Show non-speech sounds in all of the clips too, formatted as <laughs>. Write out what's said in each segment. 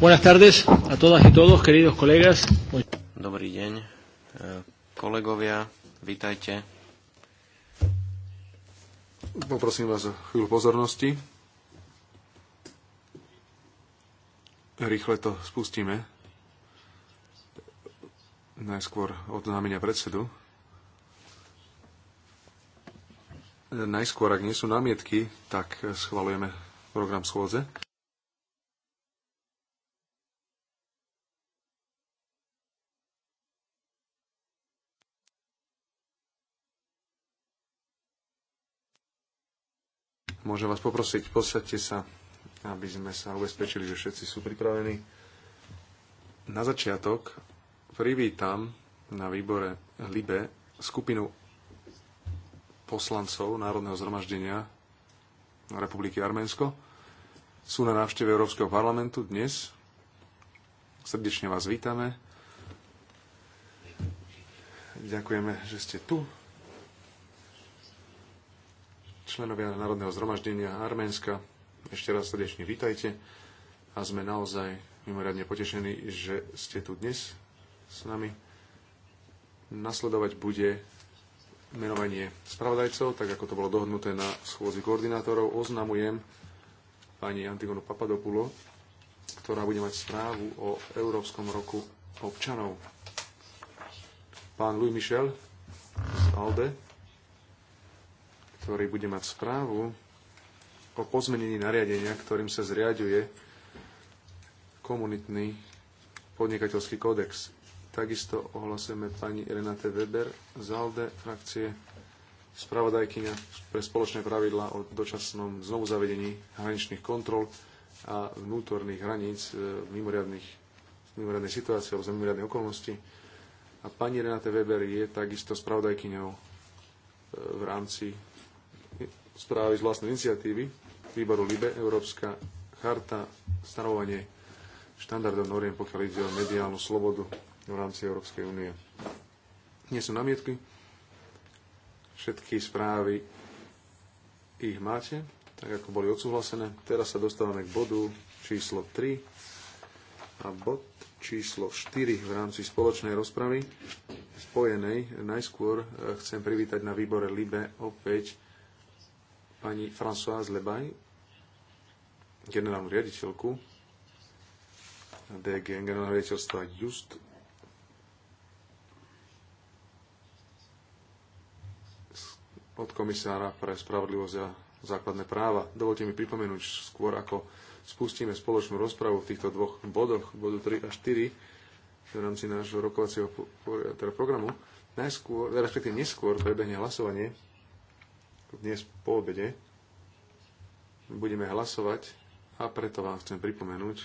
Buenas tardes a todas y todos, queridos colegas. Dobrý deň, e, kolegovia, vítajte. Poprosím vás o chvíľu pozornosti. Rýchle to spustíme. Najskôr oznámenia predsedu. Najskôr, ak nie sú námietky, tak schvalujeme program schôdze. Môžem vás poprosiť, posadte sa, aby sme sa ubezpečili, že všetci sú pripravení. Na začiatok privítam na výbore LIBE skupinu poslancov Národného zhromaždenia Republiky Arménsko. Sú na návšteve Európskeho parlamentu dnes. Srdečne vás vítame. Ďakujeme, že ste tu členovia Národného zhromaždenia Arménska. Ešte raz srdečne vítajte a sme naozaj mimoriadne potešení, že ste tu dnes s nami. Nasledovať bude menovanie spravodajcov, tak ako to bolo dohodnuté na schôzi koordinátorov. Oznamujem pani Antigonu Papadopulo, ktorá bude mať správu o Európskom roku občanov. Pán Louis Michel z ALDE ktorý bude mať správu o pozmenení nariadenia, ktorým sa zriaďuje komunitný podnikateľský kódex. Takisto ohlasujeme pani Renate Weber z ALDE frakcie spravodajkyňa pre spoločné pravidla o dočasnom znovuzavedení hraničných kontrol a vnútorných hraníc v e, mimoriadnej situácii alebo za mimoriadnej okolnosti. A pani Renate Weber je takisto spravodajkyňou e, v rámci správy z vlastnej iniciatívy výboru LIBE Európska charta stanovanie štandardov noriem, pokiaľ ide o mediálnu slobodu v rámci Európskej únie. Nie sú namietky. Všetky správy ich máte, tak ako boli odsúhlasené. Teraz sa dostávame k bodu číslo 3 a bod číslo 4 v rámci spoločnej rozpravy spojenej. Najskôr eh, chcem privítať na výbore LIBE opäť pani Françoise Lebaj, generálnu riaditeľku DG, generálneho riaditeľstva Just. od komisára pre spravodlivosť a základné práva. Dovolte mi pripomenúť skôr, ako spustíme spoločnú rozpravu v týchto dvoch bodoch, bodu 3 a 4, v rámci nášho rokovacieho teda programu. Najskôr, respektíve neskôr prebehne hlasovanie dnes po obede budeme hlasovať a preto vám chcem pripomenúť,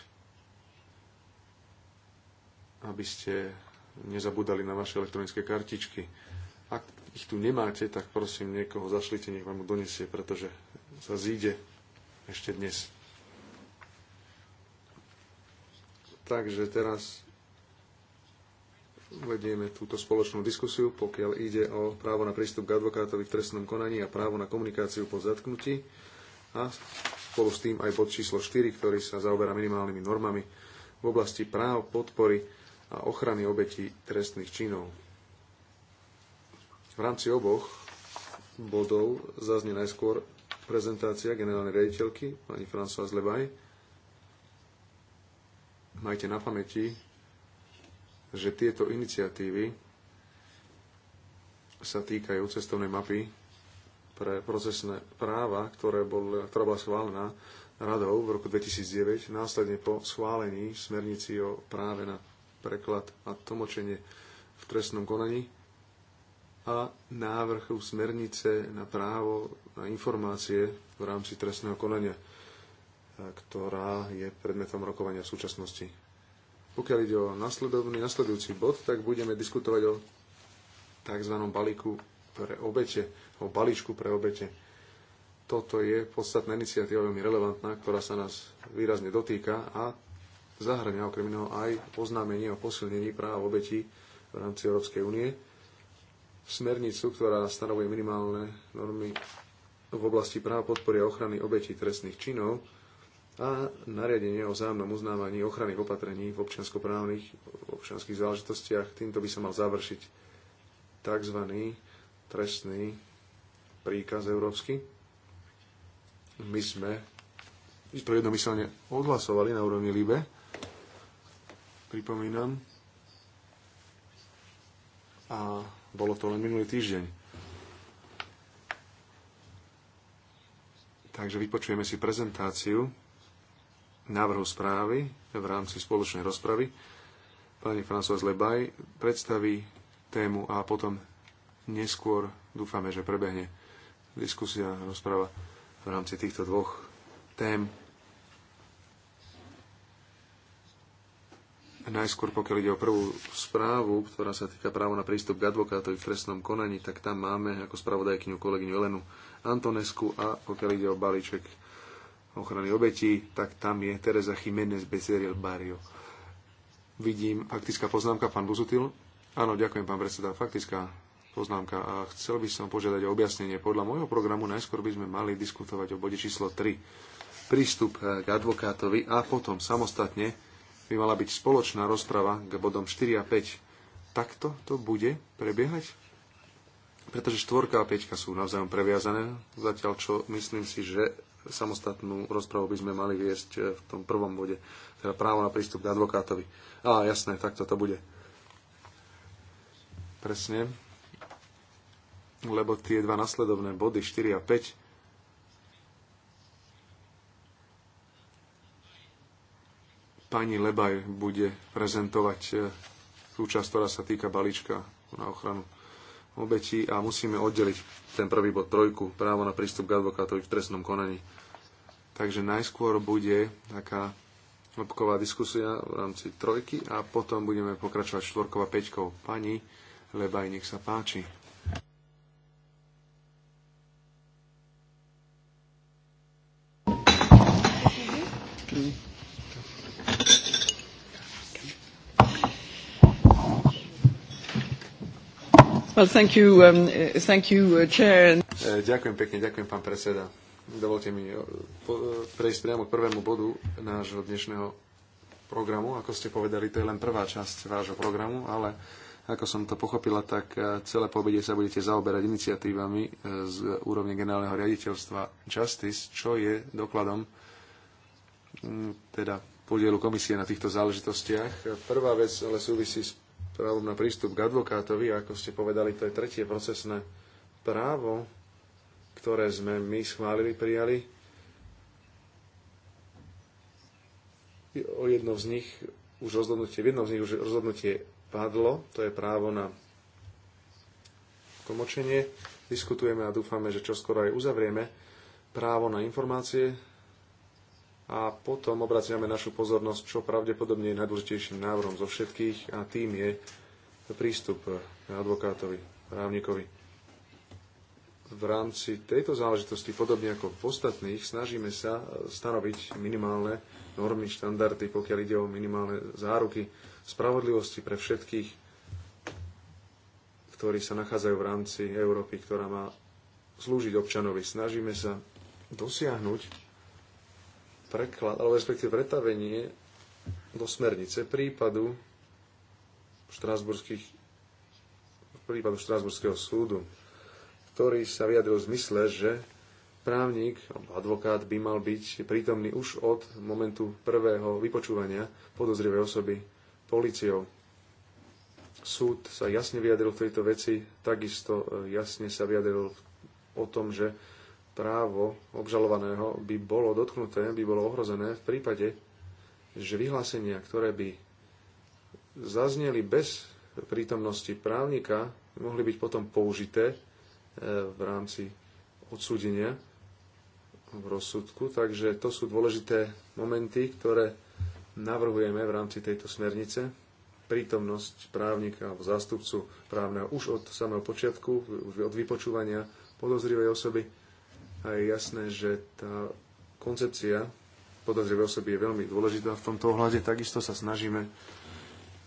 aby ste nezabudali na vaše elektronické kartičky. Ak ich tu nemáte, tak prosím niekoho zašlite, nech vám ho donesie, pretože sa zíde ešte dnes. Takže teraz vedieme túto spoločnú diskusiu, pokiaľ ide o právo na prístup k advokátovi v trestnom konaní a právo na komunikáciu po zatknutí a spolu s tým aj bod číslo 4, ktorý sa zaoberá minimálnymi normami v oblasti práv, podpory a ochrany obetí trestných činov. V rámci oboch bodov zaznie najskôr prezentácia generálnej rediteľky pani Françoise Lebaj. Majte na pamäti, že tieto iniciatívy sa týkajú cestovnej mapy pre procesné práva, ktoré bol, ktorá bola schválená radou v roku 2009, následne po schválení smernici o práve na preklad a tlmočenie v trestnom konaní a návrhu smernice na právo na informácie v rámci trestného konania, ktorá je predmetom rokovania v súčasnosti. Pokiaľ ide o nasledovný, nasledujúci bod, tak budeme diskutovať o tzv. balíku pre obete, o balíčku pre obete. Toto je podstatná iniciatíva veľmi relevantná, ktorá sa nás výrazne dotýka a zahrania okrem iného aj oznámenie o posilnení práv obetí v rámci Európskej únie, smernicu, ktorá stanovuje minimálne normy v oblasti práva podpory a ochrany obetí trestných činov, a nariadenie o vzájomnom uznávaní ochranných opatrení v občianskoprávnych, v občianských záležitostiach. Týmto by sa mal završiť tzv. trestný príkaz európsky. My sme to jednomyselne odhlasovali na úrovni LIBE. Pripomínam. A bolo to len minulý týždeň. Takže vypočujeme si prezentáciu návrhu správy v rámci spoločnej rozpravy. Pani François Lebaj predstaví tému a potom neskôr dúfame, že prebehne diskusia a rozprava v rámci týchto dvoch tém. Najskôr, pokiaľ ide o prvú správu, ktorá sa týka právo na prístup k advokátovi v trestnom konaní, tak tam máme ako spravodajkyňu kolegyňu Elenu Antonesku a pokiaľ ide o balíček ochrany obetí, tak tam je Teresa Jiménez Becerril Barrio. Vidím, faktická poznámka, pán Buzutil. Áno, ďakujem, pán predseda. Faktická poznámka. A chcel by som požiadať o objasnenie. Podľa môjho programu najskôr by sme mali diskutovať o bode číslo 3. Prístup k advokátovi a potom samostatne by mala byť spoločná rozprava k bodom 4 a 5. Takto to bude prebiehať? Pretože štvorka a 5 sú navzájom previazané, zatiaľ čo myslím si, že samostatnú rozpravu by sme mali viesť e, v tom prvom bode, teda právo na prístup k advokátovi. Á, jasné, tak to bude. Presne. Lebo tie dva nasledovné body, 4 a 5, pani Lebaj bude prezentovať tú e, časť, ktorá sa týka balíčka na ochranu obeti a musíme oddeliť ten prvý bod trojku, právo na prístup k advokátovi v trestnom konaní. Takže najskôr bude taká hĺbková diskusia v rámci trojky a potom budeme pokračovať štvorkou a peťkou. Pani Lebaj, nech sa páči. Well, thank you, um, thank you, uh, chair. E, ďakujem pekne, ďakujem pán predseda. Dovolte mi e, e, prejsť priamo k prvému bodu nášho dnešného programu. Ako ste povedali, to je len prvá časť vášho programu, ale ako som to pochopila, tak celé poobede sa budete zaoberať iniciatívami z úrovne generálneho riaditeľstva Justice, čo je dokladom teda podielu komisie na týchto záležitostiach. Prvá vec ale súvisí s právom na prístup k advokátovi, ako ste povedali, to je tretie procesné právo, ktoré sme my schválili, prijali. O jedno z nich už rozhodnutie, v jednom z nich už rozhodnutie padlo, to je právo na tlmočenie. Diskutujeme a dúfame, že čoskoro aj uzavrieme právo na informácie a potom obraciame našu pozornosť, čo pravdepodobne je najdôležitejším návrhom zo všetkých a tým je prístup advokátovi, právnikovi. V rámci tejto záležitosti, podobne ako v ostatných, snažíme sa stanoviť minimálne normy, štandardy, pokiaľ ide o minimálne záruky spravodlivosti pre všetkých, ktorí sa nachádzajú v rámci Európy, ktorá má slúžiť občanovi. Snažíme sa dosiahnuť preklad, alebo respektíve pretavenie do smernice prípadu štrásburských prípadu Štrásburského súdu, ktorý sa vyjadril v zmysle, že právnik alebo advokát by mal byť prítomný už od momentu prvého vypočúvania podozrivej osoby policiou. Súd sa jasne vyjadril v tejto veci, takisto e, jasne sa vyjadril o tom, že právo obžalovaného by bolo dotknuté, by bolo ohrozené v prípade, že vyhlásenia, ktoré by zazneli bez prítomnosti právnika, mohli byť potom použité e, v rámci odsúdenia v rozsudku. Takže to sú dôležité momenty, ktoré navrhujeme v rámci tejto smernice. Prítomnosť právnika alebo zástupcu právneho už od samého počiatku, od vypočúvania podozrivej osoby a je jasné, že tá koncepcia podozrivej osoby je veľmi dôležitá. V tomto ohľade takisto sa snažíme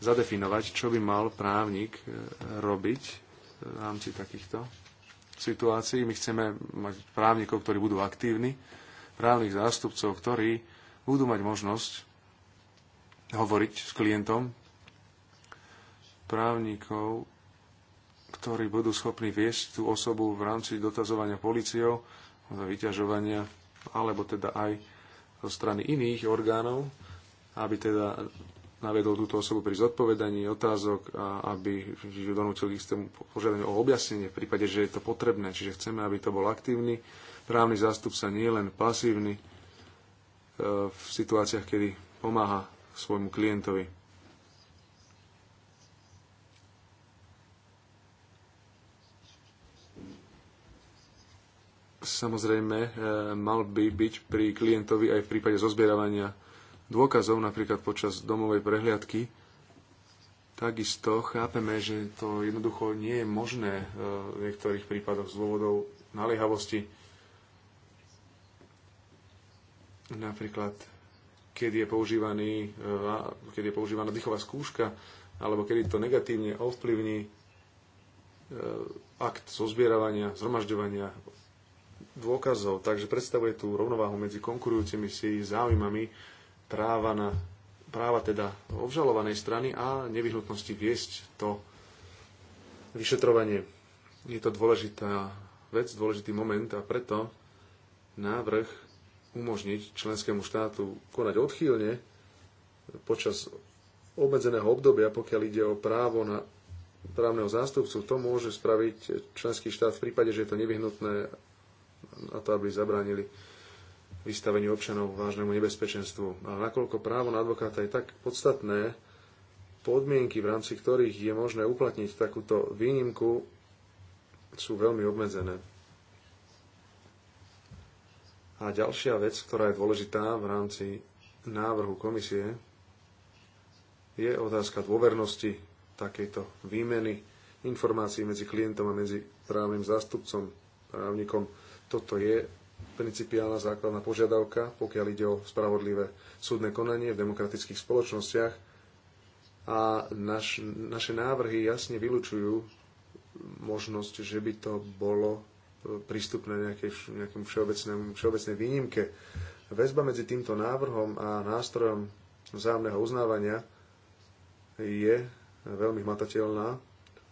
zadefinovať, čo by mal právnik e, robiť e, v rámci takýchto situácií. My chceme mať právnikov, ktorí budú aktívni, právnych zástupcov, ktorí budú mať možnosť hovoriť s klientom, právnikov, ktorí budú schopní viesť tú osobu v rámci dotazovania policiou, vyťažovania, alebo teda aj zo strany iných orgánov, aby teda navedol túto osobu pri zodpovedaní otázok a aby ju donútil k istému požiadaniu o objasnenie v prípade, že je to potrebné. Čiže chceme, aby to bol aktívny právny zástupca, nie len pasívny e, v situáciách, kedy pomáha svojmu klientovi. samozrejme e, mal by byť pri klientovi aj v prípade zozbieravania dôkazov, napríklad počas domovej prehliadky. Takisto chápeme, že to jednoducho nie je možné e, v niektorých prípadoch z dôvodov naliehavosti. Napríklad, keď je, používaný, e, keď je používaná dýchová skúška, alebo kedy to negatívne ovplyvní akt zozbieravania, zhromažďovania dôkazov, takže predstavuje tú rovnováhu medzi konkurujúcimi si záujmami práva, na, práva teda obžalovanej strany a nevyhnutnosti viesť to vyšetrovanie. Je to dôležitá vec, dôležitý moment a preto návrh umožniť členskému štátu konať odchýlne počas obmedzeného obdobia, pokiaľ ide o právo na právneho zástupcu, to môže spraviť členský štát v prípade, že je to nevyhnutné na to, aby zabránili vystaveniu občanov vážnemu nebezpečenstvu. A nakoľko právo na advokáta je tak podstatné, podmienky, v rámci ktorých je možné uplatniť takúto výnimku, sú veľmi obmedzené. A ďalšia vec, ktorá je dôležitá v rámci návrhu komisie, je otázka dôvernosti takejto výmeny informácií medzi klientom a medzi právnym zástupcom, právnikom toto je principiálna základná požiadavka, pokiaľ ide o spravodlivé súdne konanie v demokratických spoločnostiach. A naš, naše návrhy jasne vylučujú možnosť, že by to bolo e, prístupné nejakej, nejakému všeobecnej výnimke. Väzba medzi týmto návrhom a nástrojom vzájomného uznávania je veľmi hmatateľná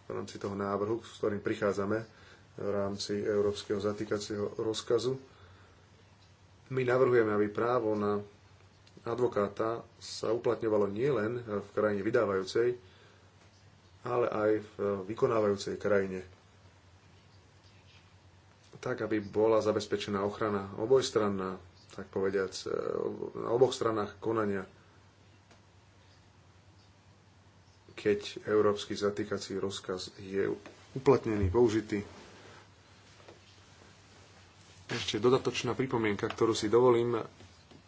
v rámci toho návrhu, s ktorým prichádzame v rámci európskeho zatýkacieho rozkazu. My navrhujeme, aby právo na advokáta sa uplatňovalo nielen v krajine vydávajúcej, ale aj v vykonávajúcej krajine. Tak, aby bola zabezpečená ochrana obojstranná, tak povediac, e, na oboch stranách konania, keď európsky zatýkací rozkaz je uplatnený, použitý. Ešte dodatočná pripomienka, ktorú si dovolím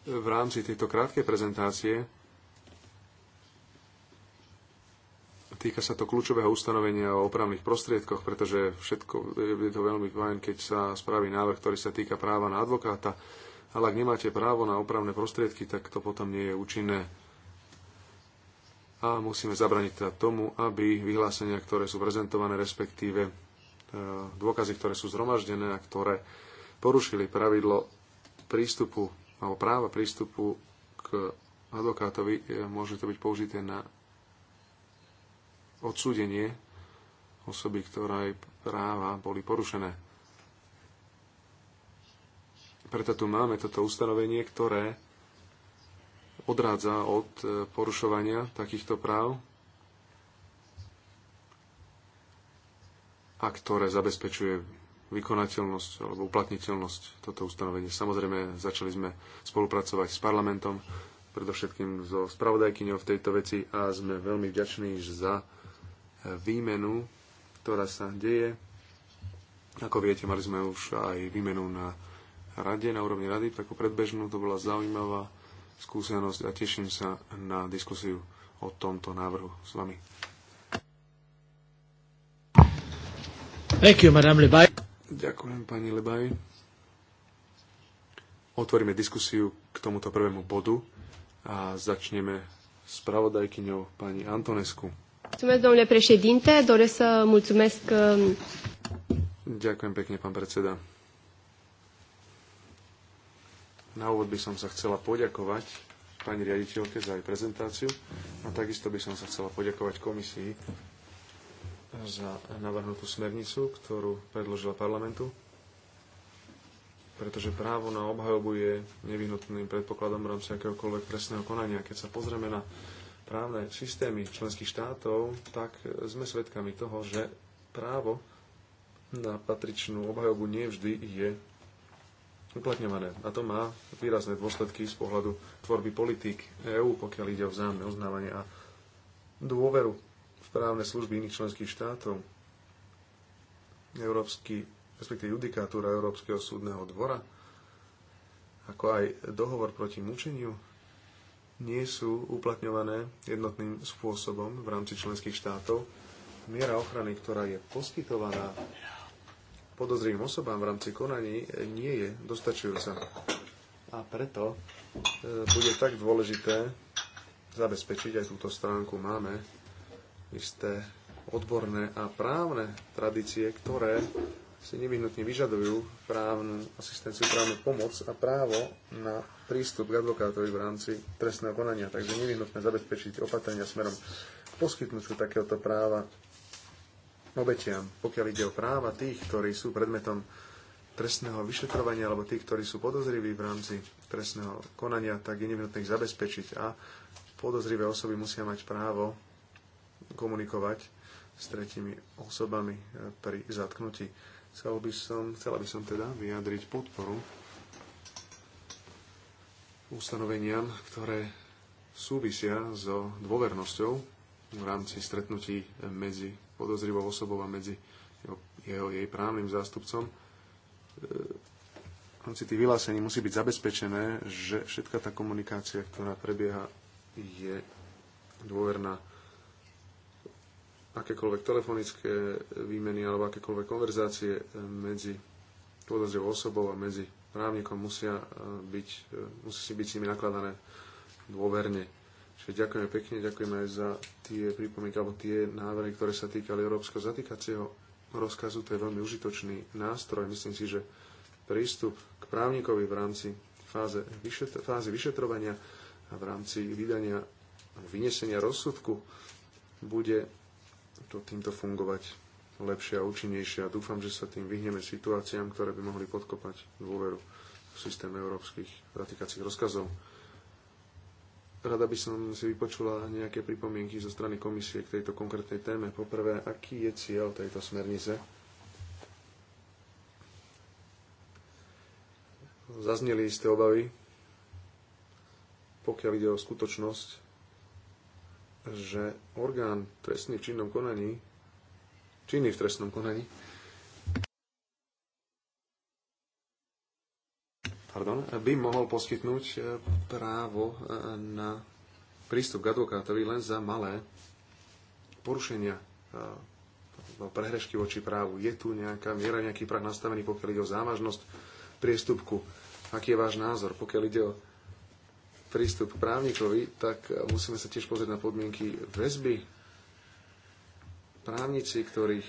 v rámci tejto krátkej prezentácie. Týka sa to kľúčového ustanovenia o opravných prostriedkoch, pretože všetko je to veľmi fajn, keď sa spraví návrh, ktorý sa týka práva na advokáta, ale ak nemáte právo na opravné prostriedky, tak to potom nie je účinné. A musíme zabraniť teda tomu, aby vyhlásenia, ktoré sú prezentované, respektíve e, dôkazy, ktoré sú zhromaždené a ktoré porušili pravidlo prístupu alebo práva prístupu k advokátovi, e, môže to byť použité na odsúdenie osoby, ktorej práva boli porušené. Preto tu máme toto ustanovenie, ktoré odrádza od e, porušovania takýchto práv a ktoré zabezpečuje vykonateľnosť alebo uplatniteľnosť toto ustanovenie. Samozrejme, začali sme spolupracovať s parlamentom, predovšetkým so spravodajkyňou v tejto veci a sme veľmi vďační za výmenu, ktorá sa deje. Ako viete, mali sme už aj výmenu na rade, na úrovni rady, takú predbežnú, to bola zaujímavá skúsenosť a teším sa na diskusiu o tomto návrhu s vami. Thank you, Madame Lebaj. Ďakujem, pani Lebaj. Otvoríme diskusiu k tomuto prvému bodu a začneme s pravodajkyňou pani Antonesku. Mulțumesc, domnule președinte. Doresc să mulțumesc... Um, Ďakujem pekne, pán predseda. Na úvod by som sa chcela poďakovať pani riaditeľke za jej prezentáciu a takisto by som sa chcela poďakovať komisii za navrhnutú smernicu, ktorú predložila parlamentu, pretože právo na obhajobu je nevyhnutným predpokladom v rámci akéhokoľvek presného konania. Keď sa pozrieme na právne systémy členských štátov, tak sme svedkami toho, že právo na patričnú obhajobu nevždy je uplatňované. A to má výrazné dôsledky z pohľadu tvorby politík EÚ, pokiaľ ide o vzájomné uznávanie a dôveru správne služby iných členských štátov, Európsky, respektíve judikatúra Európskeho súdneho dvora, ako aj dohovor proti mučeniu, nie sú uplatňované jednotným spôsobom v rámci členských štátov. Miera ochrany, ktorá je poskytovaná podozrivým osobám v rámci konaní, nie je dostačujúca. A preto e, bude tak dôležité zabezpečiť aj túto stránku máme isté odborné a právne tradície, ktoré si nevyhnutne vyžadujú právnu asistenciu, právnu pomoc a právo na prístup k advokátovi v rámci trestného konania. Takže nevyhnutné zabezpečiť opatrenia smerom k poskytnutiu takéhoto práva obetiam, pokiaľ ide o práva tých, ktorí sú predmetom trestného vyšetrovania alebo tých, ktorí sú podozriví v rámci trestného konania, tak je nevyhnutné ich zabezpečiť a podozrivé osoby musia mať právo komunikovať s tretimi osobami e, pri zatknutí. Chcel by som, chcela by som teda vyjadriť podporu ustanoveniam, ktoré súvisia so dôvernosťou v rámci stretnutí medzi podozrivou osobou a medzi jeho, jeho jej právnym zástupcom. E, v rámci tých vyhlásení musí byť zabezpečené, že všetka tá komunikácia, ktorá prebieha, je dôverná akékoľvek telefonické výmeny alebo akékoľvek konverzácie eh, medzi podozrivou osobou a medzi právnikom musia eh, byť, eh, musí si byť s nimi nakladané dôverne. Čiže ďakujeme pekne, ďakujeme aj za tie pripomienky alebo tie návrhy, ktoré sa týkali európskeho zatýkacieho rozkazu. To je veľmi užitočný nástroj. Myslím si, že prístup k právnikovi v rámci fáze, vyšetr- fázy vyšetrovania a v rámci vydania vynesenia rozsudku bude to týmto fungovať lepšie a účinnejšie a dúfam, že sa tým vyhneme situáciám, ktoré by mohli podkopať dôveru v systém európskych ratikacích rozkazov. Rada by som si vypočula nejaké pripomienky zo strany komisie k tejto konkrétnej téme. Poprvé, aký je cieľ tejto smernice? Zazneli isté obavy, pokiaľ ide o skutočnosť, že orgán trestný v činnom konaní, činný v trestnom konaní, pardon, by mohol poskytnúť e, právo e, na prístup k advokátovi len za malé porušenia e, no, prehrešky voči právu. Je tu nejaká miera, nejaký prah nastavený, pokiaľ ide o závažnosť priestupku. Aký je váš názor, pokiaľ ide o prístup k právnikovi, tak musíme sa tiež pozrieť na podmienky väzby. Právnici, ktorých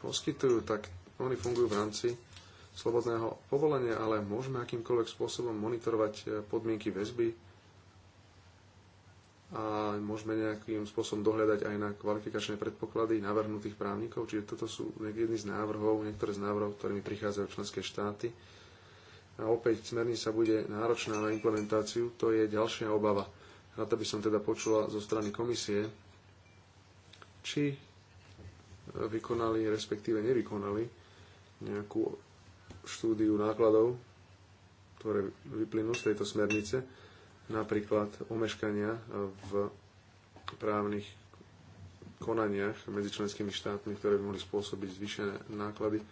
poskytujú, tak oni fungujú v rámci slobodného povolenia, ale môžeme akýmkoľvek spôsobom monitorovať eh, podmienky väzby a môžeme nejakým spôsobom dohľadať aj na kvalifikačné predpoklady navrhnutých právnikov. Čiže toto sú jedny z návrhov, niektoré z návrhov, ktorými prichádzajú členské štáty a opäť smernica bude náročná na implementáciu, to je ďalšia obava. Rada by som teda počula zo strany komisie, či vykonali, respektíve nevykonali nejakú štúdiu nákladov, ktoré vyplynú z tejto smernice, napríklad omeškania v právnych konaniach medzi členskými štátmi, ktoré by mohli spôsobiť zvýšené náklady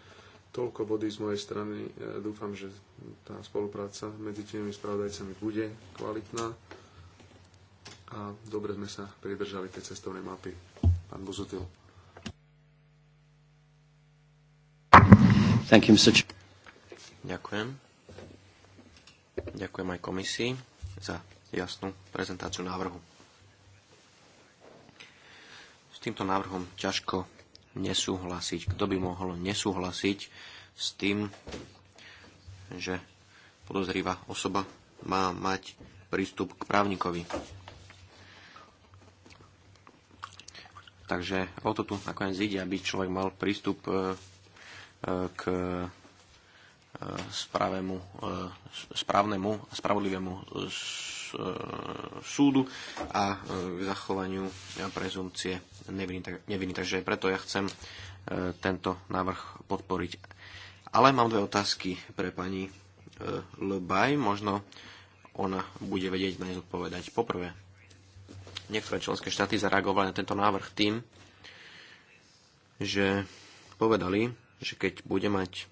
Toľko body z mojej strany. E, dúfam, že tá spolupráca medzi tými spravodajcami bude kvalitná a dobre sme sa pridržali tej cestovnej mapy. Pán Buzutil. Thank you, Mr. Ďakujem. Ďakujem aj komisii za jasnú prezentáciu návrhu. S týmto návrhom ťažko nesúhlasiť. Kto by mohol nesúhlasiť s tým, že podozrivá osoba má mať prístup k právnikovi. Takže o to tu nakoniec ide, aby človek mal prístup e, e, k e, spravému, správnemu a spravodlivému súdu a k zachovaniu prezumcie nevinný, tak, nevinný. Takže preto ja chcem e, tento návrh podporiť. Ale mám dve otázky pre pani e, Lebaj. Možno ona bude vedieť na ne zodpovedať. Poprvé, niektoré členské štáty zareagovali na tento návrh tým, že povedali, že keď bude mať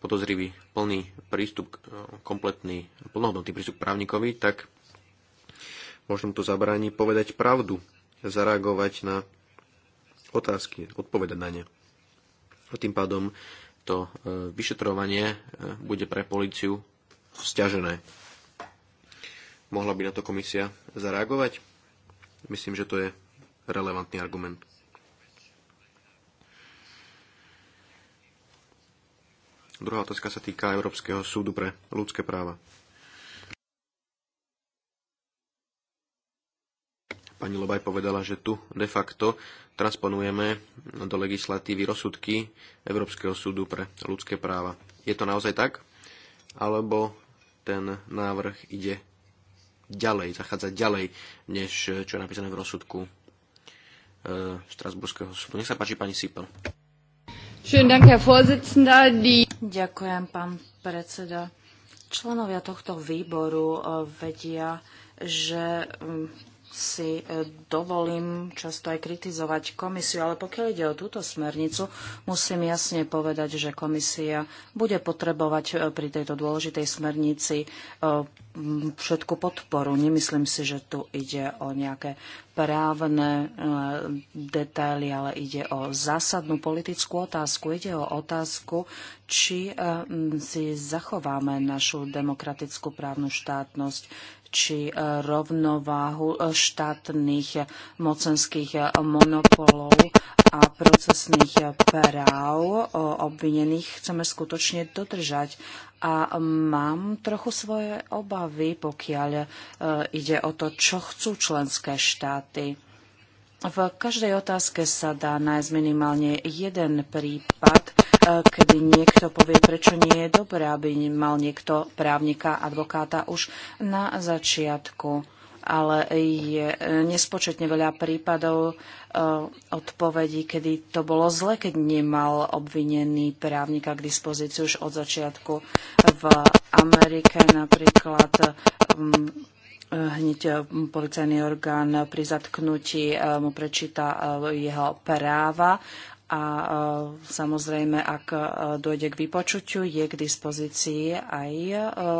podozrivý plný prístup, e, kompletný, plnohodnotný prístup právnikovi, tak možno to zabráni povedať pravdu zareagovať na otázky, odpovedať na ne. A tým pádom to e, vyšetrovanie e, bude pre políciu stiažené. Mohla by na to komisia zareagovať? Myslím, že to je relevantný argument. Druhá otázka sa týka Európskeho súdu pre ľudské práva. Pani Lobaj povedala, že tu de facto transponujeme do legislatívy rozsudky Európskeho súdu pre ľudské práva. Je to naozaj tak? Alebo ten návrh ide ďalej, zachádza ďalej, než čo je napísané v rozsudku e, Štrasburského súdu. Nech sa páči, pani Sipel. Ďakujem, pán predseda. Členovia tohto výboru e, vedia, že si e, dovolím často aj kritizovať komisiu, ale pokiaľ ide o túto smernicu, musím jasne povedať, že komisia bude potrebovať e, pri tejto dôležitej smernici e, všetku podporu. Nemyslím si, že tu ide o nejaké právne detaily, ale ide o zásadnú politickú otázku. Ide o otázku, či si zachováme našu demokratickú právnu štátnosť či e, rovnováhu e, štátnych e, mocenských monopolov a procesných práv obvinených chceme skutočne dodržať. A mám trochu svoje obavy, pokiaľ ide o to, čo chcú členské štáty v každej otázke sa dá nájsť minimálne jeden prípad, e, kedy niekto povie, prečo nie je dobré, aby mal niekto právnika, advokáta už na začiatku. Ale je e, nespočetne veľa prípadov e, odpovedí, kedy to bolo zle, keď nemal obvinený právnika k dispozícii už od začiatku. V Amerike napríklad hneď eh, policajný orgán pri zatknutí eh, mu prečíta eh, jeho práva a e, samozrejme, ak e, dojde k vypočuťu, je k dispozícii aj e,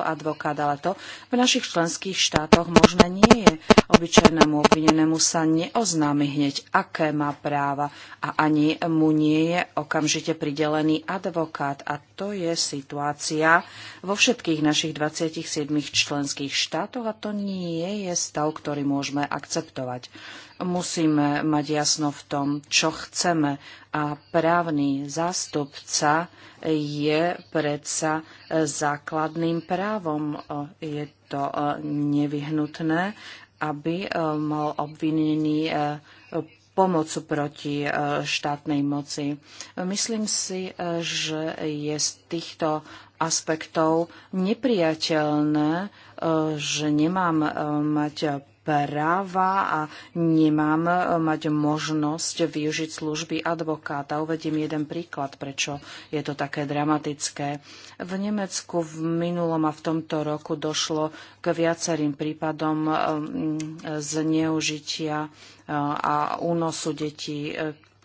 advokát, ale to v našich členských štátoch možné nie je. Obyčajnému obvinenému sa neoznámi hneď, aké má práva a ani mu nie je okamžite pridelený advokát a to je situácia vo všetkých našich 27 členských štátoch a to nie je stav, ktorý môžeme akceptovať musíme mať jasno v tom, čo chceme. A právny zástupca je predsa základným právom. Je to e, nevyhnutné, aby e, mal obvinený e, pomoc proti štátnej moci. Myslím si, že je z týchto aspektov nepriateľné, že nemám mať práva a nemám e, mať možnosť využiť služby advokáta. Uvedím jeden príklad, prečo je to také dramatické. V Nemecku v minulom a v tomto roku došlo k viacerým prípadom e, zneužitia e, a únosu detí,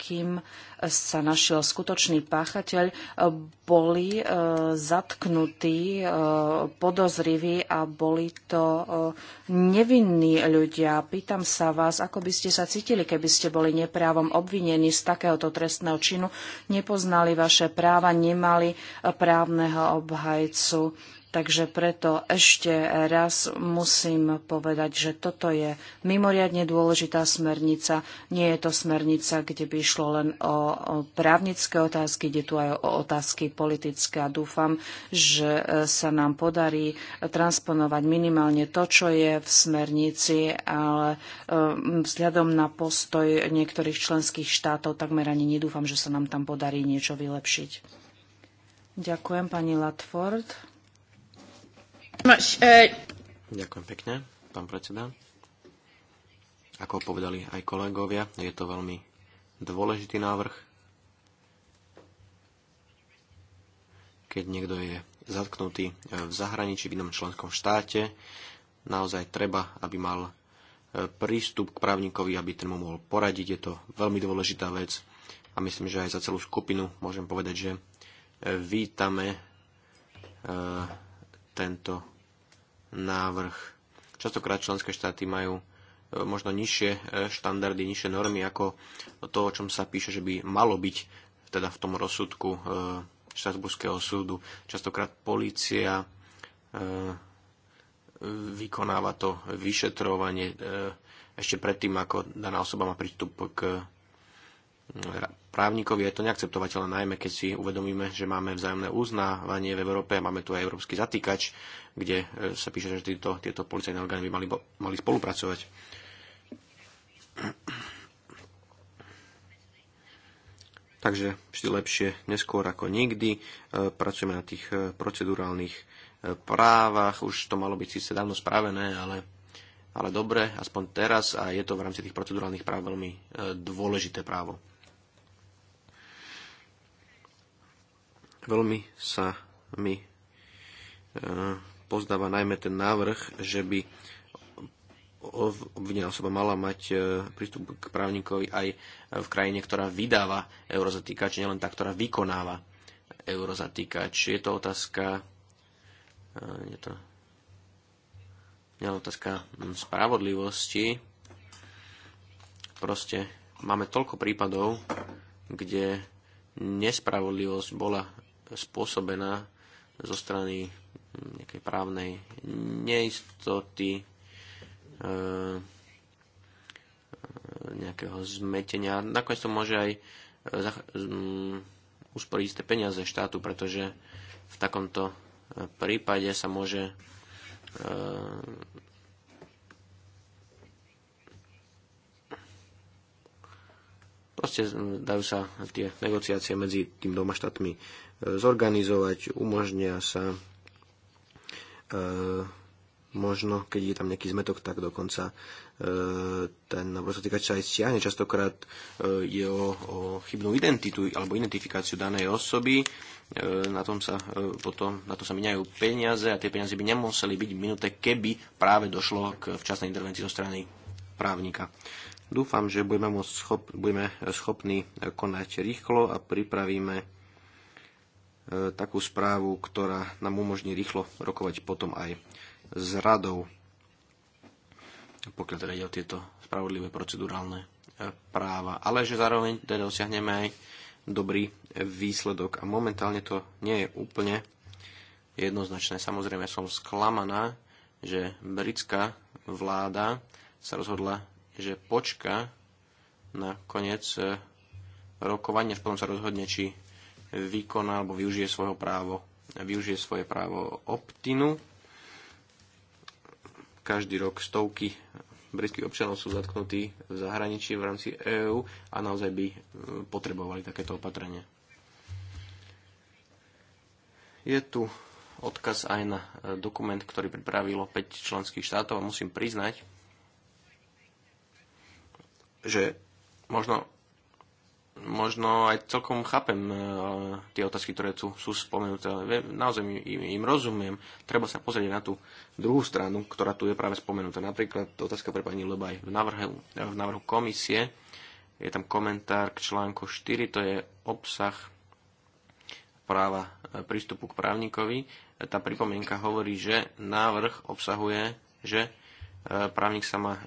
kým sa našiel skutočný páchateľ, boli e, zatknutí e, podozriví a boli to e, nevinní ľudia. Pýtam sa vás, ako by ste sa cítili, keby ste boli neprávom obvinení z takéhoto trestného činu, nepoznali vaše práva, nemali právneho obhajcu. Takže preto ešte raz musím povedať, že toto je mimoriadne dôležitá smernica. Nie je to smernica, kde by išlo len o právnické otázky, ide tu aj o otázky politické a dúfam, že e, sa nám podarí transponovať minimálne to, čo je v smernici, ale e, vzhľadom na postoj niektorých členských štátov takmer ani nedúfam, že sa nám tam podarí niečo vylepšiť. Ďakujem pani Latford. Uh, Ďakujem pekne, pán predseda. Ako povedali aj kolegovia, je to veľmi dôležitý návrh. Keď niekto je zatknutý eh, v zahraničí, v inom členskom štáte, naozaj treba, aby mal eh, prístup k právnikovi, aby ten mu mohol poradiť. Je to veľmi dôležitá vec a myslím, že aj za celú skupinu môžem povedať, že eh, vítame tento návrh. Častokrát členské štáty majú e, možno nižšie e, štandardy, nižšie normy ako to, o čom sa píše, že by malo byť teda v tom rozsudku e, Štrasburského súdu. Častokrát policia vykonáva to vyšetrovanie ešte predtým, ako daná osoba má prístup k právnikov je to neakceptovateľné, najmä keď si uvedomíme, že máme vzájomné uznávanie v Európe, máme tu aj európsky zatýkač, kde e, sa píše, že tieto, tieto policajné orgány by mali, mali spolupracovať. Takže vždy lepšie neskôr ako nikdy. E, pracujeme na tých e, procedurálnych právach. Už to malo byť síce dávno spravené, ale, ale dobre, aspoň teraz a je to v rámci tých procedurálnych práv veľmi dôležité právo. Veľmi sa mi e, pozdáva najmä ten návrh, že by obvinená osoba mala mať e, prístup k právnikovi aj v krajine, ktorá vydáva eurozatýkač, nielen tá, ktorá vykonáva eurozatýkač. Je to otázka e, je to to otázka spravodlivosti. Proste máme toľko prípadov, kde nespravodlivosť bola spôsobená zo strany hm, nejakej právnej neistoty, e, e, nejakého zmetenia. Nakoniec to môže aj e, hm, usporiť isté peniaze štátu, pretože v takomto prípade sa môže proste hm, dajú sa tie negociácie medzi tým dvoma štátmi zorganizovať, umožnia sa e, možno, keď je tam nejaký zmetok, tak dokonca e, ten nabor sa aj stiahne. Častokrát e, je o, o chybnú identitu alebo identifikáciu danej osoby. E, na, tom sa, e, potom, na to sa miňajú peniaze a tie peniaze by nemuseli byť minuté, keby práve došlo k včasnej intervencii zo strany právnika. Dúfam, že budeme, môcť schop, budeme schopní konať rýchlo a pripravíme E, takú správu, ktorá nám umožní rýchlo rokovať potom aj s radou, pokiaľ teda ide o tieto spravodlivé procedurálne e, práva. Ale že zároveň teda dosiahneme aj dobrý e, výsledok. A momentálne to nie je úplne jednoznačné. Samozrejme som sklamaná, že britská vláda sa rozhodla, že počka na koniec rokovania, až potom sa rozhodne, či vykoná alebo využije svojho právo, využije svoje právo optinu. Každý rok stovky britských občanov sú zatknutí v zahraničí v rámci EÚ a naozaj by e, potrebovali takéto opatrenie. Je tu odkaz aj na e, dokument, ktorý pripravilo 5 členských štátov a musím priznať, že možno možno aj celkom chápem eh, tie otázky, ktoré tu sú spomenuté. Naozaj im, im rozumiem. Treba sa pozrieť na tú druhú stranu, ktorá tu je práve spomenutá. Napríklad otázka pre pani Lebaj v návrhu, v návrhu komisie. Je tam komentár k článku 4, to je obsah práva eh, prístupu k právnikovi. Tá pripomienka hovorí, že návrh obsahuje, že právnik sa má e,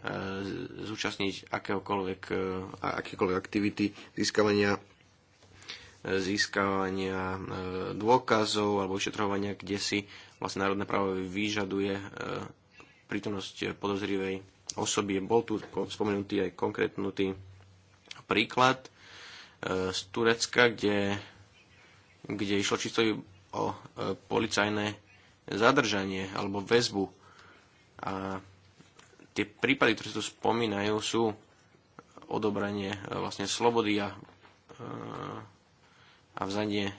zúčastniť akéhokoľvek, e, akékoľvek aktivity získavania e, získavania dôkazov alebo vyšetrovania, kde si vlastne národné právo vyžaduje prítomnosť podozrivej osoby. Bol tu spomenutý aj konkrétnutý príklad z Turecka, kde, kde išlo čisto o policajné zadržanie alebo väzbu. A tie prípady, ktoré sa tu spomínajú, sú odobranie e, vlastne slobody a, e, a vzanie e,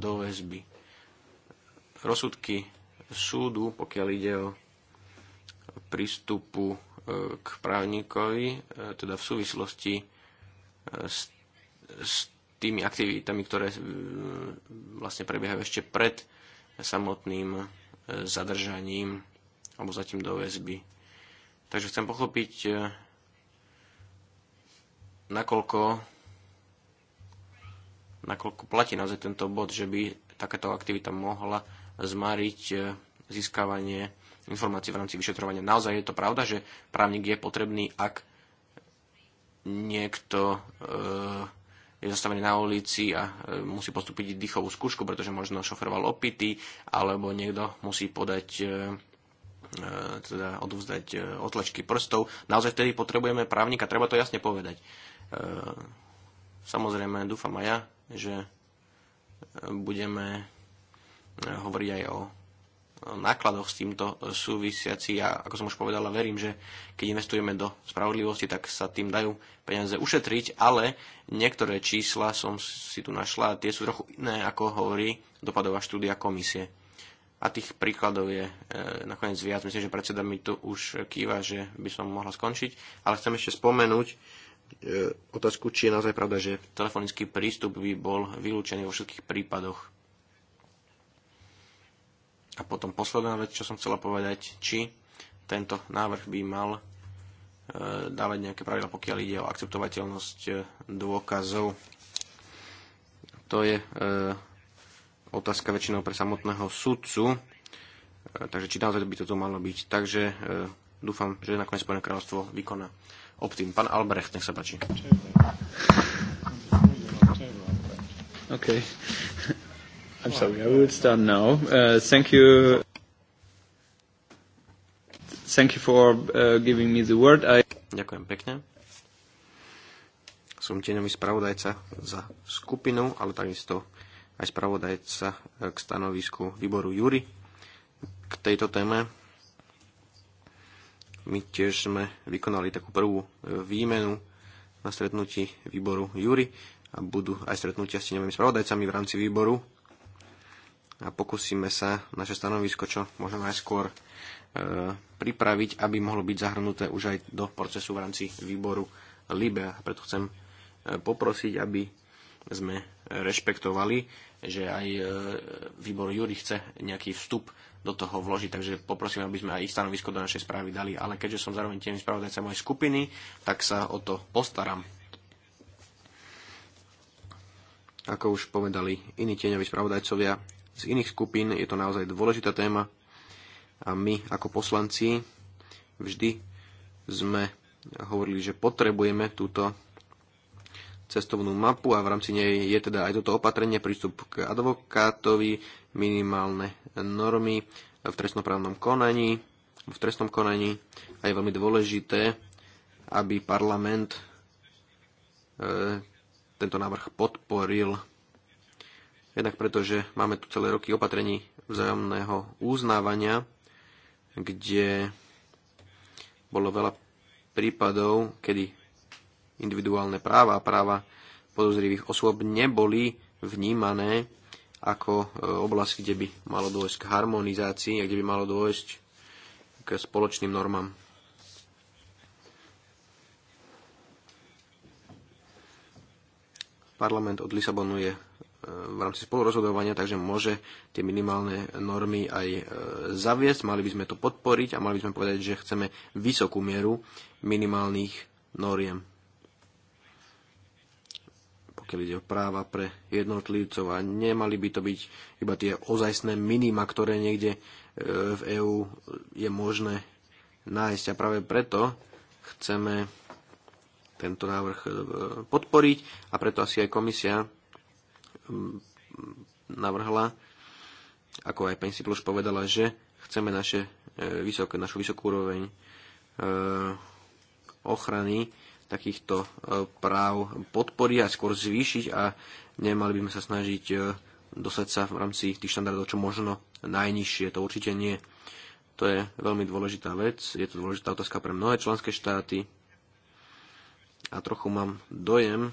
do väzby. Rozsudky súdu, pokiaľ ide o prístupu k právnikovi, teda v súvislosti s, s tými aktivitami, ktoré vlastne prebiehajú ešte pred samotným zadržaním alebo zatím do väzby. Takže chcem pochopiť, e, nakoľko, nakoľko platí naozaj tento bod, že by takáto aktivita mohla zmariť e, získavanie informácií v rámci vyšetrovania. Naozaj je to pravda, že právnik je potrebný, ak niekto e, je zastavený na ulici a musí postúpiť dýchovú skúšku, pretože možno šoferoval opity, alebo niekto musí podať E, teda odovzdať e, otlačky prstov. Naozaj vtedy potrebujeme právnika, treba to jasne povedať. E, samozrejme, dúfam aj ja, že budeme hovoriť aj o nákladoch s týmto súvisiaci a ako som už povedala, verím, že keď investujeme do spravodlivosti, tak sa tým dajú peniaze ušetriť, ale niektoré čísla som si tu našla a tie sú trochu iné, ako hovorí dopadová štúdia komisie. A tých príkladov je e, nakoniec viac. Myslím, že predseda mi tu už kýva, že by som mohla skončiť. Ale chcem ešte spomenúť e, otázku, či je naozaj pravda, že telefonický prístup by bol vylúčený vo všetkých prípadoch. A potom posledná vec, čo som chcela povedať, či tento návrh by mal e, dávať nejaké pravidla, pokiaľ ide o akceptovateľnosť e, dôkazov. To je e, otázka väčšinou pre samotného sudcu, e, takže či naozaj by toto malo byť. Takže e, dúfam, že nakoniec Spojené kráľovstvo vykoná optim. Pán Albrecht, nech sa páči. Okay. <laughs> I'm sorry, I will start now. Uh, thank you. Thank you for uh, giving me the word. I... Ďakujem pekne. Som tieňový spravodajca za skupinu, ale takisto aj spravodajca k stanovisku výboru Júry k tejto téme. My tiež sme vykonali takú prvú e, výmenu na stretnutí výboru Júry a budú aj stretnutia s tieňovými spravodajcami v rámci výboru a pokúsime sa naše stanovisko čo možno najskôr e, pripraviť, aby mohlo byť zahrnuté už aj do procesu v rámci výboru LIBE. A preto chcem e, poprosiť, aby sme rešpektovali, že aj e, výbor Júri chce nejaký vstup do toho vložiť, takže poprosím, aby sme aj ich stanovisko do našej správy dali, ale keďže som zároveň tiež spravodajca mojej skupiny, tak sa o to postaram. Ako už povedali iní tieňoví spravodajcovia z iných skupín, je to naozaj dôležitá téma a my ako poslanci vždy sme hovorili, že potrebujeme túto cestovnú mapu a v rámci nej je teda aj toto opatrenie, prístup k advokátovi, minimálne normy v trestnoprávnom konaní, v trestnom konaní a je veľmi dôležité, aby parlament e, tento návrh podporil. Jednak preto, že máme tu celé roky opatrení vzájomného uznávania, kde bolo veľa prípadov, kedy individuálne práva a práva podozrivých osôb neboli vnímané ako e, oblasť, kde by malo dôjsť k harmonizácii a kde by malo dôjsť k spoločným normám. Parlament od Lisabonu je e, v rámci spolurozhodovania, takže môže tie minimálne normy aj e, zaviesť. Mali by sme to podporiť a mali by sme povedať, že chceme vysokú mieru minimálnych noriem pokiaľ ide o práva pre jednotlivcov a nemali by to byť iba tie ozajstné minima, ktoré niekde e, v EÚ je možné nájsť. A práve preto chceme tento návrh e, podporiť a preto asi aj komisia navrhla, ako aj pani Siploš povedala, že chceme naše e, vysoké, našu vysokú úroveň ochrany takýchto e, práv podporiť a skôr zvýšiť a nemali by sme sa snažiť e, dostať sa v rámci tých štandardov čo možno najnižšie. To určite nie. To je veľmi dôležitá vec. Je to dôležitá otázka pre mnohé členské štáty. A trochu mám dojem,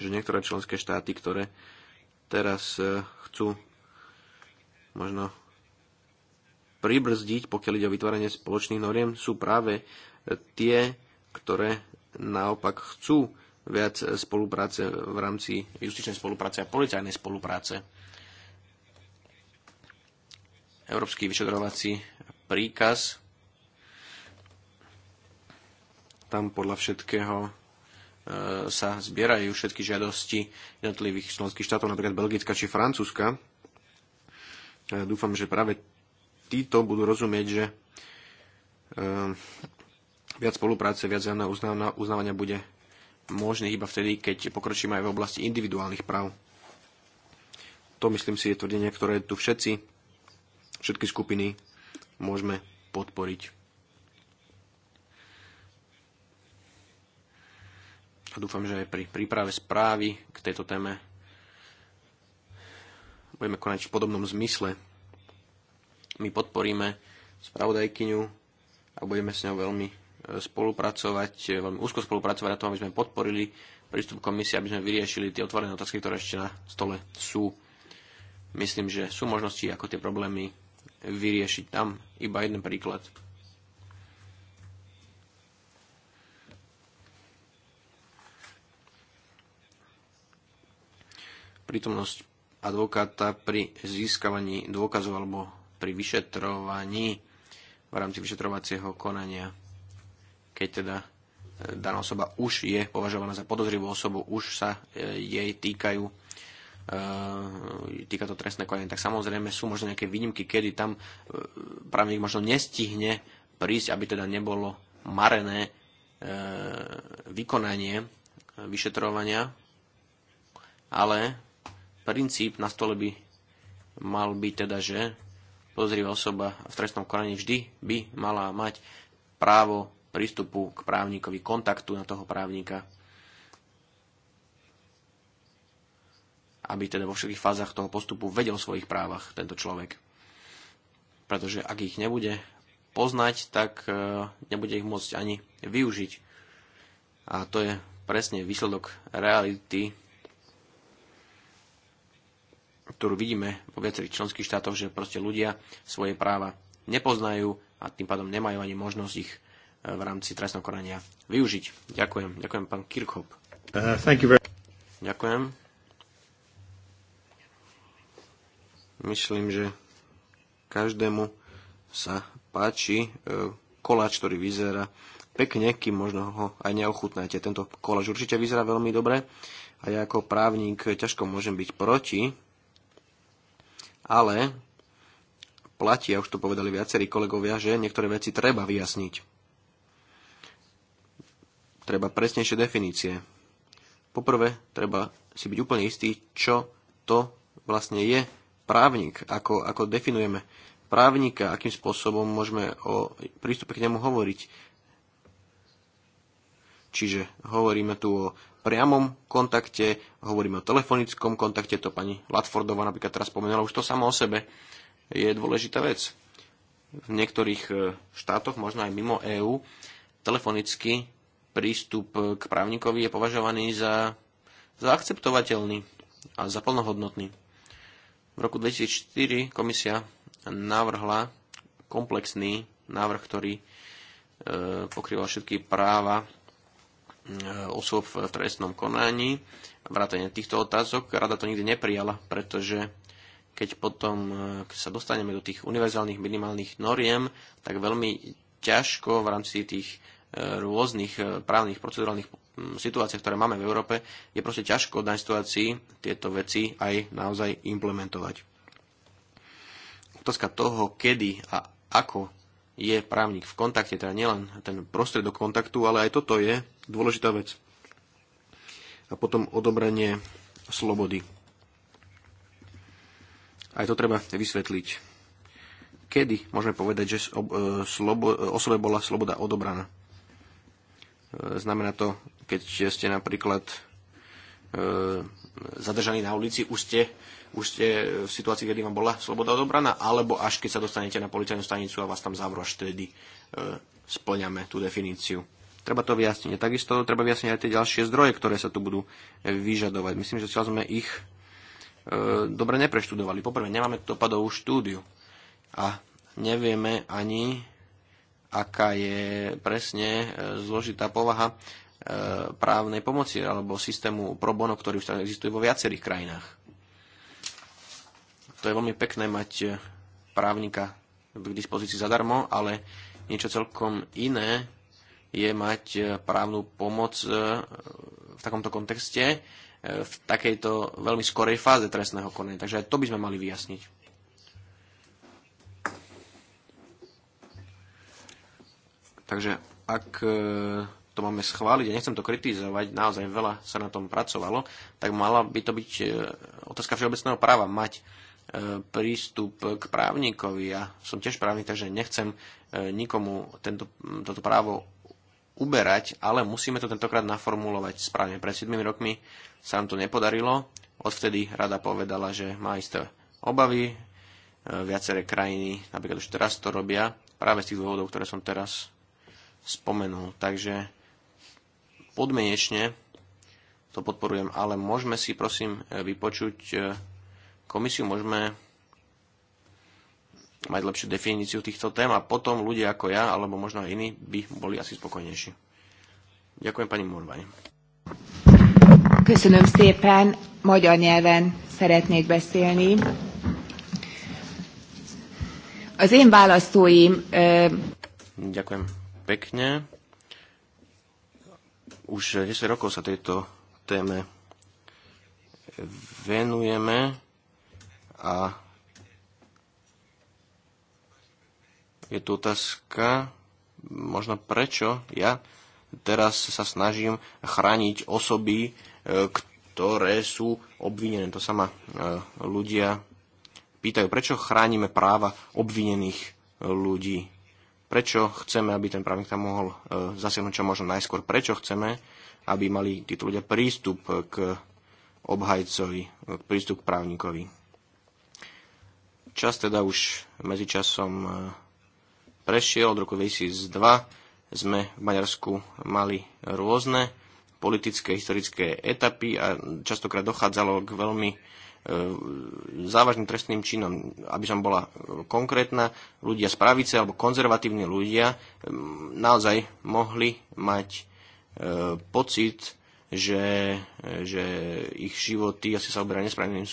že niektoré členské štáty, ktoré teraz e, chcú možno pribrzdiť, pokiaľ ide o vytváranie spoločných noriem, sú práve tie, ktoré naopak chcú viac spolupráce v rámci justičnej spolupráce a policajnej spolupráce. Európsky vyšetrovací príkaz tam podľa všetkého e, sa zbierajú všetky žiadosti jednotlivých členských štátov, napríklad Belgická či Francúzska. E, dúfam, že práve títo budú rozumieť, že e, Viac spolupráce, viac uznávania bude možné iba vtedy, keď pokročíme aj v oblasti individuálnych práv. To myslím si je tvrdenie, ktoré tu všetci, všetky skupiny môžeme podporiť. A dúfam, že aj pri príprave správy k tejto téme budeme konať v podobnom zmysle. My podporíme spravodajkyňu a budeme s ňou veľmi spolupracovať, e, veľmi úzko spolupracovať na tom, aby sme podporili prístup komisie, aby sme vyriešili tie otvorené otázky, ktoré ešte na stole sú. Myslím, že sú možnosti, ako tie problémy vyriešiť. Tam iba jeden príklad. Prítomnosť advokáta pri získavaní dôkazov alebo pri vyšetrovaní v rámci vyšetrovacieho konania keď teda e, daná osoba už je považovaná za podozrivú osobu, už sa e, jej týkajú e, týka to trestné konanie, tak samozrejme sú možno nejaké výnimky, kedy tam právnik možno nestihne prísť, aby teda nebolo marené vykonanie vyšetrovania, ale princíp na stole by mal byť teda, že podozrivá osoba v trestnom konaní vždy by mala mať právo prístupu k právnikovi, kontaktu na toho právnika, aby teda vo všetkých fázach toho postupu vedel o svojich právach tento človek. Pretože ak ich nebude poznať, tak e, nebude ich môcť ani využiť. A to je presne výsledok reality, ktorú vidíme vo viacerých členských štátoch, že proste ľudia svoje práva nepoznajú a tým pádom nemajú ani možnosť ich v rámci trestného konania využiť. Ďakujem. Ďakujem, pán Kirchhoff. Uh, very... Ďakujem. Myslím, že každému sa páči uh, koláč, ktorý vyzerá pekne, kým možno ho aj neochutnáte. Tento koláč určite vyzerá veľmi dobre a ja ako právnik ťažko môžem byť proti, ale platí, a už to povedali viacerí kolegovia, že niektoré veci treba vyjasniť treba presnejšie definície. Poprvé, treba si byť úplne istý, čo to vlastne je právnik, ako, ako definujeme právnika, akým spôsobom môžeme o prístupe k nemu hovoriť. Čiže hovoríme tu o priamom kontakte, hovoríme o telefonickom kontakte, to pani Latfordová napríklad teraz spomenula, už to samo o sebe je dôležitá vec. V niektorých e, štátoch, možno aj mimo EÚ, telefonicky prístup k právnikovi je považovaný za, za akceptovateľný a za plnohodnotný. V roku 2004 komisia navrhla komplexný návrh, ktorý e, pokrýval všetky práva e, osôb v trestnom konaní. Vrátanie týchto otázok rada to nikdy neprijala, pretože keď potom e, keď sa dostaneme do tých univerzálnych minimálnych noriem, tak veľmi ťažko v rámci tých rôznych eh, právnych, procedurálnych mm, situáciách, ktoré máme v Európe, je proste ťažko v danej situácii tieto veci aj naozaj implementovať. Otázka toho, kedy a ako je právnik v kontakte, teda nielen ten prostredok kontaktu, ale aj toto je dôležitá vec. A potom odobranie slobody. Aj to treba vysvetliť. Kedy môžeme povedať, že eh, eh, osobe bola sloboda odobraná? E, znamená to, keď ste napríklad e, zadržaní na ulici, už ste, už ste v situácii, kedy vám bola sloboda odobraná, alebo až keď sa dostanete na policajnú stanicu a vás tam zavrú, až vtedy e, splňame tú definíciu. Treba to vyjasniť. Takisto treba vyjasniť aj tie ďalšie zdroje, ktoré sa tu budú vyžadovať. Myslím, že sme ich dobre nepreštudovali. Poprvé, nemáme dopadovú štúdiu a nevieme ani, aká je presne e, zložitá povaha e, právnej pomoci alebo systému pro bono, ktorý už tam existuje vo viacerých krajinách. To je veľmi pekné mať e, právnika k dispozícii zadarmo, ale niečo celkom iné je mať právnu pomoc v takomto kontexte v takejto veľmi skorej fáze trestného konania. Takže aj to by sme mali vyjasniť. Takže ak e, to máme schváliť, a nechcem to kritizovať, naozaj veľa sa na tom pracovalo, tak mala by to byť e, otázka všeobecného práva mať e, prístup k právnikovi. Ja som tiež právnik, takže nechcem nikomu tento, toto právo uberať, ale musíme to tentokrát naformulovať správne. Pred 7 rokmi sa nám to nepodarilo. Odvtedy rada povedala, že má isté obavy. Viaceré krajiny, napríklad už teraz to robia, práve z tých dôvodov, ktoré som teraz spomenul. Takže podmenečne to podporujem, ale môžeme si prosím vypočuť e, komisiu, môžeme mať lepšiu definíciu týchto tém a potom ľudia ako ja, alebo možno aj iní, by boli asi spokojnejší. Ďakujem pani Morvaj. Köszönöm szépen, magyar nyelven szeretnék beszélni. Az én választóim... Ďakujem pekne. Už 10 rokov sa tejto téme venujeme a je tu otázka, možno prečo ja teraz sa snažím chrániť osoby, e, ktoré sú obvinené. To sa ma e, ľudia pýtajú, prečo chránime práva obvinených ľudí prečo chceme, aby ten právnik tam mohol e, zasiahnuť čo možno najskôr, prečo chceme, aby mali títo ľudia prístup k obhajcovi, prístup k právnikovi. Čas teda už medzičasom e, prešiel, od roku 2002 sme v Maďarsku mali rôzne politické, historické etapy a častokrát dochádzalo k veľmi E, závažným trestným činom. Aby som bola konkrétna, ľudia z pravice alebo konzervatívni ľudia e, naozaj mohli mať e, pocit, že, že ich životy asi sa oberajú nesprávnym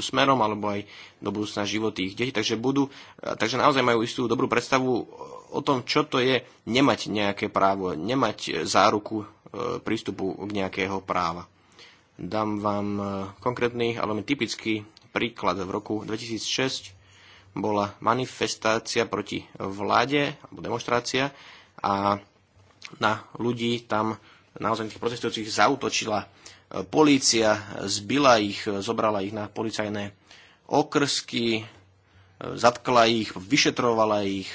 smerom alebo aj do budúcna životy ich detí, takže budú, takže naozaj majú istú dobrú predstavu o tom, čo to je nemať nejaké právo, nemať záruku prístupu k nejakého práva. Dám vám e, konkrétny, ale veľmi typický príklad. V roku 2006 bola manifestácia proti vláde, alebo demonstrácia, a na ľudí tam naozaj tých protestujúcich zautočila e, polícia, zbila ich, zobrala ich na policajné okrsky, e, zatkla ich, vyšetrovala ich,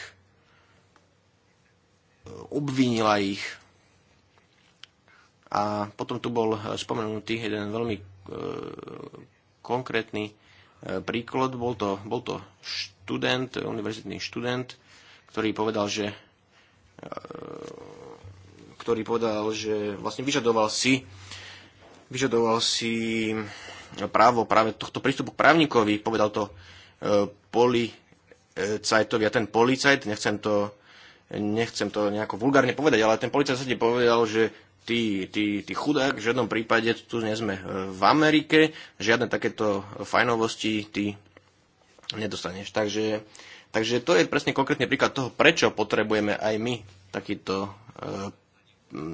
obvinila ich a potom tu bol eh, spomenutý jeden veľmi e, konkrétny e, príklad. Bol to, bol to študent, univerzitný študent, ktorý povedal, že e, ktorý povedal, že vlastne vyžadoval si vyžadoval si právo práve tohto prístupu k právnikovi. Povedal to e, policajtovi a ten policajt, nechcem to nechcem to nejako vulgárne povedať, ale ten policajt sa ti povedal, že tí, tí, tí chudák, v žiadnom prípade tu nie sme e, v Amerike, žiadne takéto fajnovosti ty nedostaneš. Takže, takže to je presne konkrétny príklad toho, prečo potrebujeme aj my takýto, e,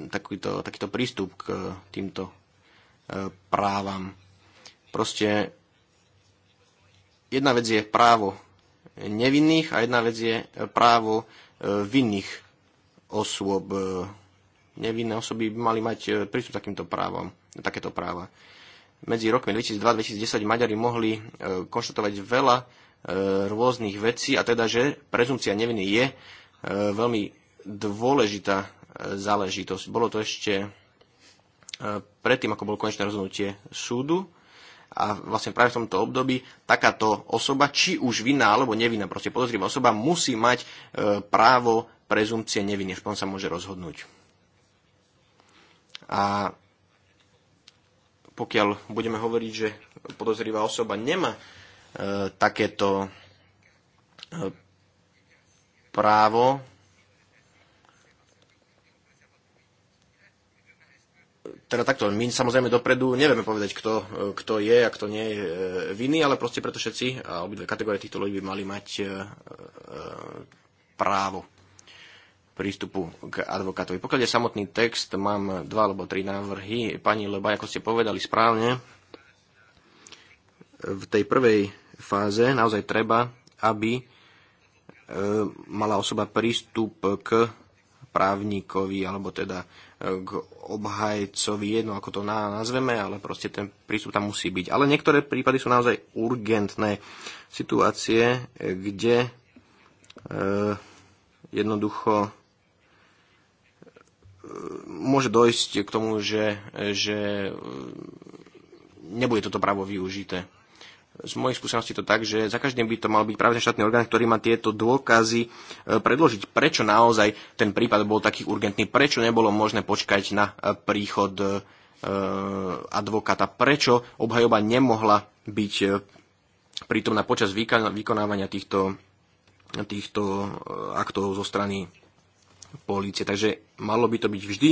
takýto, takýto prístup k týmto e, právam. Proste jedna vec je právo nevinných a jedna vec je právo vinných osôb nevinné osoby by mali mať e, prístup takýmto právom, takéto práva. Medzi rokmi 2002-2010 a Maďari mohli e, konštatovať veľa e, rôznych vecí a teda, že prezumcia neviny je veľmi dôležitá záležitosť. Bolo to ešte predtým, ako bolo konečné rozhodnutie súdu a vlastne práve v tomto období takáto osoba, či už vinná alebo nevinná, proste podozrivá osoba, musí mať právo prezumcie neviny, až potom sa môže rozhodnúť. A pokiaľ budeme hovoriť, že podozrivá osoba nemá e, takéto e, právo, teda takto, my samozrejme dopredu nevieme povedať, kto, e, kto je a kto nie je e, vinný, ale proste preto všetci, a obidve kategórie týchto ľudí by mali mať e, e právo prístupu k advokátovi. Pokiaľ je samotný text, mám dva alebo tri návrhy. Pani Leba, ako ste povedali správne, v tej prvej fáze naozaj treba, aby e, mala osoba prístup k právnikovi, alebo teda e, k obhajcovi, jedno ako to nazveme, ale proste ten prístup tam musí byť. Ale niektoré prípady sú naozaj urgentné situácie, kde e, jednoducho môže dojsť k tomu, že, že nebude toto právo využité. Z mojich skúseností to tak, že za každým by to mal byť práve ten štátny orgán, ktorý má tieto dôkazy e, predložiť. Prečo naozaj ten prípad bol taký urgentný? Prečo nebolo možné počkať na e, príchod e, advokáta? Prečo obhajoba nemohla byť prítomná počas vykonávania týchto, týchto aktov zo strany polície. Takže malo by to byť vždy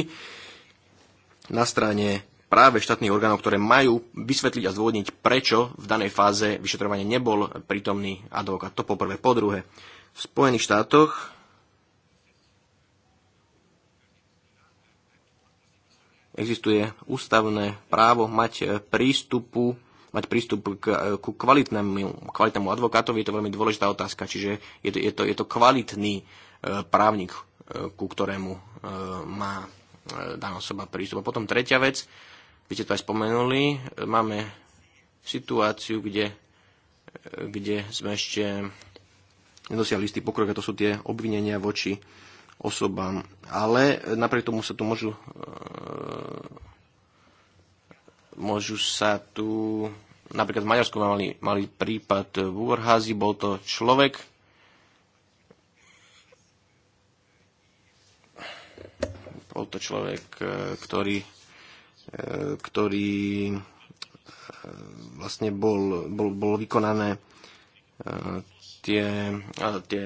na strane práve štátnych orgánov, ktoré majú vysvetliť a zvodniť, prečo v danej fáze vyšetrovania nebol prítomný advokát. To poprvé. Po druhé, v Spojených štátoch existuje ústavné právo mať eh, prístupu mať prístup k, eh, ku kvalitnému, kvalitnému advokátovi, je to veľmi dôležitá otázka. Čiže je to, je to, je to kvalitný eh, právnik, ku ktorému e, má e, daná osoba prístup. A potom tretia vec, vy ste to aj spomenuli, e, máme situáciu, kde, kde sme ešte nedosiahli istý pokrok a to sú tie obvinenia voči osobám. Ale napriek tomu sa tu môžu môžu sa tu napríklad v Maďarsku mali, mali prípad v Uberházi, bol to človek, Bol to človek, e, ktorý, e, ktorý e, vlastne bol, bol, bol vykonané tie, tie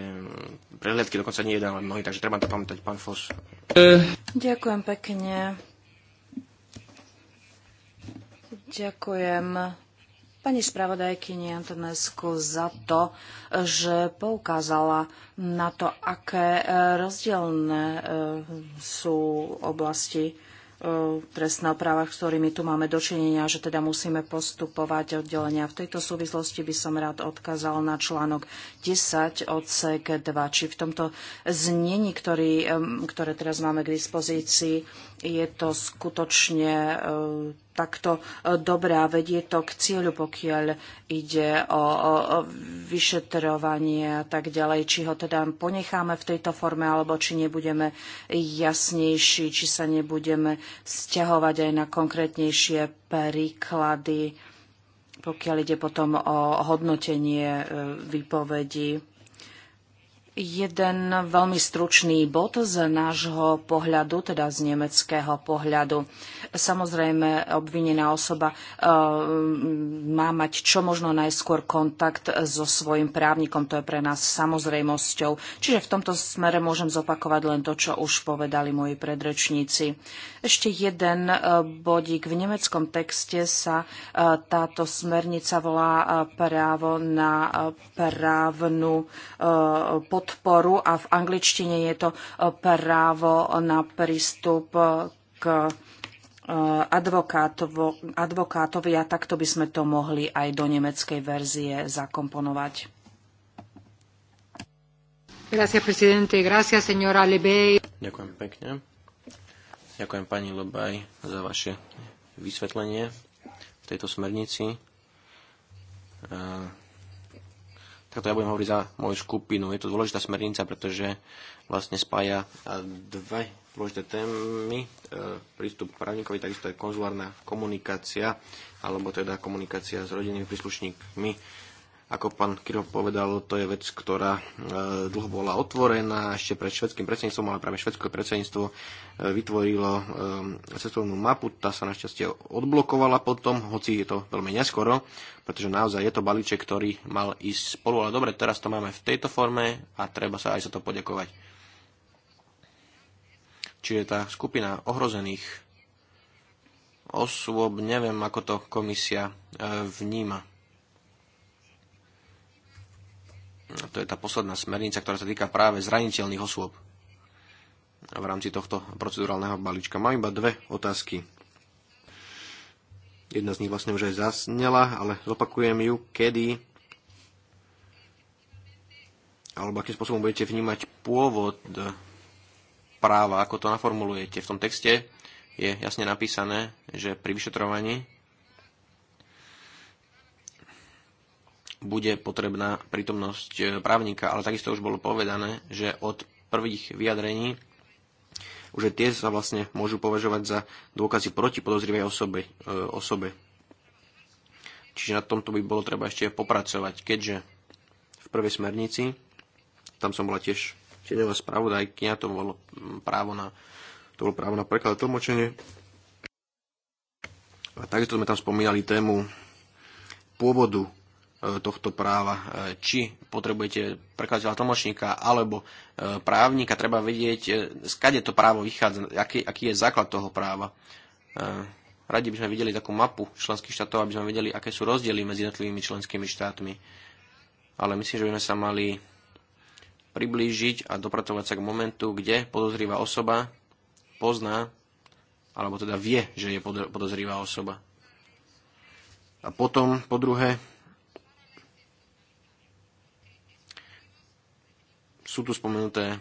prehliadky dokonca nie jeden, ale mnohý, takže treba to pamätať, pán Fos. Ďakujem pekne. Ďakujem pani spravodajkyni Antonesku za to, že poukázala na to, aké e, rozdielne e, sú oblasti e, trestného práva, s ktorými tu máme dočinenia, že teda musíme postupovať oddelenia. V tejto súvislosti by som rád odkázal na článok 10 odsek 2, či v tomto znení, ktorý, ktoré teraz máme k dispozícii, je to skutočne takto e, dobre a vedie to k cieľu, pokiaľ ide o, o, o vyšetrovanie a tak ďalej, či ho teda ponecháme v tejto forme, alebo či nebudeme jasnejší, či sa nebudeme vzťahovať aj na konkrétnejšie príklady, pokiaľ ide potom o hodnotenie e, výpovedí jeden veľmi stručný bod z nášho pohľadu, teda z nemeckého pohľadu. Samozrejme, obvinená osoba e, má mať čo možno najskôr kontakt so svojim právnikom. To je pre nás samozrejmosťou. Čiže v tomto smere môžem zopakovať len to, čo už povedali moji predrečníci. Ešte jeden e, bodík. V nemeckom texte sa e, táto smernica volá právo na právnu podporu podporu a v angličtine je to eh, právo na prístup eh, k eh, advokátovi a takto by sme to mohli aj do nemeckej verzie zakomponovať. Ďakujem pekne. Ďakujem pani Lobaj za vaše vysvetlenie v tejto smernici to ja budem hovoriť za moju skupinu. Je to dôležitá smernica, pretože vlastne spája e, dve dôležité témy. E, prístup k právnikovi, takisto je konzulárna komunikácia, alebo teda komunikácia s rodinnými príslušníkmi ako pán Kirov povedal, to je vec, ktorá e, dlho bola otvorená. Ešte pred švedským predsedníctvom, ale práve švedské predsedníctvo e, vytvorilo e, cestovnú mapu. Tá sa našťastie odblokovala potom, hoci je to veľmi neskoro, pretože naozaj je to balíček, ktorý mal ísť spolu. Ale dobre, teraz to máme v tejto forme a treba sa aj za to poďakovať. Čiže tá skupina ohrozených osôb, neviem, ako to komisia vníma to je tá posledná smernica, ktorá sa týka práve zraniteľných osôb v rámci tohto procedurálneho balíčka. Mám iba dve otázky. Jedna z nich vlastne už aj zasnela, ale zopakujem ju, kedy alebo akým spôsobom budete vnímať pôvod práva, ako to naformulujete. V tom texte je jasne napísané, že pri vyšetrovaní bude potrebná prítomnosť e, právnika, ale takisto už bolo povedané, že od prvých vyjadrení už tie sa vlastne môžu považovať za dôkazy proti podozrivej osobe, e, osobe. Čiže na tomto by bolo treba ešte popracovať, keďže v prvej smernici, tam som bola tiež tieňová spravodajkňa, to bolo právo na, to bolo právo na preklad tlmočenie. A takisto sme tam spomínali tému pôvodu E, tohto práva. E, či potrebujete prekladateľa tlmočníka alebo e, právnika, treba vedieť, skade to právo vychádza, aký, aký je základ toho práva. Radi by sme videli takú mapu členských štátov, aby sme vedeli, aké sú rozdiely medzi jednotlivými členskými štátmi. Ale myslím, že by sme sa mali priblížiť a dopracovať sa k momentu, kde podozrivá osoba pozná, alebo teda vie, že je podozrivá osoba. A potom, po druhé, sú tu spomenuté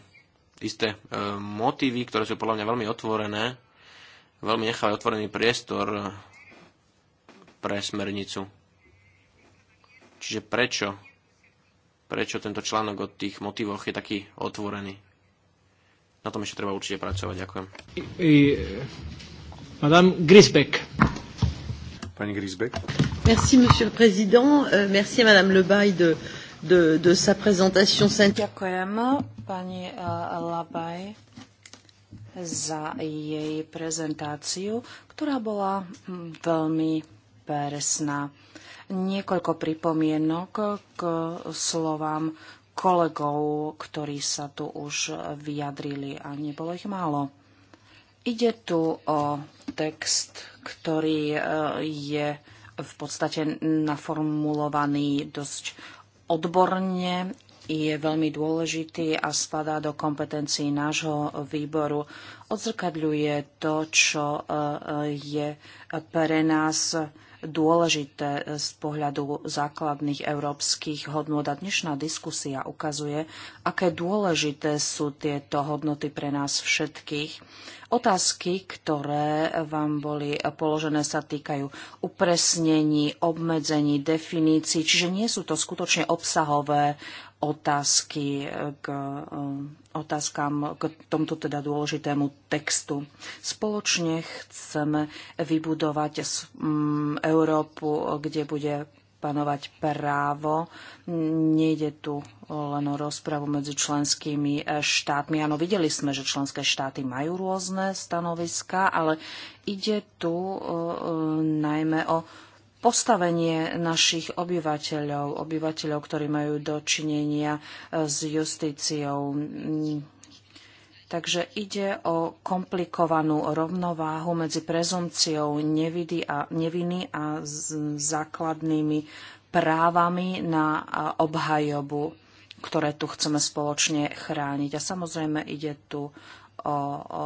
isté e, motívy, ktoré sú podľa mňa veľmi otvorené, veľmi nechali otvorený priestor pre smernicu. Čiže prečo? Prečo tento článok o tých motivoch je taký otvorený? Na tom ešte treba určite pracovať. Ďakujem. I, Madame Grisbeck. Pani Grisbeck. Merci, monsieur le président. Euh, merci, madame Lebaille, de, de, de sa présentation eh, za jej prezentáciu, ktorá bola hm, veľmi presná. Niekoľko pripomienok k slovám kolegov, ktorí sa tu už vyjadrili a nebolo ich málo. Ide tu o text, ktorý eh, je v podstate naformulovaný dosť odborne je veľmi dôležitý a spadá do kompetencií nášho výboru. Odzrkadľuje to, čo e, e, je pre nás dôležité eh, z pohľadu základných európskych hodnôt. A dnešná diskusia ukazuje, aké dôležité sú tieto hodnoty pre nás všetkých. Otázky, ktoré vám boli položené, sa týkajú upresnení, obmedzení, definícií, čiže nie sú to skutočne obsahové otázky eh, k eh, otázkam k tomuto teda dôležitému textu. Spoločne chceme vybudovať mm, Európu, eh, kde bude panovať právo. Nejde tu len o rozpravu medzi členskými štátmi. Áno, videli sme, že členské štáty majú rôzne stanoviská, ale ide tu najmä o postavenie našich obyvateľov, obyvateľov, ktorí majú dočinenia e, s justíciou. Takže ide o komplikovanú rovnováhu medzi prezumciou neviny a, základnými právami na obhajobu, ktoré tu chceme spoločne chrániť. A samozrejme ide tu o, o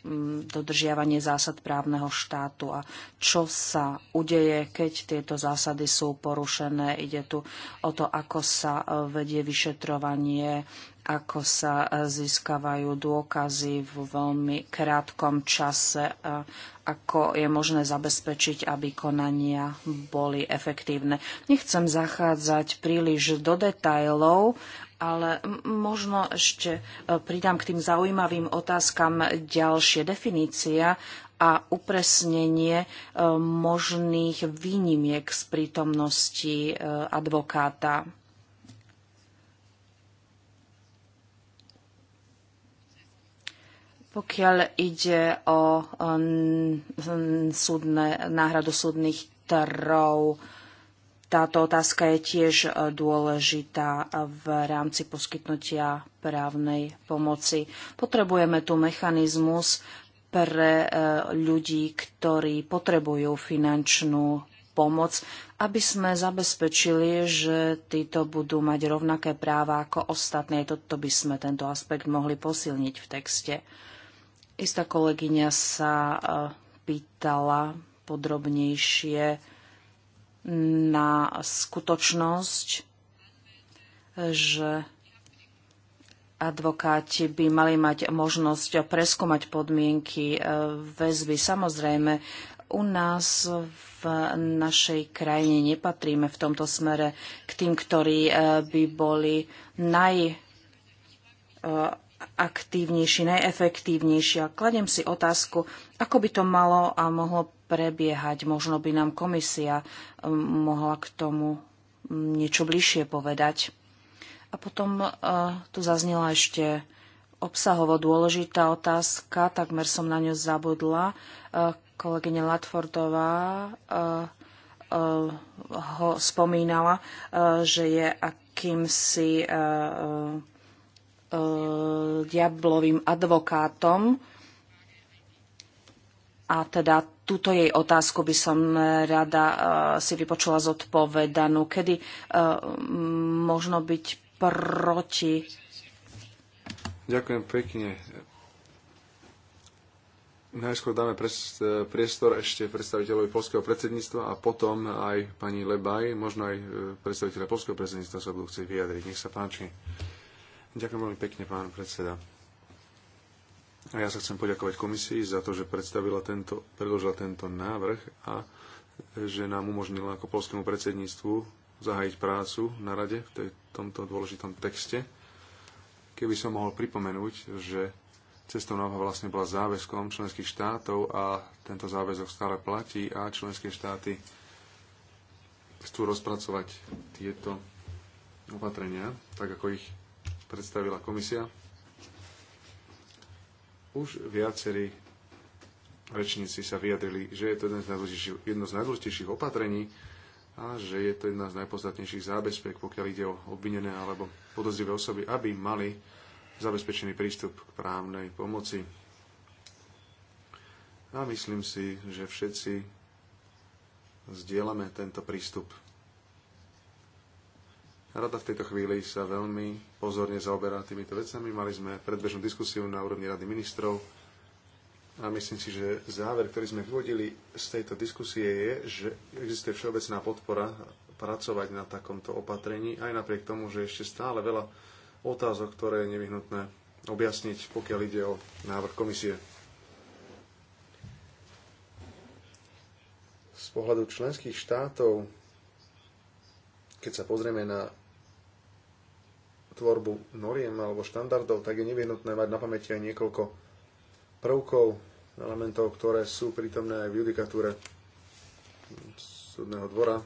Mm, dodržiavanie zásad právneho štátu a čo sa udeje, keď tieto zásady sú porušené. Ide tu o to, ako sa e, vedie vyšetrovanie, ako sa e, získavajú dôkazy v veľmi krátkom čase, ako je možné zabezpečiť, aby konania boli efektívne. Nechcem zachádzať príliš do detajlov, ale možno ešte e, pridám k tým zaujímavým otázkam ďalšie definícia a upresnenie e, možných výnimiek z prítomnosti e, advokáta. Pokiaľ ide o súdne, náhradu súdnych trov, táto otázka je tiež e, dôležitá v rámci poskytnutia právnej pomoci. Potrebujeme tu mechanizmus pre e, ľudí, ktorí potrebujú finančnú pomoc, aby sme zabezpečili, že títo budú mať rovnaké práva ako ostatné, Toto by sme tento aspekt mohli posilniť v texte. Istá kolegyňa sa e, pýtala podrobnejšie na skutočnosť, že advokáti by mali mať možnosť preskúmať podmienky e, väzby. Samozrejme, u nás v našej krajine nepatríme v tomto smere k tým, ktorí e, by boli naj e, aktívnejší, najefektívnejší. A kladem si otázku, ako by to malo a mohlo prebiehať. Možno by nám komisia um, mohla k tomu niečo bližšie povedať. A potom uh, tu zaznela ešte obsahovo dôležitá otázka, takmer som na ňu zabudla. Uh, Kolegyne Latfordová uh, ho spomínala, že je akýmsi diablovým advokátom a teda túto jej otázku by som e, rada e, si vypočula zodpovedanú. Kedy e, možno byť proti? Ďakujem pekne. Najskôr dáme priestor ešte predstaviteľovi polského predsedníctva a potom aj pani Lebaj, možno aj predstaviteľa polského predsedníctva sa budú chcieť vyjadriť. Nech sa páči. Ďakujem veľmi pekne, pán predseda. A ja sa chcem poďakovať komisii za to, že predstavila tento, predložila tento návrh a že nám umožnila ako polskému predsedníctvu zahájiť prácu na rade v tej, tomto dôležitom texte. Keby som mohol pripomenúť, že cestovná mapa vlastne bola záväzkom členských štátov a tento záväzok stále platí a členské štáty chcú rozpracovať tieto opatrenia, tak ako ich predstavila komisia už viacerí rečníci sa vyjadrili, že je to jedno z najdôležitejších, jedno z najdôležitejších opatrení a že je to jedna z najpodstatnejších zábezpek, pokiaľ ide o obvinené alebo podozrivé osoby, aby mali zabezpečený prístup k právnej pomoci. A myslím si, že všetci zdieľame tento prístup Rada v tejto chvíli sa veľmi pozorne zaoberá týmito vecami. Mali sme predbežnú diskusiu na úrovni Rady ministrov a myslím si, že záver, ktorý sme vyvodili z tejto diskusie je, že existuje všeobecná podpora pracovať na takomto opatrení, aj napriek tomu, že ešte stále veľa otázok, ktoré je nevyhnutné objasniť, pokiaľ ide o návrh komisie. Z pohľadu členských štátov keď sa pozrieme na tvorbu noriem alebo štandardov, tak je nevyhnutné mať na pamäti aj niekoľko prvkov, elementov, ktoré sú prítomné aj v judikatúre súdneho dvora,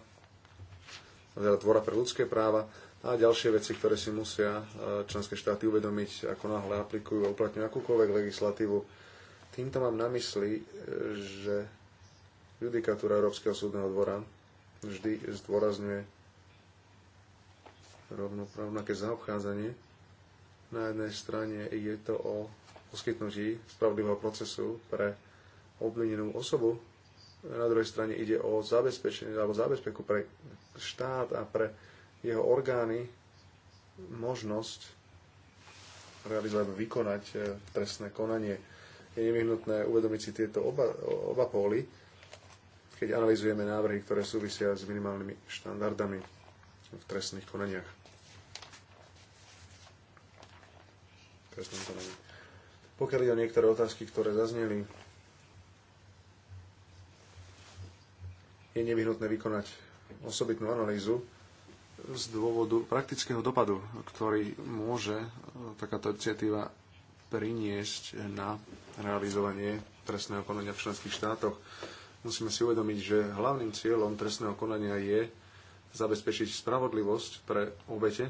teda dvora pre ľudské práva a ďalšie veci, ktoré si musia e, členské štáty uvedomiť, ako náhle aplikujú a uplatňujú akúkoľvek legislatívu. Týmto mám na mysli, e, že judikatúra Európskeho súdneho dvora vždy zdôrazňuje rovnoprávnaké zaobchádzanie. Na jednej strane je to o poskytnutí spravodlivého procesu pre obvinenú osobu, na druhej strane ide o zabezpečenie alebo zabezpeku pre štát a pre jeho orgány možnosť realizovať, vykonať e, trestné konanie. Je nevyhnutné uvedomiť si tieto oba, oba póly, keď analizujeme návrhy, ktoré súvisia s minimálnymi štandardami v trestných konaniach. Pokiaľ ide o niektoré otázky, ktoré zazneli, je nevyhnutné vykonať osobitnú analýzu z dôvodu praktického dopadu, ktorý môže e, takáto iniciatíva priniesť na realizovanie trestného konania v členských štátoch. Musíme si uvedomiť, že hlavným cieľom trestného konania je zabezpečiť spravodlivosť pre obete.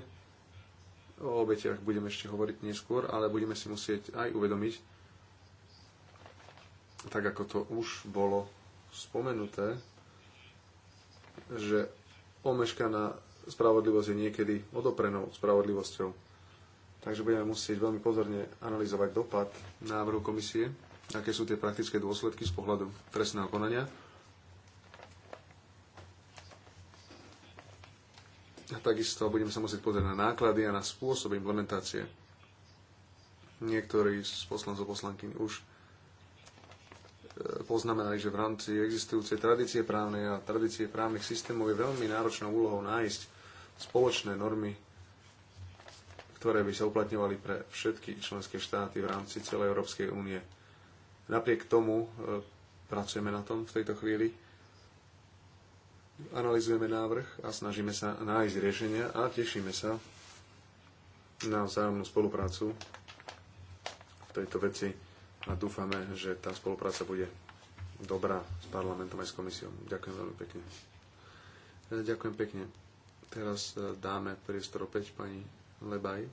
O obetiach budeme ešte hovoriť neskôr, ale budeme si musieť aj uvedomiť, tak ako to už bolo spomenuté, že omeškaná spravodlivosť je niekedy odoprenou spravodlivosťou. Takže budeme musieť veľmi pozorne analyzovať dopad návrhu komisie, aké sú tie praktické dôsledky z pohľadu trestného konania Takisto budeme sa musieť pozrieť na náklady a na spôsob implementácie. Niektorí z poslancov poslankyň už e, poznamenali, že v rámci existujúcej tradície právnej a tradície právnych systémov je veľmi náročnou úlohou nájsť spoločné normy, ktoré by sa uplatňovali pre všetky členské štáty v rámci celej Európskej únie. Napriek tomu e, pracujeme na tom v tejto chvíli Analizujeme návrh a snažíme sa nájsť riešenia a tešíme sa na vzájomnú spoluprácu v tejto veci a dúfame, že tá spolupráca bude dobrá s parlamentom aj s komisiou. Ďakujem veľmi pekne. E, ďakujem pekne. Teraz e, dáme priestor opäť pani Lebaj. E,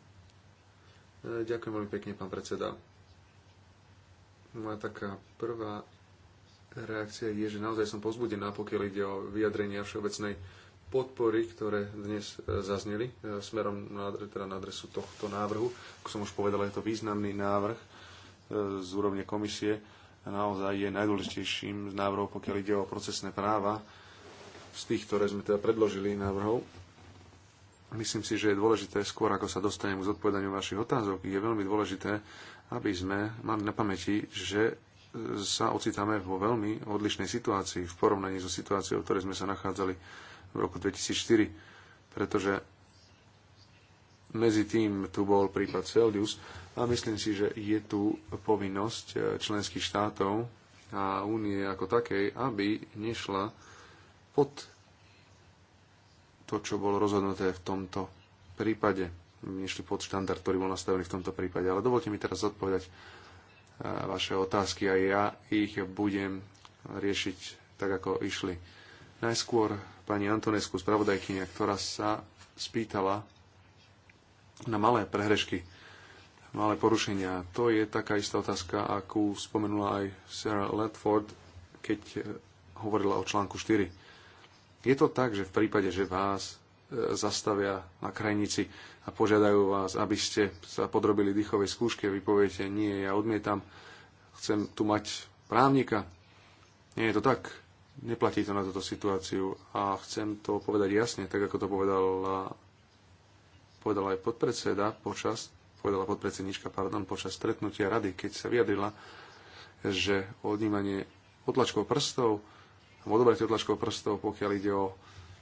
ďakujem veľmi pekne, pán predseda. Moja taká prvá reakcia je, že naozaj som pozbudená, pokiaľ ide o vyjadrenia všeobecnej podpory, ktoré dnes e, zazneli e, smerom na, teda na adresu tohto návrhu. Ako som už povedal, je to významný návrh e, z úrovne komisie a naozaj je najdôležitejším z návrhov, pokiaľ ide o procesné práva z tých, ktoré sme teda predložili návrhov. Myslím si, že je dôležité, skôr ako sa dostanem k zodpovedaniu vašich otázok, je veľmi dôležité, aby sme mali na pamäti, že sa ocitáme vo veľmi odlišnej situácii v porovnaní so situáciou, v ktorej sme sa nachádzali v roku 2004, pretože medzi tým tu bol prípad Celdius a myslím si, že je tu povinnosť členských štátov a únie ako takej, aby nešla pod to, čo bolo rozhodnuté v tomto prípade. Nešli pod štandard, ktorý bol nastavený v tomto prípade. Ale dovolte mi teraz odpovedať vaše otázky a ja ich budem riešiť tak, ako išli. Najskôr pani Antonesku, spravodajkynia, ktorá sa spýtala na malé prehrešky, malé porušenia. To je taká istá otázka, akú spomenula aj Sarah Ledford, keď hovorila o článku 4. Je to tak, že v prípade, že vás zastavia na krajnici a požiadajú vás, aby ste sa podrobili dýchovej skúške. Vy poviete, nie, ja odmietam, chcem tu mať právnika. Nie je to tak. Neplatí to na túto situáciu a chcem to povedať jasne, tak ako to povedal, povedal aj podpredseda počas, povedala podpredsednička, pardon, počas stretnutia rady, keď sa vyjadrila, že odnímanie otlačkov prstov, odobratie otlačkov prstov, pokiaľ ide o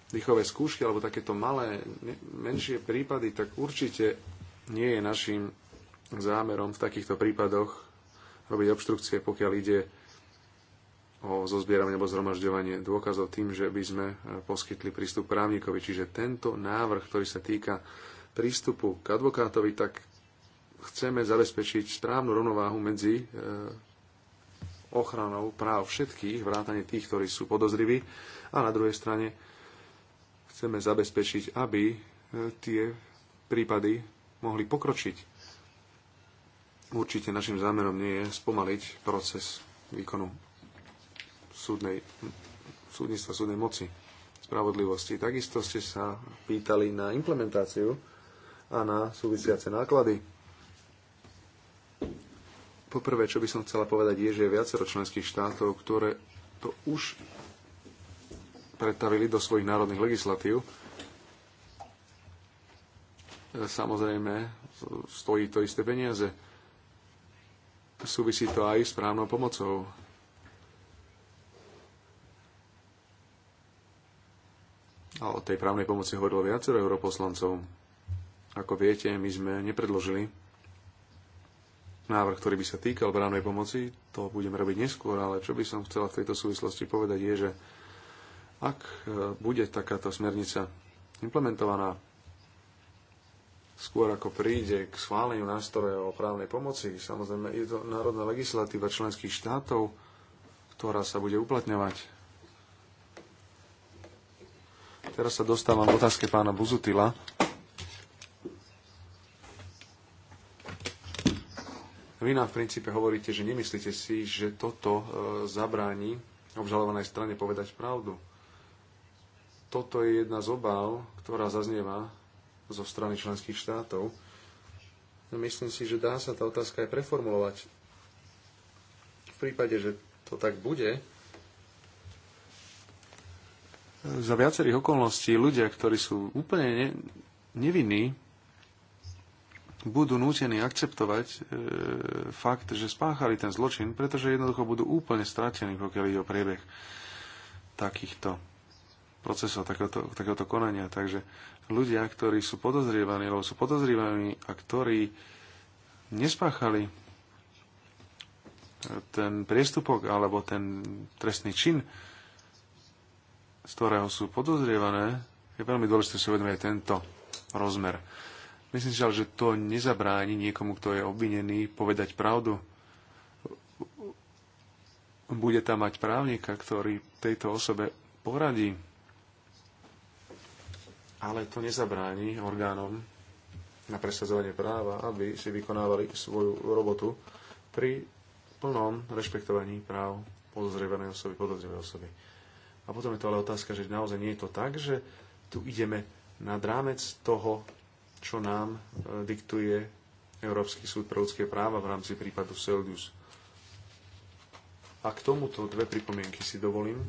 dýchové skúšky alebo takéto malé, menšie prípady, tak určite nie je našim zámerom v takýchto prípadoch robiť obštrukcie, pokiaľ ide o zozbieranie alebo zhromažďovanie dôkazov tým, že by sme e, poskytli prístup právnikovi. Čiže tento návrh, ktorý sa týka prístupu k advokátovi, tak chceme zabezpečiť správnu rovnováhu medzi e, ochranou práv všetkých, vrátane tých, ktorí sú podozriví, a na druhej strane Chceme zabezpečiť, aby e, tie prípady mohli pokročiť. Určite našim zámerom nie je spomaliť proces výkonu súdnej, súdnictva, súdnej moci, spravodlivosti. Takisto ste sa pýtali na implementáciu a na súvisiace náklady. Poprvé, čo by som chcela povedať, je, že je viacero členských štátov, ktoré to už pretavili do svojich národných legislatív. E, samozrejme, stojí to isté peniaze. Súvisí to aj s právnou pomocou. A o tej právnej pomoci hovorilo viacero europoslancov. Ako viete, my sme nepredložili návrh, ktorý by sa týkal právnej pomoci. To budeme robiť neskôr, ale čo by som chcela v tejto súvislosti povedať je, že ak e, bude takáto smernica implementovaná skôr ako príde k schváleniu nástroja o právnej pomoci, samozrejme je to národná legislatíva členských štátov, ktorá sa bude uplatňovať. Teraz sa dostávam k otázke pána Buzutila. Vy nám v princípe hovoríte, že nemyslíte si, že toto e, zabráni obžalovanej strane povedať pravdu. Toto je jedna z obáv, ktorá zaznieva zo strany členských štátov. Myslím si, že dá sa tá otázka aj preformulovať. V prípade, že to tak bude, za viacerých okolností ľudia, ktorí sú úplne ne, nevinní, budú nútení akceptovať e, fakt, že spáchali ten zločin, pretože jednoducho budú úplne stratení, pokiaľ ide o priebeh takýchto procesov takéhoto, takéhoto konania. Takže ľudia, ktorí sú podozrievaní, alebo sú podozrievaní a ktorí nespáchali eh, ten priestupok alebo ten trestný čin, z ktorého sú podozrievané, je veľmi dôležité si uvedomiť aj tento rozmer. Myslím si, že to nezabráni niekomu, kto je obvinený, povedať pravdu. Bude tam mať právnika, ktorý tejto osobe poradí, ale to nezabráni orgánom na presadzovanie práva, aby si vykonávali svoju robotu pri plnom rešpektovaní práv podozrievanej osoby, podozrievanej osoby. A potom je to ale otázka, že naozaj nie je to tak, že tu ideme nad rámec toho, čo nám e, diktuje Európsky súd pre ľudské práva v rámci prípadu Seldius. A k tomuto dve pripomienky si dovolím.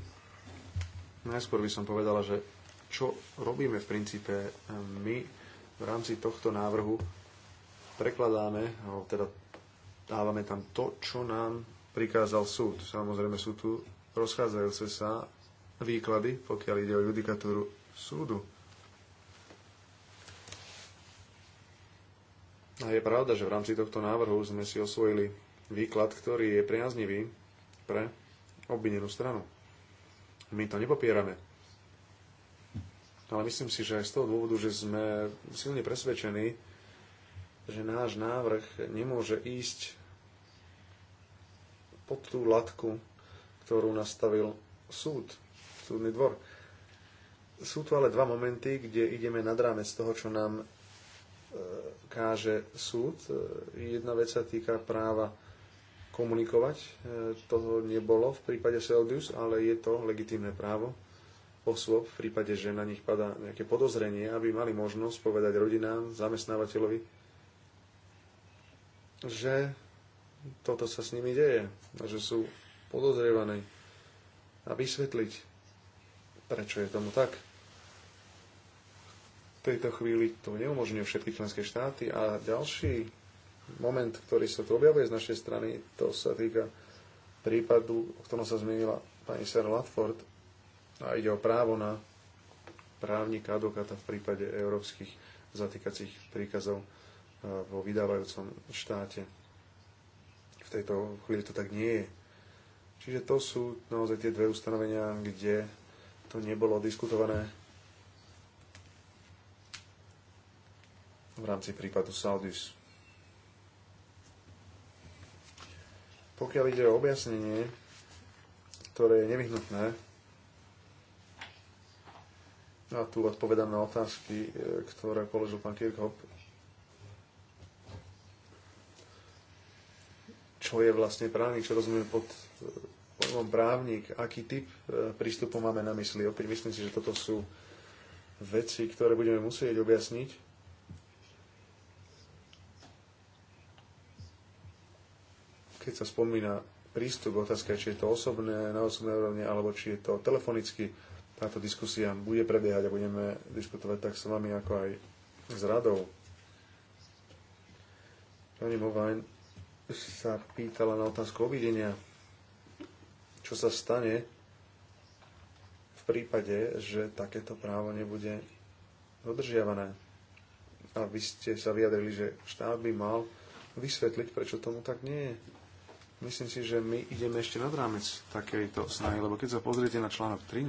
Najskôr by som povedala, že čo robíme v princípe eh, my v rámci tohto návrhu. Prekladáme, teda dávame tam to, čo nám prikázal súd. Samozrejme sú tu rozchádzajúce sa výklady, pokiaľ ide o judikatúru súdu. A je pravda, že v rámci tohto návrhu sme si osvojili výklad, ktorý je priaznivý pre obvinenú stranu. My to nepopierame ale myslím si, že aj z toho dôvodu, že sme silne presvedčení, že náš návrh nemôže ísť pod tú latku, ktorú nastavil súd, súdny dvor. Sú tu ale dva momenty, kde ideme nad rámec toho, čo nám e, káže súd. E, jedna vec sa týka práva komunikovať. E, toho nebolo v prípade Seldius, ale je to legitímne právo osôb v prípade, že na nich padá nejaké podozrenie, aby mali možnosť povedať rodinám, zamestnávateľovi, že toto sa s nimi deje, že sú podozrievaní a vysvetliť, prečo je tomu tak. V tejto chvíli to neumožňuje všetky členské štáty a ďalší moment, ktorý sa tu objavuje z našej strany, to sa týka prípadu, o ktorom sa zmenila pani Sarah Latford, a ide o právo na právnika, advokáta v prípade európskych zatýkacích príkazov e, vo vydávajúcom štáte. V tejto chvíli to tak nie je. Čiže to sú naozaj tie dve ustanovenia, kde to nebolo diskutované v rámci prípadu Saudis. Pokiaľ ide o objasnenie, ktoré je nevyhnutné a tu odpovedám na otázky, e, ktoré položil pán Kirchhoff. Čo je vlastne právnik, čo rozumieme pod e, pojmom právnik, aký typ e, prístupu máme na mysli. Opäť myslím si, že toto sú veci, ktoré budeme musieť objasniť. Keď sa spomína prístup, otázka je, či je to osobné, na osobnej úrovni, alebo či je to telefonicky táto diskusia bude prebiehať a budeme diskutovať tak s vami, ako aj s radou. Pani Movajn sa pýtala na otázku obidenia. Čo sa stane v prípade, že takéto právo nebude dodržiavané? A vy ste sa vyjadrili, že štát by mal vysvetliť, prečo tomu tak nie je. Myslím si, že my ideme ešte nad rámec takejto snahy, lebo keď sa pozriete na článok 13,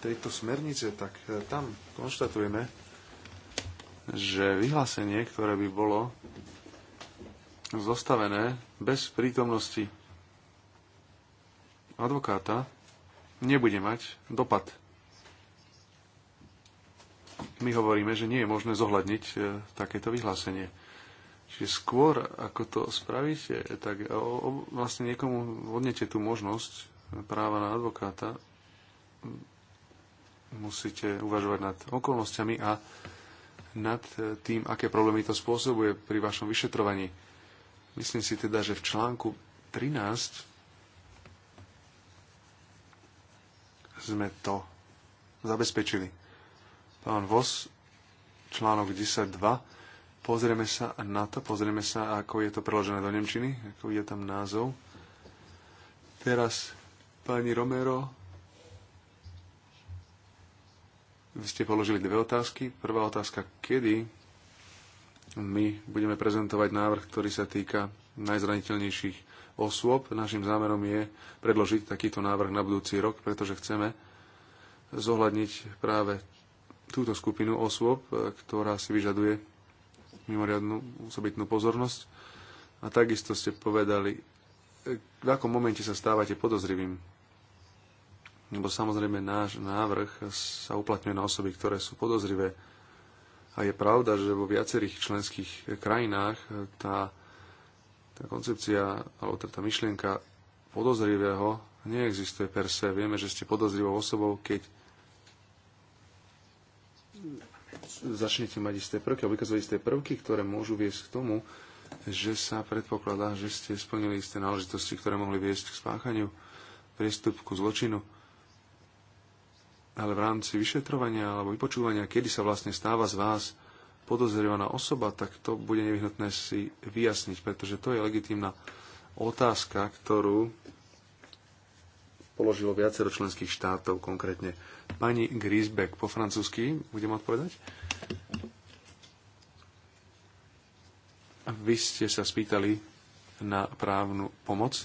tejto smernice, tak e, tam konštatujeme, že vyhlásenie, ktoré by bolo zostavené bez prítomnosti advokáta, nebude mať dopad. My hovoríme, že nie je možné zohľadniť e, takéto vyhlásenie. Čiže skôr, ako to spravíte, tak e, vlastne niekomu odnete tú možnosť práva na advokáta musíte uvažovať nad okolnostiami a nad eh, tým, aké problémy to spôsobuje pri vašom vyšetrovaní. Myslím si teda, že v článku 13 sme to zabezpečili. Pán Vos, článok 10.2, pozrieme sa na to, pozrieme sa, ako je to preložené do Nemčiny, ako je tam názov. Teraz pani Romero, Vy ste položili dve otázky. Prvá otázka, kedy my budeme prezentovať návrh, ktorý sa týka najzraniteľnejších osôb. Našim zámerom je predložiť takýto návrh na budúci rok, pretože chceme zohľadniť práve túto skupinu osôb, ktorá si vyžaduje mimoriadnú osobitnú pozornosť. A takisto ste povedali, v akom momente sa stávate podozrivým lebo samozrejme náš návrh sa uplatňuje na osoby, ktoré sú podozrivé. A je pravda, že vo viacerých členských krajinách tá, tá koncepcia, alebo teda tá myšlienka podozrivého neexistuje per se. Vieme, že ste podozrivou osobou, keď začnete mať isté prvky, alebo vykazovať isté prvky, ktoré môžu viesť k tomu, že sa predpokladá, že ste splnili isté náležitosti, ktoré mohli viesť k spáchaniu priestupku zločinu ale v rámci vyšetrovania alebo vypočúvania, kedy sa vlastne stáva z vás podozrievaná osoba, tak to bude nevyhnutné si vyjasniť, pretože to je legitímna otázka, ktorú položilo viacero členských štátov konkrétne. Pani Grisbeck po francúzsky, budem odpovedať. Vy ste sa spýtali na právnu pomoc.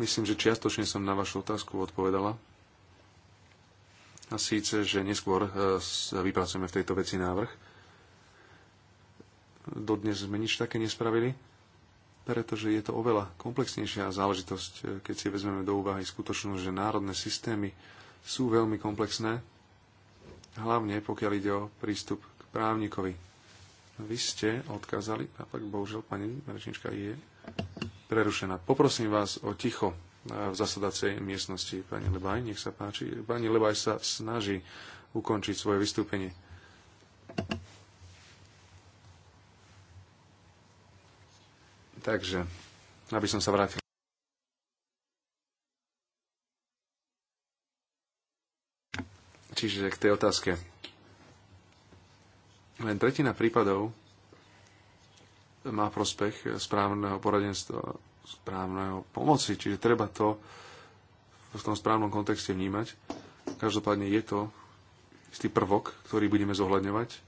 Myslím, že čiastočne som na vašu otázku odpovedala a síce, že neskôr e, vypracujeme v tejto veci návrh. Dodnes sme nič také nespravili, pretože je to oveľa komplexnejšia záležitosť, e, keď si vezmeme do úvahy skutočnosť, že národné systémy sú veľmi komplexné, hlavne pokiaľ ide o prístup k právnikovi. Vy ste odkázali, a pak bohužiaľ pani rečnička je prerušená. Poprosím vás o ticho v zasadacej miestnosti. Pani Lebaj, nech sa páči. Pani Lebaj sa snaží ukončiť svoje vystúpenie. Takže, aby som sa vrátil. Čiže k tej otázke. Len tretina prípadov má prospech správneho poradenstva správneho pomoci. Čiže treba to v tom správnom kontexte vnímať. Každopádne je to istý prvok, ktorý budeme zohľadňovať e,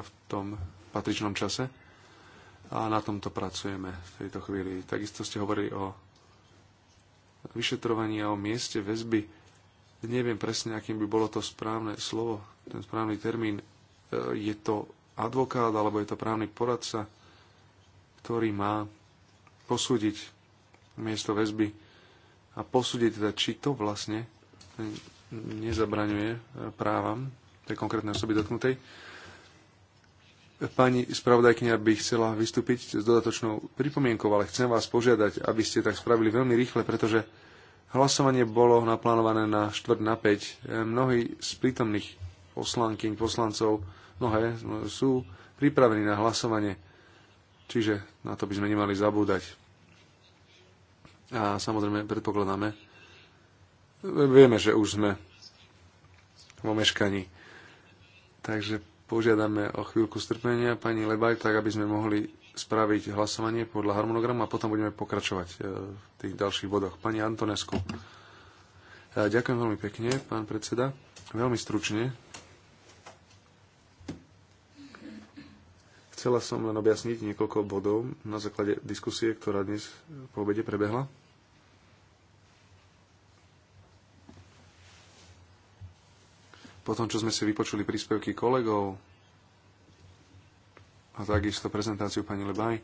v tom patričnom čase a na tomto pracujeme v tejto chvíli. Takisto ste hovorili o vyšetrovaní a o mieste väzby. Neviem presne, akým by bolo to správne slovo, ten správny termín. E, je to advokát alebo je to právny poradca, ktorý má posúdiť miesto väzby a posúdiť teda, či to vlastne nezabraňuje e, právam tej konkrétnej osoby dotknutej. Pani spravodajkňa by chcela vystúpiť s dodatočnou pripomienkou, ale chcem vás požiadať, aby ste tak spravili veľmi rýchle, pretože hlasovanie bolo naplánované na 4 na 5. E, mnohí z prítomných poslankyň, poslancov, mnohé sú pripravení na hlasovanie, čiže na to by sme nemali zabúdať. A samozrejme predpokladáme, vieme, že už sme vo meškaní. Takže požiadame o chvíľku strpenia pani Lebaj, tak aby sme mohli spraviť hlasovanie podľa harmonogramu a potom budeme pokračovať e, v tých ďalších bodoch. Pani Antonesku. E, ďakujem veľmi pekne, pán predseda. Veľmi stručne. Chcela som len objasniť niekoľko bodov na základe diskusie, ktorá dnes po obede prebehla. Po tom, čo sme si vypočuli príspevky kolegov a takisto prezentáciu pani Lebaj,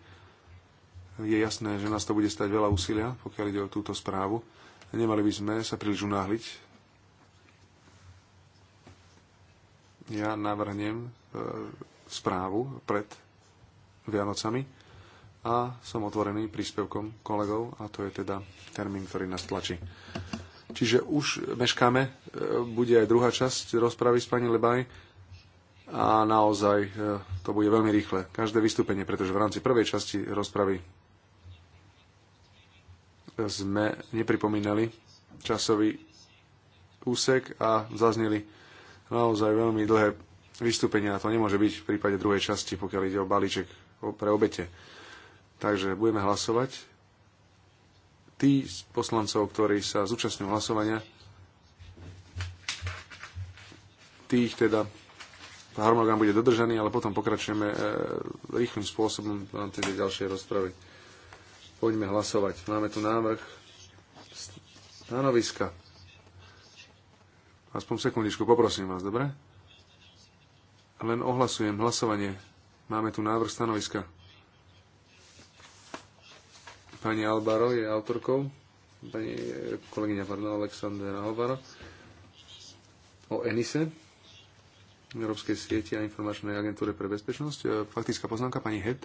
je jasné, že nás to bude stať veľa úsilia, pokiaľ ide o túto správu. Nemali by sme sa príliš unáhliť. Ja navrhnem e, správu pred Vianocami a som otvorený príspevkom kolegov a to je teda termín, ktorý nás tlačí. Čiže už meškáme, e, bude aj druhá časť rozpravy s pani Lebaj a naozaj e, to bude veľmi rýchle. Každé vystúpenie, pretože v rámci prvej časti rozpravy sme nepripomínali časový úsek a zazneli naozaj veľmi dlhé vystúpenia. To nemôže byť v prípade druhej časti, pokiaľ ide o balíček pre obete. Takže budeme hlasovať tí z poslancov, ktorí sa zúčastňujú hlasovania, tých teda harmonogram bude dodržaný, ale potom pokračujeme e, rýchlým spôsobom v rámci tej ďalšej rozpravy. Poďme hlasovať. Máme tu návrh stanoviska. Aspoň sekundičku, poprosím vás, dobre? Len ohlasujem hlasovanie. Máme tu návrh stanoviska. Pani Albaro je autorkou, pani kolegyňa Varno Aleksandra Albaro o ENISE, Európskej siete a informačnej agentúre pre bezpečnosť. E, faktická poznámka, pani Hed.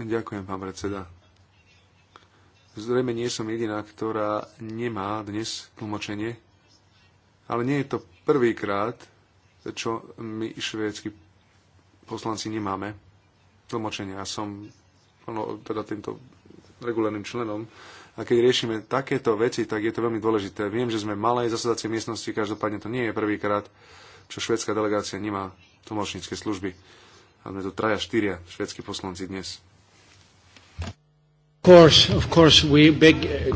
Ďakujem, pán predseda. Zrejme nie som jediná, ktorá nemá dnes tlmočenie, ale nie je to prvýkrát, čo my švédsky poslanci nemáme tlmočenia. Som teda týmto regulárnym členom. A keď riešime takéto veci, tak je to veľmi dôležité. Viem, že sme malé zasadacie miestnosti, každopádne to nie je prvýkrát, čo švedská delegácia nemá tlmočnícke služby. A sme tu traja, štyria švedskí poslanci dnes. Of course, of course we beg... E,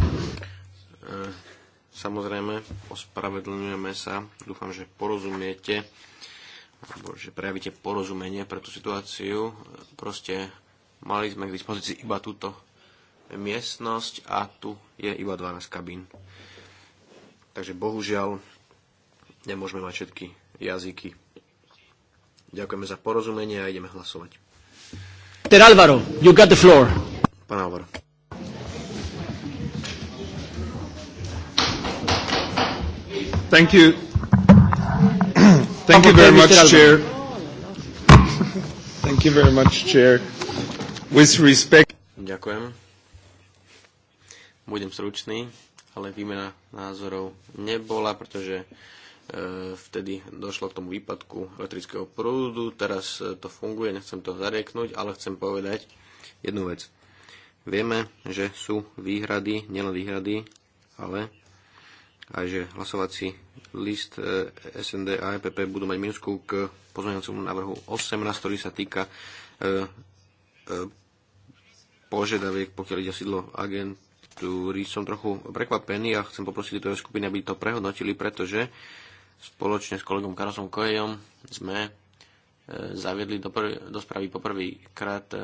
samozrejme, ospravedlňujeme sa. Dúfam, že porozumiete, alebo že prejavíte porozumenie pre tú situáciu. Proste Mali sme k dispozícii iba túto miestnosť a tu je iba 12 kabín. Takže bohužiaľ nemôžeme mať všetky jazyky. Ďakujeme za porozumenie a ideme hlasovať. Ter Alvaro, you got the floor. Pán Alvaro. Thank you. <laughs> Thank you very much, Chair. Thank you very much, Chair. With respect... Ďakujem. Budem stručný, ale výmena názorov nebola, pretože e, vtedy došlo k tomu výpadku elektrického prúdu, teraz e, to funguje, nechcem to zarieknúť, ale chcem povedať jednu vec. Vieme, že sú výhrady, nielen výhrady, ale aj že hlasovací list e, SND a EPP budú mať minusku k pozmeňujúcemu návrhu 18, ktorý sa týka požiadaviek, pokiaľ ide o sídlo agentúry, som trochu prekvapený a chcem poprosiť tieto skupiny, aby to prehodnotili, pretože spoločne s kolegom Karasom Kojejom sme e, zaviedli do, prv, do správy poprvýkrát e, e,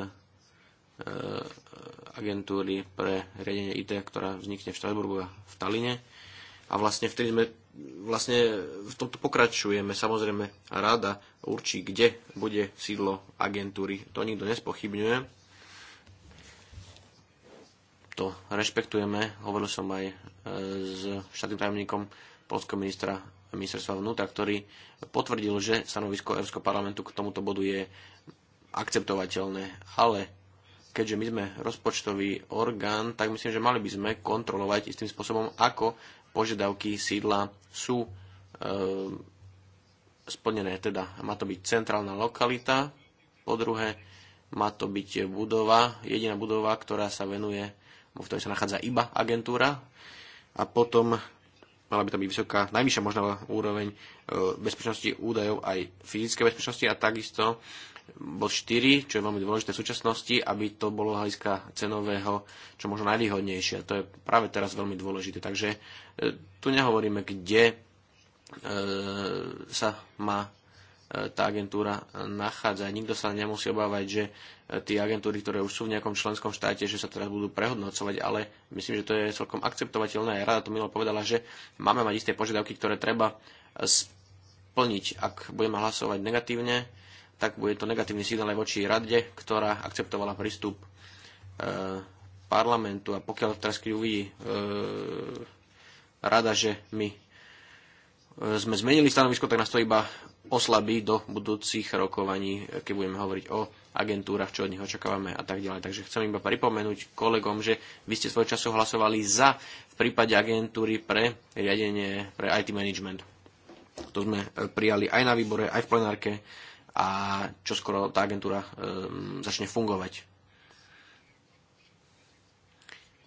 agentúry pre riadenie IT, ktorá vznikne v Štrasburgu a v Taline. A vlastne vtedy sme, vlastne v tomto pokračujeme. Samozrejme, rada určí, kde bude sídlo agentúry. To nikto nespochybňuje to rešpektujeme. Hovoril som aj e, s štátnym tajomníkom polského ministra ministerstva vnútra, ktorý potvrdil, že stanovisko Európskeho parlamentu k tomuto bodu je akceptovateľné. Ale keďže my sme rozpočtový orgán, tak myslím, že mali by sme kontrolovať istým spôsobom, ako požiadavky sídla sú e, splnené. Teda má to byť centrálna lokalita, po druhé má to byť budova, jediná budova, ktorá sa venuje v ktorej sa nachádza iba agentúra a potom mala by tam byť vysoká, najvyššia možná úroveň e, bezpečnosti údajov aj fyzické bezpečnosti a takisto bod 4, čo je veľmi dôležité v súčasnosti, aby to bolo hľadiska cenového čo možno najvýhodnejšie. To je práve teraz veľmi dôležité. Takže e, tu nehovoríme, kde e, sa má tá agentúra nachádza. Nikto sa nemusí obávať, že e, tie agentúry, ktoré už sú v nejakom členskom štáte, že sa teraz budú prehodnocovať, ale myslím, že to je celkom akceptovateľné. Aj rada to milo povedala, že máme mať isté požiadavky, ktoré treba splniť. Ak budeme hlasovať negatívne, tak bude to negatívny signál aj voči rade, ktorá akceptovala prístup e, parlamentu. A pokiaľ teraz keď uvidí e, rada, že my E, sme zmenili stanovisko, tak nás to iba oslabí do budúcich rokovaní, e, keď budeme hovoriť o agentúrach, čo od nich očakávame a tak ďalej. Takže chcem iba pripomenúť kolegom, že vy ste svoj času hlasovali za v prípade agentúry pre riadenie, pre IT management. To sme e, prijali aj na výbore, aj v plenárke a čo skoro tá agentúra um, začne fungovať.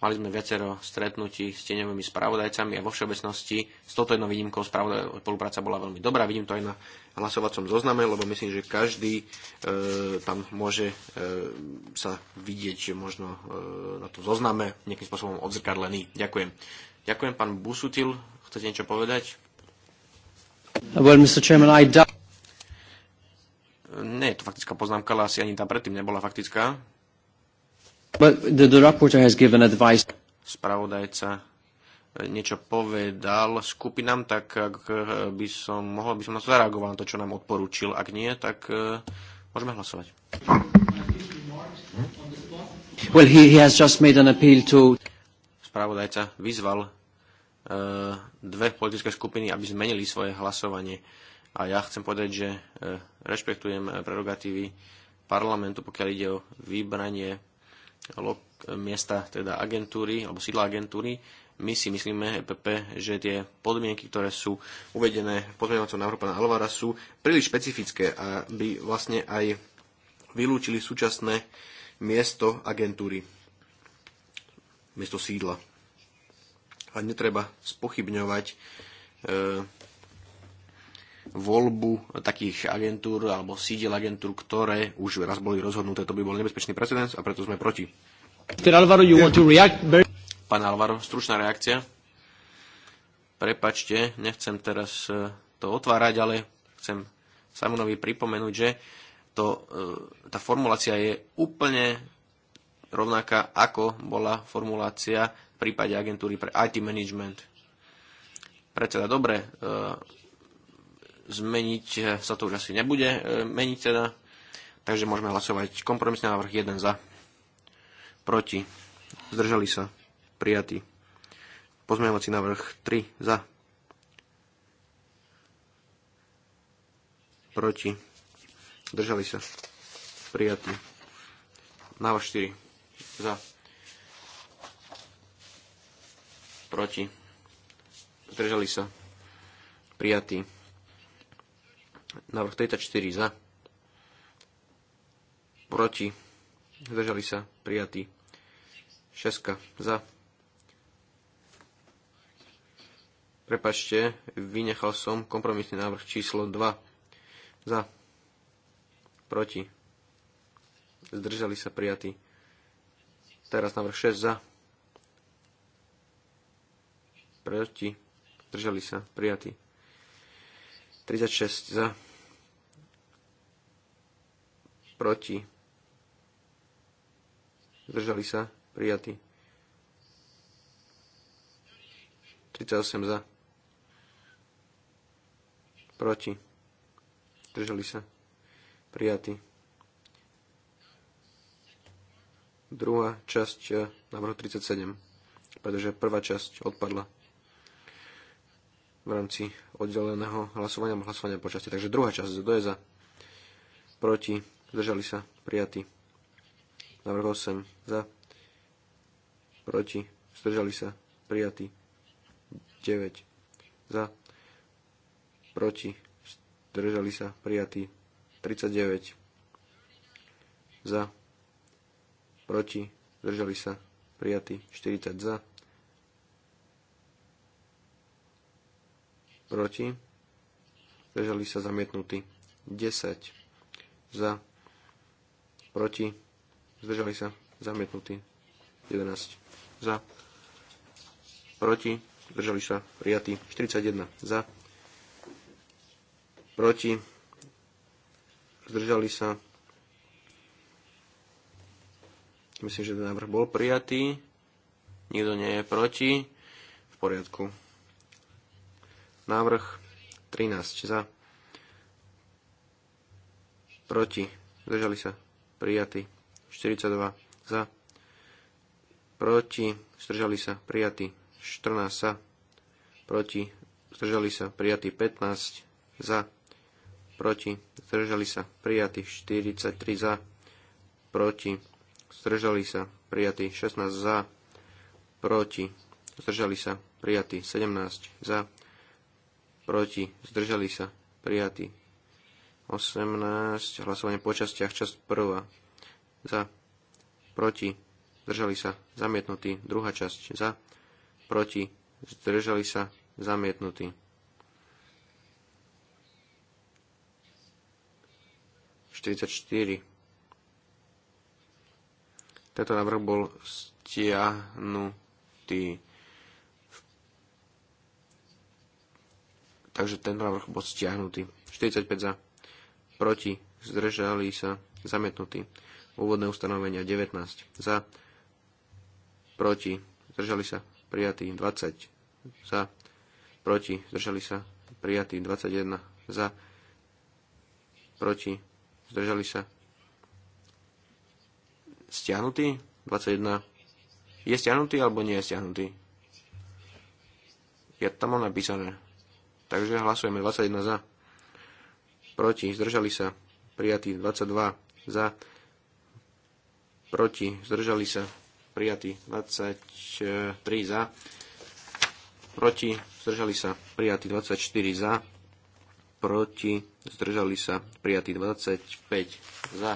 Mali sme viacero stretnutí s tieňovými spravodajcami a vo všeobecnosti s touto jednou výnimkou spolupráca bola veľmi dobrá. Vidím to aj na hlasovacom zozname, lebo myslím, že každý e, tam môže e, sa vidieť, že možno e, na tom zozname nejakým spôsobom odzrkadlený. Ďakujem. Ďakujem, pán Busutil. Chcete niečo povedať? Well, Mr. Chairman, I Nie je to faktická poznámka, ale asi ani tá predtým nebola faktická. But the, the rapporteur has given advice. Spravodajca e, niečo povedal skupinám, tak ak e, by som mohol, by som na to zareagoval na to, čo nám odporúčil. Ak nie, tak e, môžeme hlasovať. Well, he, he has just made an appeal to... Spravodajca vyzval uh, dve politické skupiny, aby zmenili svoje hlasovanie. A ja chcem povedať, že uh, rešpektujem prerogatívy parlamentu, pokiaľ ide o vybranie E, miesta teda agentúry alebo sídla agentúry. My si myslíme, EPP, že tie podmienky, ktoré sú uvedené v pozmeňovacom návrhu pána Alvara, sú príliš špecifické a by vlastne aj vylúčili súčasné miesto agentúry, miesto sídla. A netreba spochybňovať e, voľbu takých agentúr alebo sídel agentúr, ktoré už raz boli rozhodnuté. To by bol nebezpečný precedens a preto sme proti. Pán Alvaro, stručná reakcia. Prepačte, nechcem teraz e, to otvárať, ale chcem Simonovi pripomenúť, že to, e, tá formulácia je úplne rovnaká, ako bola formulácia v prípade agentúry pre IT management. Predseda, dobre, e, zmeniť e, sa to už asi nebude e, meniť teda. Takže môžeme hlasovať kompromisný návrh 1 za. Proti. Zdržali sa. Prijatý. Pozmeňovací návrh 3 za. Proti. Zdržali sa. Prijatý. Návrh 4 za. Proti. Zdržali sa. Prijatý Návrh 34 za. Proti. Zdržali sa. Prijatý. 6 za. Prepačte, vynechal som kompromisný návrh číslo 2. Za. Proti. Zdržali sa prijatí. Teraz návrh 6 za. Proti. Zdržali sa prijatí. 36 za, proti, zdržali sa, prijatí. 38 za, proti, zdržali sa, prijatí. Druhá časť eh, návrhu 37, pretože prvá časť odpadla v rámci oddeleného hlasovania a hlasovania počasti. Takže druhá časť, kto je za? Proti? Zdržali sa? Prijatí. Návrh 8. Za? Proti? Zdržali sa? Prijatí. 9. Za? Proti? Zdržali sa? Prijatí. 39. Za? Proti? Zdržali sa? Prijatí. 40 za proti, zdržali sa zamietnutí. 10 za, proti, zdržali sa zamietnutí. 11 za, proti, zdržali sa prijatí. 41 za, proti, zdržali sa. Myslím, že ten návrh bol prijatý. Nikto nie je proti. V poriadku. Návrh 13 za. Proti. Zdržali sa. Prijatý. 42 za. Proti. Zdržali sa. Prijatý. 14 za. Proti. Zdržali sa. Prijatý. 15 za. Proti. Zdržali sa. Prijatý. 43 za. Proti. Zdržali sa. Prijatý. 16 za. Proti. Zdržali sa. Prijatý. 17 za proti, zdržali sa, prijatí. 18, hlasovanie po častiach, časť prvá, za, proti, zdržali sa, zamietnutí. Druhá časť, za, proti, zdržali sa, zamietnutí. 44. Tento návrh bol stiahnutý. takže ten návrh bol stiahnutý. 45 za, proti, zdržali sa, zamietnutý. Úvodné ustanovenia 19 za, proti, zdržali sa, prijatý 20 za, proti, zdržali sa, prijatý 21 za, proti, zdržali sa, stiahnutý 21 je stiahnutý alebo nie je stiahnutý? Ja tam mám napísané Takže hlasujeme 21 za. Proti. Zdržali sa. Prijatí 22 za. Proti. Zdržali sa. Prijatí 23 za. Proti. Zdržali sa. Prijatí 24 za. Proti. Zdržali sa. Prijatí 25 za.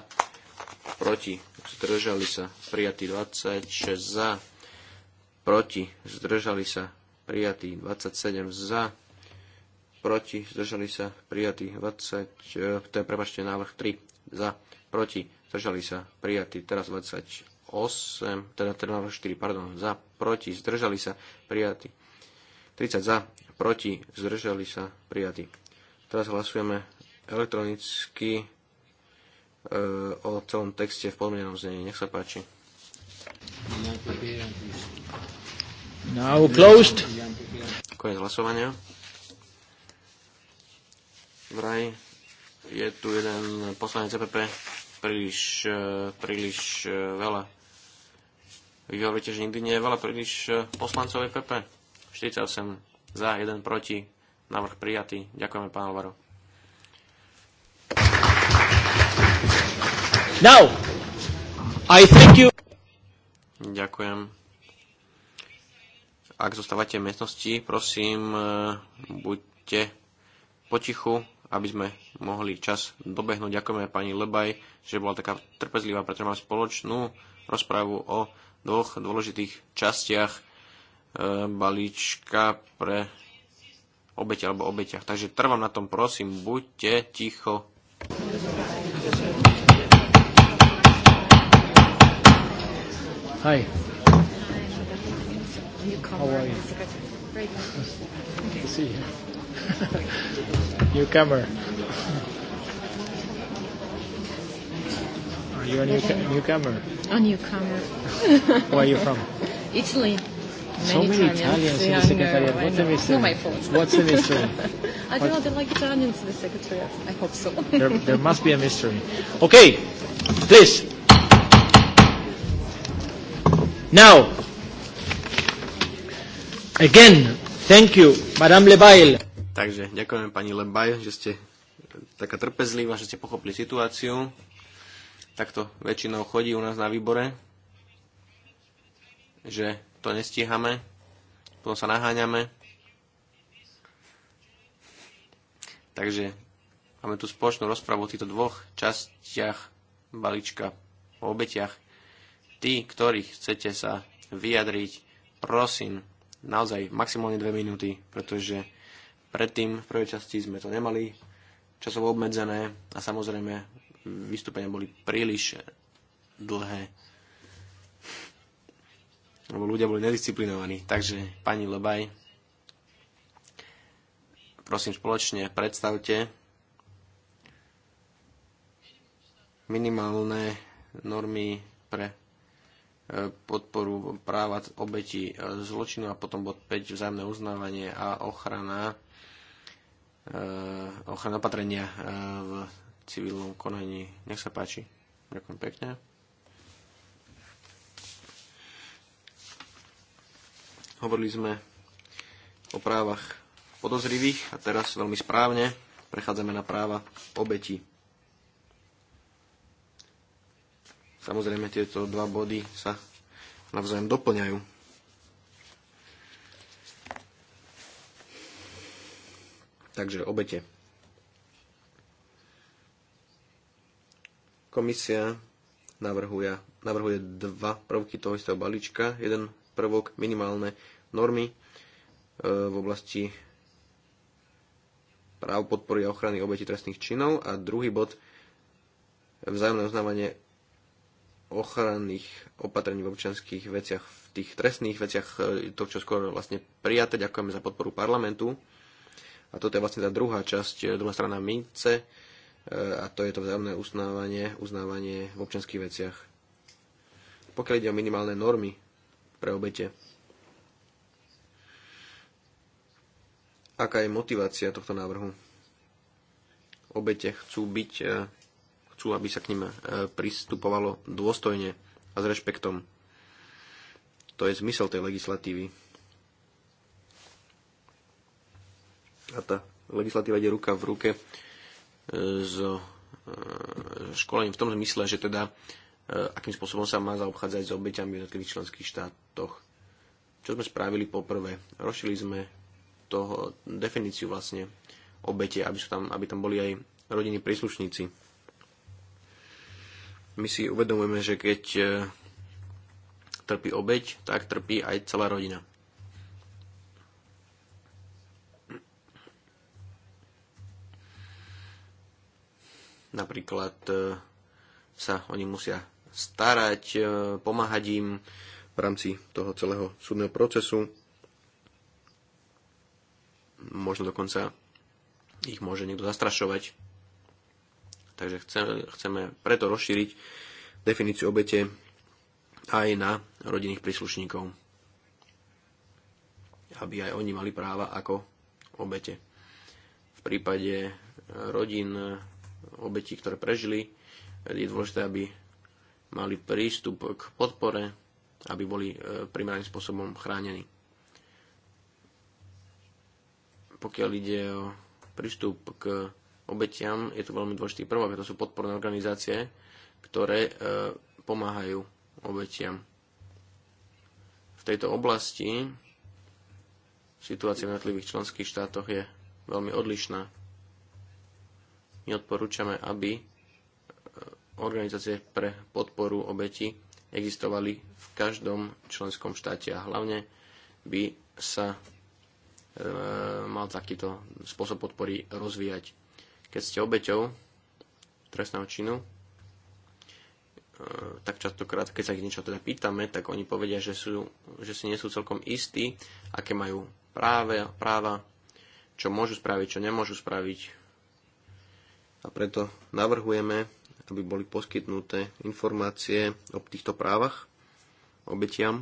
Proti. Zdržali sa. Prijatí 26 za proti, zdržali sa, prijatí 27 za, proti, zdržali sa, prijatí 20, e, to je prepačte návrh 3, za, proti, zdržali sa, prijatí teraz 28, teda ten návrh 4, pardon, za, proti, zdržali sa, prijatí 30 za, proti, zdržali sa, prijatí. Teraz hlasujeme elektronicky e, o celom texte v podmienenom znení. Nech sa páči. Now closed. Konec hlasovania. Vraj je tu jeden poslanec CPP e príliš, e, príliš e, veľa. Vy hovoríte, že nikdy nie je veľa príliš poslancov EPP. 48 za, 1 proti. Návrh prijatý. Ďakujeme, pán Alvaro. Now, I thank you. Ďakujem. Ak zostávate v miestnosti, prosím, buďte potichu aby sme mohli čas dobehnúť. Ďakujeme pani Lebaj, že bola taká trpezlivá, pretože mám spoločnú rozprávu o dvoch dôležitých častiach e, balíčka pre obete alebo obeťach. Takže trvám na tom, prosím, buďte ticho. Hi. How are you? Good to see you. <laughs> newcomer. Are you a new, newcomer? A newcomer. <laughs> Where are you from? <laughs> Italy. Many so many Italians, Italians in the secretariat. What's the mystery? Not my fault. What's the mystery? I don't what? know. They like Italians in the secretariat. I hope so. there, there must be a mystery. Okay, please. Now, again, thank you, Madame Lebail. Takže ďakujem pani Lebaj, že ste taká trpezlivá, že ste pochopili situáciu. Takto väčšinou chodí u nás na výbore, že to nestíhame, potom sa naháňame. Takže máme tu spoločnú rozpravu o týchto dvoch častiach balíčka o obetiach. Tí, ktorí chcete sa vyjadriť, prosím, naozaj maximálne dve minúty, pretože Predtým v prvej časti sme to nemali časovo obmedzené a samozrejme vystúpenia boli príliš dlhé lebo ľudia boli nedisciplinovaní. Takže, pani Lebaj, prosím spoločne predstavte minimálne normy pre e, podporu práva obeti e, zločinu a potom bod 5 vzájomné uznávanie a ochrana Eh, ochranné opatrenia eh, v civilnom konaní. Nech sa páči. Ďakujem pekne. Hovorili sme o právach podozrivých a teraz veľmi správne prechádzame na práva obetí. Samozrejme, tieto dva body sa navzájom doplňajú. Takže obete. Komisia navrhuje, navrhuje dva prvky toho istého balíčka. Jeden prvok minimálne normy e, v oblasti práv podpory a ochrany obeti trestných činov a druhý bod vzájomné uznávanie ochranných opatrení v občianských veciach, v tých trestných veciach, e, to, čo skoro vlastne prijaté. Ďakujeme za podporu parlamentu a toto je vlastne tá druhá časť, e, druhá strana mince, e, a to je to vzájomné uznávanie, uznávanie v občanských veciach. Pokiaľ ide o minimálne normy pre obete, aká je motivácia tohto návrhu? Obete chcú byť, e, chcú, aby sa k ním pristupovalo dôstojne a s rešpektom. To je zmysel tej legislatívy. a tá legislatíva ide ruka v ruke e, s e, školením v tom zmysle, že teda e, akým spôsobom sa má zaobchádzať s obeťami v jednotlivých členských štátoch. Čo sme spravili poprvé? Rozšili sme toho, definíciu vlastne obete, aby, sú tam, aby tam boli aj rodiny príslušníci. My si uvedomujeme, že keď trpí obeť, tak trpí aj celá rodina. Napríklad e, sa oni musia starať, e, pomáhať im v rámci toho celého súdneho procesu. Možno dokonca ich môže niekto zastrašovať. Takže chceme preto rozšíriť definíciu obete aj na rodinných príslušníkov, aby aj oni mali práva ako obete. V prípade e, rodín obetí, ktoré prežili. Je dôležité, aby mali prístup k podpore, aby boli e, primárnym spôsobom chránení. Pokiaľ ide o prístup k obetiam, je tu veľmi dôležitý prvok, to sú podporné organizácie, ktoré e, pomáhajú obetiam. V tejto oblasti situácia v jednotlivých členských štátoch je veľmi odlišná my odporúčame, aby e, organizácie pre podporu obeti existovali v každom členskom štáte a hlavne by sa e, mal takýto spôsob podpory rozvíjať. Keď ste obeťou trestného činu, e, tak častokrát, keď sa ich niečo teda pýtame, tak oni povedia, že, sú, že si nie sú celkom istí, aké majú práve, práva, čo môžu spraviť, čo nemôžu spraviť, a preto navrhujeme, aby boli poskytnuté informácie o týchto právach obetiam.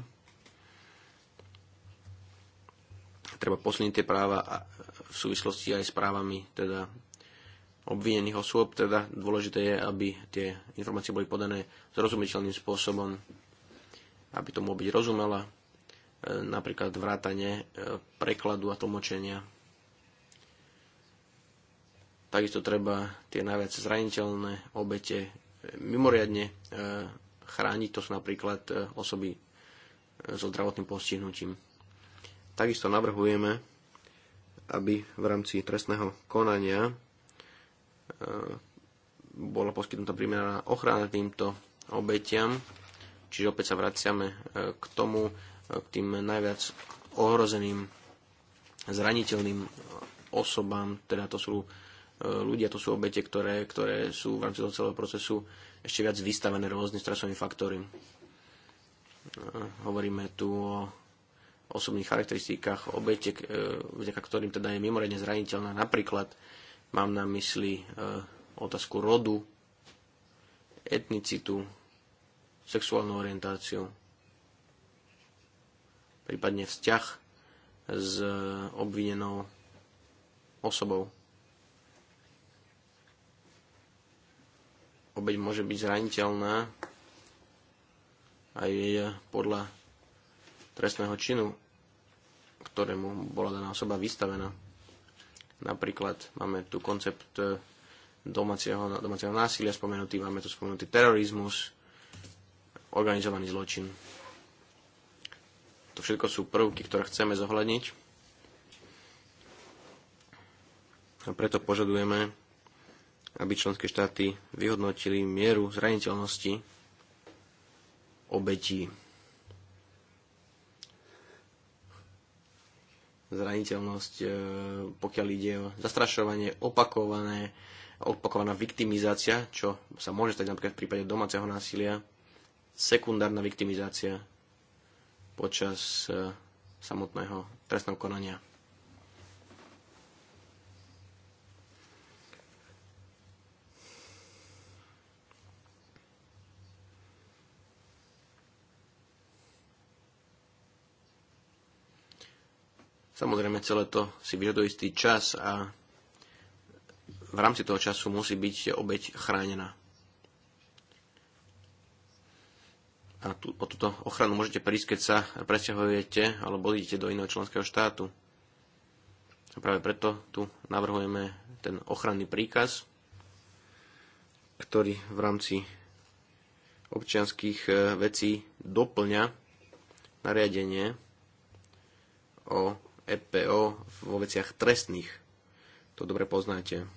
Treba posilniť tie práva v súvislosti aj s právami teda obvinených osôb, teda dôležité je, aby tie informácie boli podané zrozumiteľným spôsobom, aby tomu byť rozumela, e, napríklad vrátanie e, prekladu a tlmočenia Takisto treba tie najviac zraniteľné obete e, mimoriadne e, chrániť. To sú napríklad e, osoby so zdravotným postihnutím. Takisto navrhujeme, aby v rámci trestného konania bola poskytnutá primeraná ochrana týmto obetiam. Čiže opäť sa vraciame k tomu, k tým najviac ohrozeným, zraniteľným osobám, teda to sú E, ľudia, to sú obete, ktoré, ktoré sú v rámci toho celého procesu ešte viac vystavené rôznym stresovým faktorom. E, hovoríme tu o osobných charakteristikách obete, e, vďaka ktorým teda je mimoriadne zraniteľná. Napríklad mám na mysli otázku rodu, etnicitu, sexuálnu orientáciu, prípadne vzťah s obvinenou osobou. obeď môže byť zraniteľná aj podľa trestného činu, ktorému bola daná osoba vystavená. Napríklad máme tu koncept e, domáceho, domáceho násilia spomenutý, máme tu spomenutý terorizmus, organizovaný zločin. To všetko sú prvky, ktoré chceme zohľadniť. A preto požadujeme aby členské štáty vyhodnotili mieru zraniteľnosti obetí. Zraniteľnosť, e, pokiaľ ide o zastrašovanie, opakované, opakovaná viktimizácia, čo sa môže stať napríklad v prípade domáceho násilia, sekundárna viktimizácia počas e, samotného trestného konania. Samozrejme, celé to si vyžaduje istý čas a v rámci toho času musí byť obeď chránená. A tu, o túto ochranu môžete prísť, keď sa presťahujete alebo idete do iného členského štátu. A práve preto tu navrhujeme ten ochranný príkaz, ktorý v rámci občianských e, vecí doplňa nariadenie o EPO vo veciach trestných. To dobre poznáte.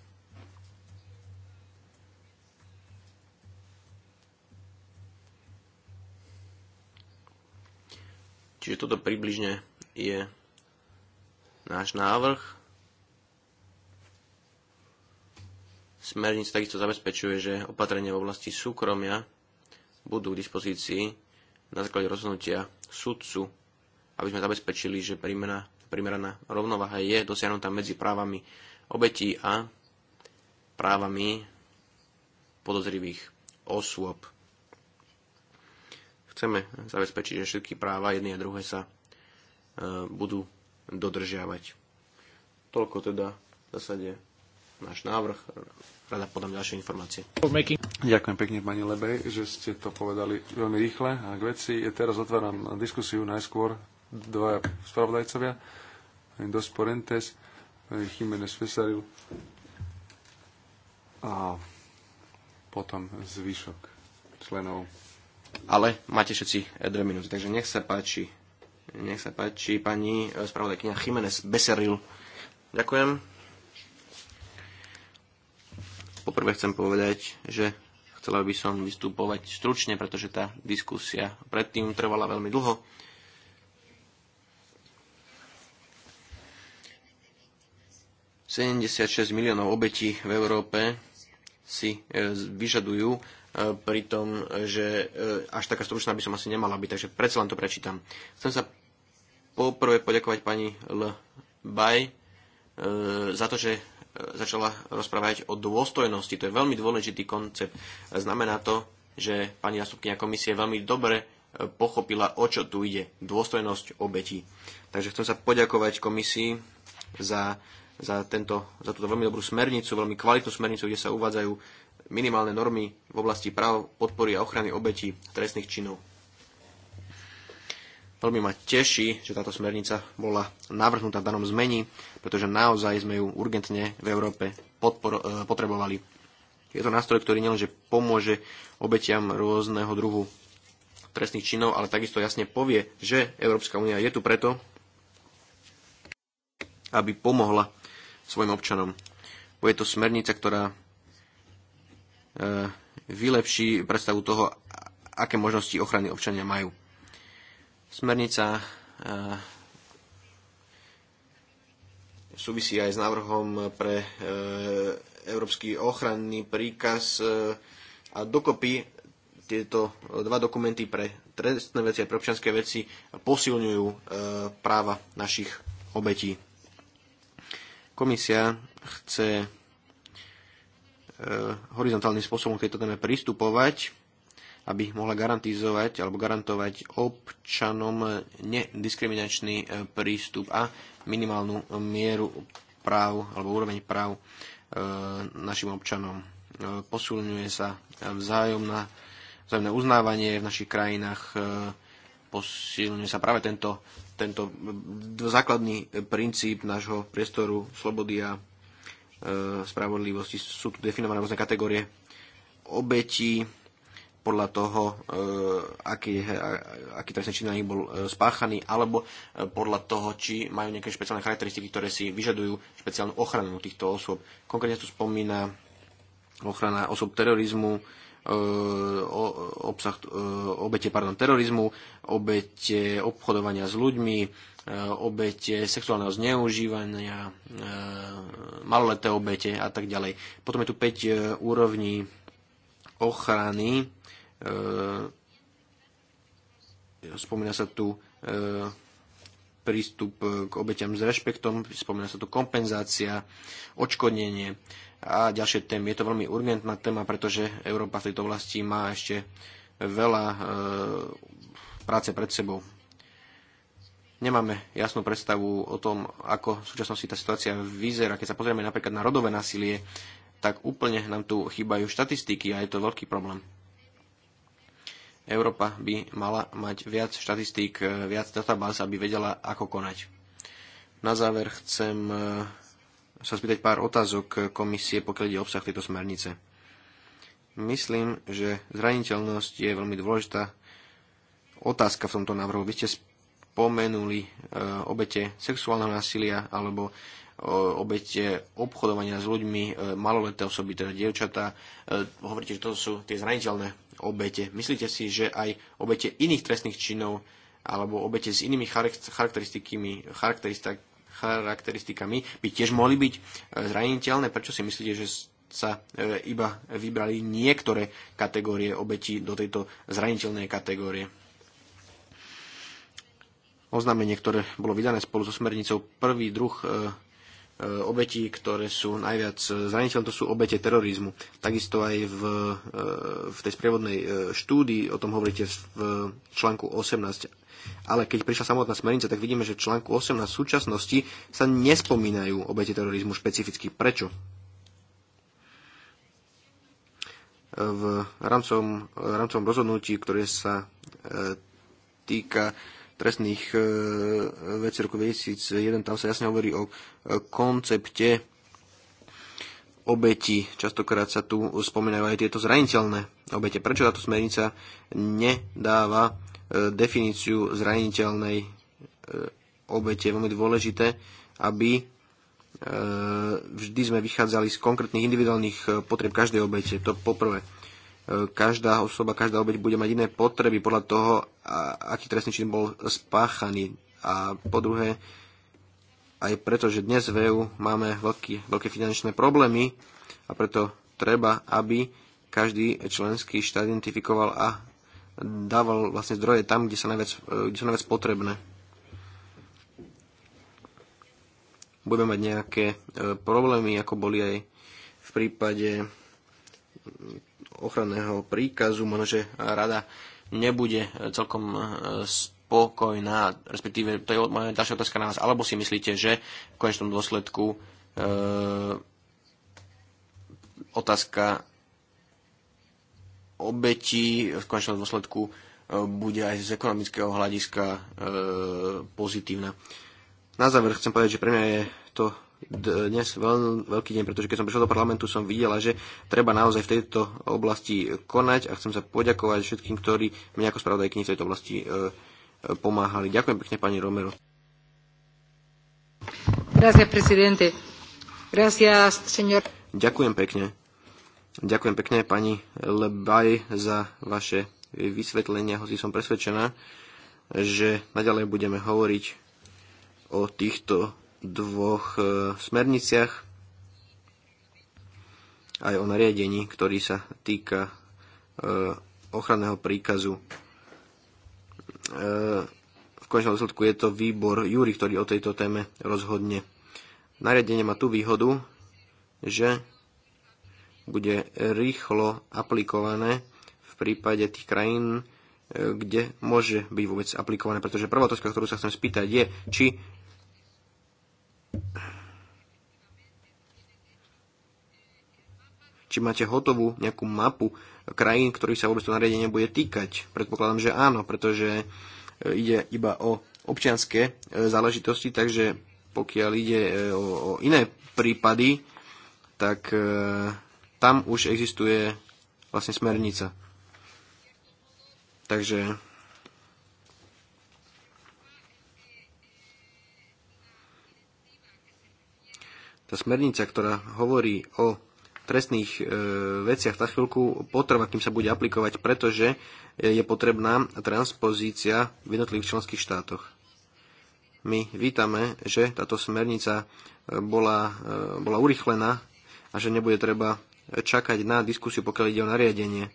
Čiže toto približne je náš návrh. Smernica takisto zabezpečuje, že opatrenia v oblasti súkromia budú k dispozícii na základe rozhodnutia sudcu, aby sme zabezpečili, že prímena primeraná rovnováha je dosiahnutá medzi právami obetí a právami podozrivých osôb. Chceme zabezpečiť, že všetky práva jedné a druhé sa e, budú dodržiavať. Toľko teda v zásade náš návrh. Rada podám ďalšie informácie. Ďakujem pekne, pani Lebej, že ste to povedali veľmi rýchle a k veci. Teraz otváram diskusiu najskôr dvaja spravodajcovia, Dos Porentes, Jiménez Fesaril a potom zvyšok členov. Ale máte všetci eh, dve minúty, takže nech sa páči. Nech sa páči pani eh, spravodajkynia Jiménez Beseril. Ďakujem. Poprvé chcem povedať, že chcela by som vystupovať stručne, pretože tá diskusia predtým trvala veľmi dlho 76 miliónov obetí v Európe si e, vyžadujú e, pri tom, že e, až taká stručná by som asi nemala byť, takže predsa len to prečítam. Chcem sa poprvé poďakovať pani L. Baj za to, že začala rozprávať o dôstojnosti. To je veľmi dôležitý koncept. Znamená to, že pani nástupkynia komisie veľmi dobre pochopila, o čo tu ide. Dôstojnosť obetí. Takže chcem sa poďakovať komisii za za, tento, za túto veľmi dobrú smernicu, veľmi kvalitnú smernicu, kde sa uvádzajú minimálne normy v oblasti práv, podpory a ochrany obetí trestných činov. Veľmi ma teší, že táto smernica bola navrhnutá v danom zmení, pretože naozaj sme ju urgentne v Európe podpor, e, potrebovali. Je to nástroj, ktorý nielenže pomôže obetiam rôzneho druhu trestných činov, ale takisto jasne povie, že Európska únia je tu preto, aby pomohla svojim občanom. Bude to smernica, ktorá e, vylepší predstavu toho, aké možnosti ochrany občania majú. Smernica e, súvisí aj s návrhom pre e, Európsky ochranný príkaz a dokopy tieto dva dokumenty pre trestné veci a pre občianské veci posilňujú práva našich obetí. Komisia chce e, horizontálnym spôsobom k tejto téme pristupovať, aby mohla garantizovať alebo garantovať občanom nediskriminačný e, prístup a minimálnu mieru práv alebo úroveň práv e, našim občanom. Posilňuje sa vzájomná, vzájomné uznávanie v našich krajinách posilňuje sa práve tento, tento základný princíp nášho priestoru slobody a e, spravodlivosti. Sú tu definované rôzne kategórie obetí podľa toho, e, aký, a, aký trestný čin na nich bol e, spáchaný, alebo e, podľa toho, či majú nejaké špeciálne charakteristiky, ktoré si vyžadujú špeciálnu ochranu týchto osôb. Konkrétne tu spomína ochrana osôb terorizmu, E, obsah e, obete pardon, terorizmu, obete obchodovania s ľuďmi, e, obete sexuálneho zneužívania, maloleté obete a tak ďalej. Potom je tu 5 úrovní ochrany. Spomína sa tu prístup k obeťam s rešpektom, spomína sa tu kompenzácia, očkodnenie, a ďalšie témy. Je to veľmi urgentná téma, pretože Európa v tejto oblasti má ešte veľa e, práce pred sebou. Nemáme jasnú predstavu o tom, ako v súčasnosti tá situácia vyzerá. Keď sa pozrieme napríklad na rodové násilie, tak úplne nám tu chýbajú štatistiky a je to veľký problém. Európa by mala mať viac štatistík, e, viac databáz, aby vedela, ako konať. Na záver chcem e, sa spýtať pár otázok komisie, pokiaľ ide obsah tejto smernice. Myslím, že zraniteľnosť je veľmi dôležitá otázka v tomto návrhu. Vy ste spomenuli e, obete sexuálneho násilia alebo e, obete obchodovania s ľuďmi, e, maloleté osoby, teda dievčatá. Hovoríte, že to sú tie zraniteľné obete. Myslíte si, že aj obete iných trestných činov alebo obete s inými charakteristikami, charakteristikami charakteristikami by tiež mohli byť e, zraniteľné. Prečo si myslíte, že sa e, iba vybrali niektoré kategórie obetí do tejto zraniteľnej kategórie? Oznámenie, ktoré bolo vydané spolu so smernicou prvý druh e, E, obetí, ktoré sú najviac e, zraniteľné, to sú obete terorizmu. Takisto aj v, e, v tej sprievodnej štúdii, o tom hovoríte v článku 18. Ale keď prišla samotná smernica, tak vidíme, že v článku 18 v súčasnosti sa nespomínajú obete terorizmu špecificky. Prečo? V rámcovom, rozhodnutí, ktoré sa týka trestných e, vecí roku 2001, tam sa jasne hovorí o e, koncepte obeti. Častokrát sa tu spomínajú aj tieto zraniteľné obete. Prečo táto smernica nedáva e, definíciu zraniteľnej obete? Je veľmi dôležité, aby vždy sme vychádzali z konkrétnych individuálnych potrieb každej obete. To poprvé každá osoba, každá obeď bude mať iné potreby podľa toho, aký trestný čin bol spáchaný. A po druhé, aj preto, že dnes v EU máme veľký, veľké finančné problémy a preto treba, aby každý členský štát identifikoval a dával vlastne zdroje tam, kde, sa najviac, kde sú najviac potrebné. Budeme mať nejaké e, problémy, ako boli aj v prípade ochranného príkazu, možno, že rada nebude celkom e, spokojná, respektíve to je moja ďalšia otázka na vás, alebo si myslíte, že v konečnom dôsledku e, otázka obetí v konečnom dôsledku e, bude aj z ekonomického hľadiska e, pozitívna. Na záver chcem povedať, že pre mňa je to dnes veľ, veľký deň, pretože keď som prišiel do parlamentu, som videla, že treba naozaj v tejto oblasti konať a chcem sa poďakovať všetkým, ktorí mňa ako spravodajkyni v tejto oblasti e, e, pomáhali. Ďakujem pekne, pani Romero. Gracias, presidente. Gracias, señor. Ďakujem pekne. Ďakujem pekne, pani Lebaj, za vaše vysvetlenia, hoci som presvedčená, že naďalej budeme hovoriť o týchto dvoch e, smerniciach aj o nariadení, ktorý sa týka e, ochranného príkazu. E, v končnom dôsledku je to výbor Júri, ktorý o tejto téme rozhodne. Nariadenie má tú výhodu, že bude rýchlo aplikované v prípade tých krajín, kde môže byť vôbec aplikované. Pretože prvá otázka, ktorú sa chcem spýtať, je, či či máte hotovú nejakú mapu krajín, ktorých sa vôbec to nariadenie bude týkať. Predpokladám, že áno, pretože e, ide iba o občianské e, záležitosti, takže pokiaľ ide e, o, o iné prípady, tak tam už existuje vlastne smernica. Takže tá smernica, ktorá hovorí o trestných e, veciach tá chvíľku potrvá, kým sa bude aplikovať, pretože e, je potrebná transpozícia v jednotlivých členských štátoch. My vítame, že táto smernica e, bola, e, bola urychlená a že nebude treba čakať na diskusiu, pokiaľ ide o nariadenie,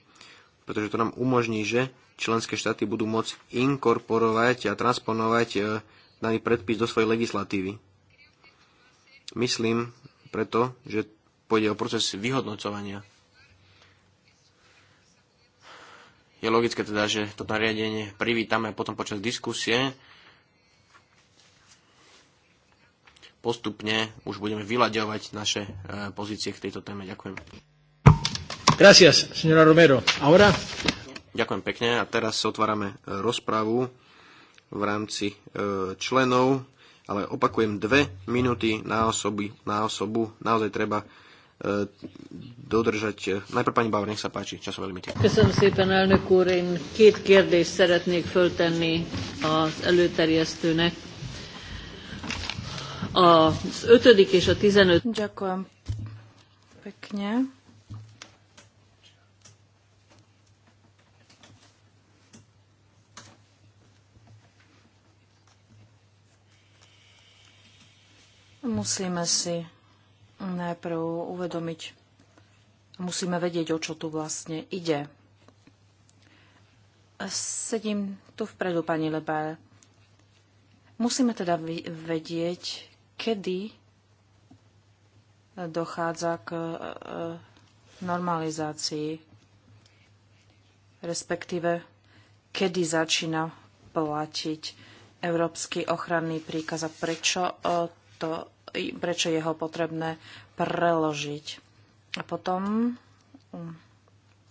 pretože to nám umožní, že členské štáty budú môcť inkorporovať a transponovať e, daný predpis do svojej legislatívy. Myslím preto, že pôjde o proces vyhodnocovania. Je logické teda, že to nariadenie privítame potom počas diskusie. Postupne už budeme vyľadiovať naše e, pozície k tejto téme. Ďakujem. Gracias, señora Romero. Ahora... Ďakujem pekne a teraz otvárame e, rozpravu v rámci e, členov, ale opakujem dve minúty na, osoby, na osobu. Naozaj treba E, dodržať. E, najprv pani Bauer, nech sa páči, časové limity. Köszönöm szépen, elnök úr. Én két kérdést szeretnék föltenni az előterjesztőnek. Az ötödik és a tizenöt... Ďakujem pekne. Musíme si najprv uvedomiť, musíme vedieť, o čo tu vlastne ide. Sedím tu vpredu, pani Lebár. Musíme teda vedieť, kedy dochádza k e, normalizácii, respektíve kedy začína platiť Európsky ochranný príkaz a prečo e, to prečo je ho potrebné preložiť. A potom um,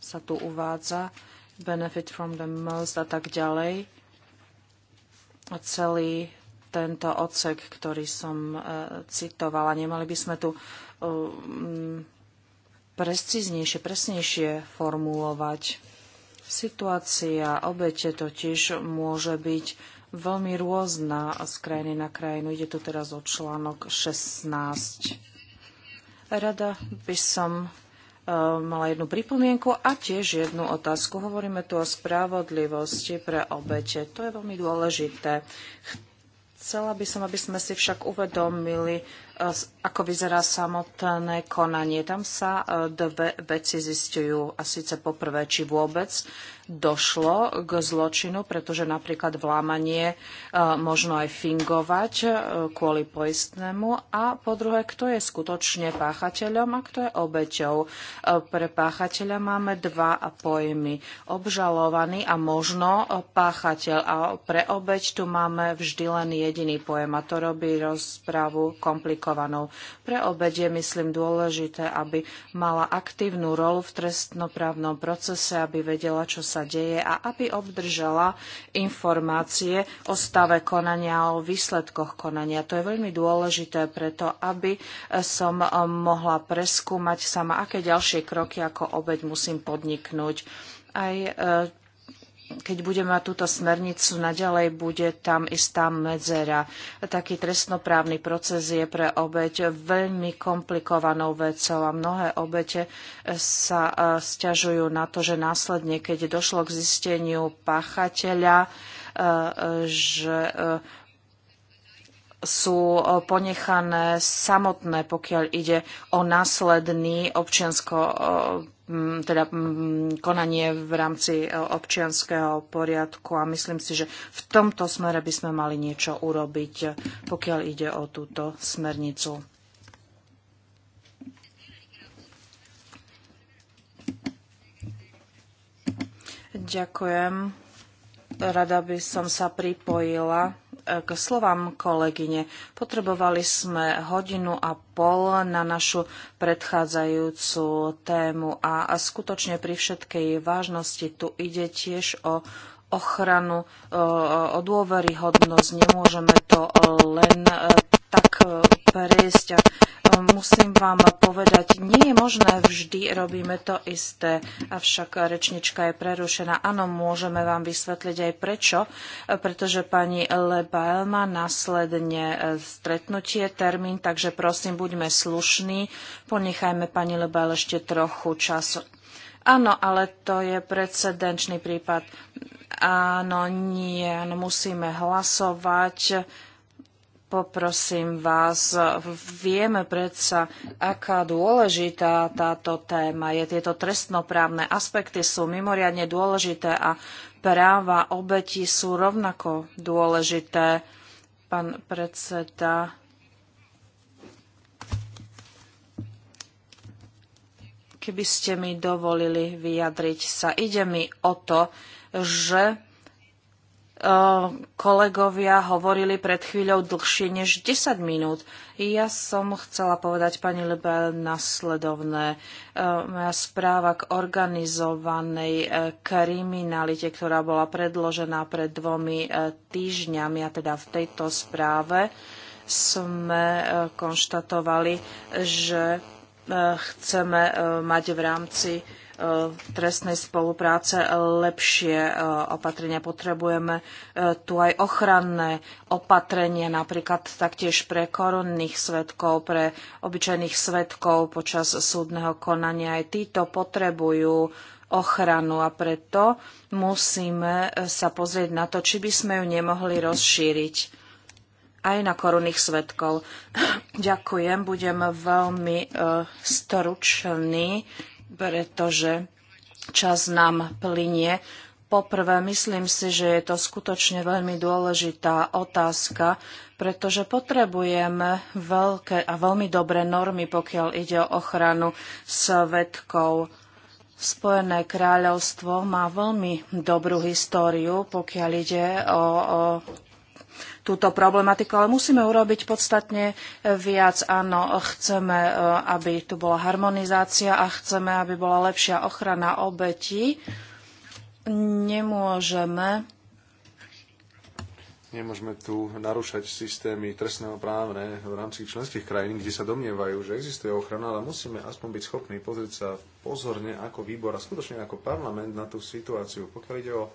sa tu uvádza benefit from the most a tak ďalej. A celý tento odsek, ktorý som e, citovala, nemali by sme tu e, preciznejšie, presnejšie formulovať. Situácia obete totiž môže byť veľmi rôzna z krajiny na krajinu. Ide to teraz o článok 16. Rada by som e, mala jednu pripomienku a tiež jednu otázku. Hovoríme tu o spravodlivosti pre obete. To je veľmi dôležité. Chcela by som, aby sme si však uvedomili, ako vyzerá samotné konanie. Tam sa e, dve veci zistujú. A síce poprvé, či vôbec došlo k zločinu, pretože napríklad vlámanie e, možno aj fingovať e, kvôli poistnému. A po druhé, kto je skutočne páchateľom a kto je obeťou. Pre páchateľa máme dva pojmy. Obžalovaný a možno páchateľ. A pre obeť tu máme vždy len jediný pojem. A to robí rozprávu komplikovanú komplikovanou. Pre obed je, myslím, dôležité, aby mala aktívnu rolu v trestnoprávnom procese, aby vedela, čo sa deje a aby obdržala informácie o stave konania, a o výsledkoch konania. To je veľmi dôležité preto, aby som mohla preskúmať sama, aké ďalšie kroky ako obeď musím podniknúť aj e, keď budeme mať túto smernicu, naďalej bude tam istá medzera. Taký trestnoprávny proces je pre obeď veľmi komplikovanou vecou a mnohé obete sa e, sťažujú na to, že následne, keď došlo k zisteniu páchateľa, e, že e, sú ponechané samotné, pokiaľ ide o následný občiansko teda konanie v rámci e, občianského poriadku a myslím si, že v tomto smere by sme mali niečo urobiť, pokiaľ ide o túto smernicu. Ďakujem. Rada by som sa pripojila k slovám kolegyne. Potrebovali sme hodinu a pol na našu predchádzajúcu tému a, a skutočne pri všetkej vážnosti tu ide tiež o ochranu, o dôveryhodnosť. Nemôžeme to len e, tak e, prejsť a musím vám povedať, nie je možné vždy robíme to isté, avšak rečnička je prerušená. Áno, môžeme vám vysvetliť aj prečo, pretože pani Lebael má následne e, stretnutie, termín, takže prosím, buďme slušní, ponechajme pani Lebael ešte trochu času. Áno, ale to je precedenčný prípad. Áno, nie, musíme hlasovať Poprosím vás, vieme predsa, aká dôležitá táto téma je. Tieto trestnoprávne aspekty sú mimoriadne dôležité a práva obetí sú rovnako dôležité. Pán predseda. Keby ste mi dovolili vyjadriť sa, ide mi o to, že kolegovia hovorili pred chvíľou dlhšie než 10 minút. Ja som chcela povedať pani Lebel nasledovné. Moja správa k organizovanej e, kriminalite, ktorá bola predložená pred dvomi e, týždňami, a teda v tejto správe sme e, konštatovali, že chceme mať v rámci E, trestnej spolupráce lepšie e, opatrenia. Potrebujeme e, tu aj ochranné opatrenia, napríklad taktiež pre korunných svetkov, pre obyčajných svetkov počas súdneho konania. Aj títo potrebujú ochranu a preto musíme sa pozrieť na to, či by sme ju nemohli rozšíriť aj na korunných svetkov. <coughs> Ďakujem, budem veľmi e, stručný pretože čas nám plinie. Poprvé, myslím si, že je to skutočne veľmi dôležitá otázka, pretože potrebujeme veľké a veľmi dobré normy, pokiaľ ide o ochranu svetkov. Spojené kráľovstvo má veľmi dobrú históriu, pokiaľ ide o, o túto problematiku, ale musíme urobiť podstatne viac. Áno, chceme, e, aby tu bola harmonizácia a chceme, aby bola lepšia ochrana obetí. Nemôžeme Nemôžeme tu narúšať systémy trestného právne v rámci členských krajín, kde sa domnievajú, že existuje ochrana, ale musíme aspoň byť schopní pozrieť sa pozorne ako výbor a skutočne ako parlament na tú situáciu. Pokiaľ ide o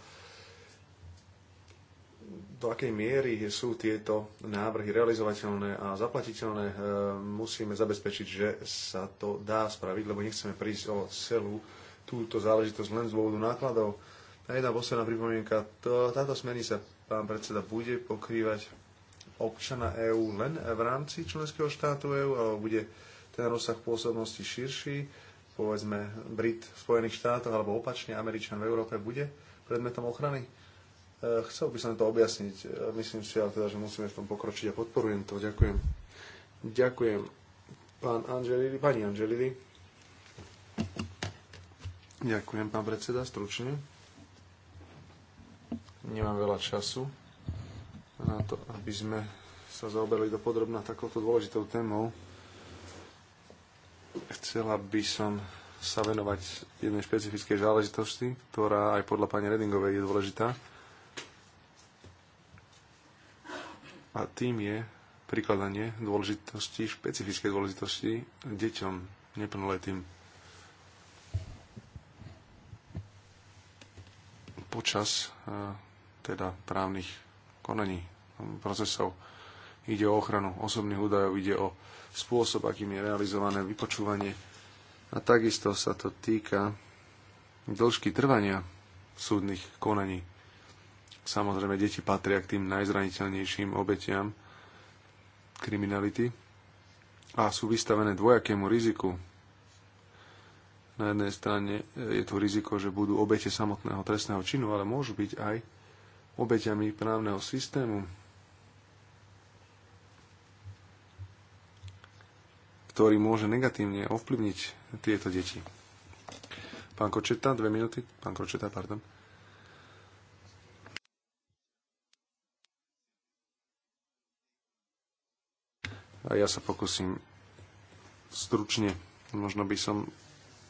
do akej miery sú tieto návrhy realizovateľné a zaplatiteľné, eh, musíme zabezpečiť, že sa to dá spraviť, lebo nechceme prísť o celú túto záležitosť len z dôvodu nákladov. A jedna posledná pripomienka, táto táto smernica, pán predseda, bude pokrývať občana EÚ len v rámci členského štátu EÚ, alebo bude ten rozsah pôsobnosti širší, povedzme Brit v Spojených štátoch, alebo opačne Američan v Európe bude predmetom ochrany? E, chcel by som to objasniť. E, myslím si ale teda, že musíme v tom pokročiť a podporujem to. Ďakujem. Ďakujem. Pán Angelili, pani Angelili. Ďakujem, pán predseda, stručne. Nemám veľa času na to, aby sme sa zaoberali do podrobná takouto dôležitou témou. Chcela by som sa venovať jednej špecifickej záležitosti, ktorá aj podľa pani Redingovej je dôležitá A tým je prikladanie dôležitosti, špecifickej dôležitosti deťom, neplnoletým. Počas e, teda právnych konaní, procesov ide o ochranu osobných údajov, ide o spôsob, akým je realizované vypočúvanie a takisto sa to týka dĺžky trvania súdnych konaní. Samozrejme, deti patria k tým najzraniteľnejším obetiam kriminality a sú vystavené dvojakému riziku. Na jednej strane e, je to riziko, že budú obete samotného trestného činu, ale môžu byť aj obeťami právneho systému, ktorý môže negatívne ovplyvniť tieto deti. Pán Kočeta, dve minúty. Pán Kočeta, pardon. A ja sa pokúsim stručne. Možno by som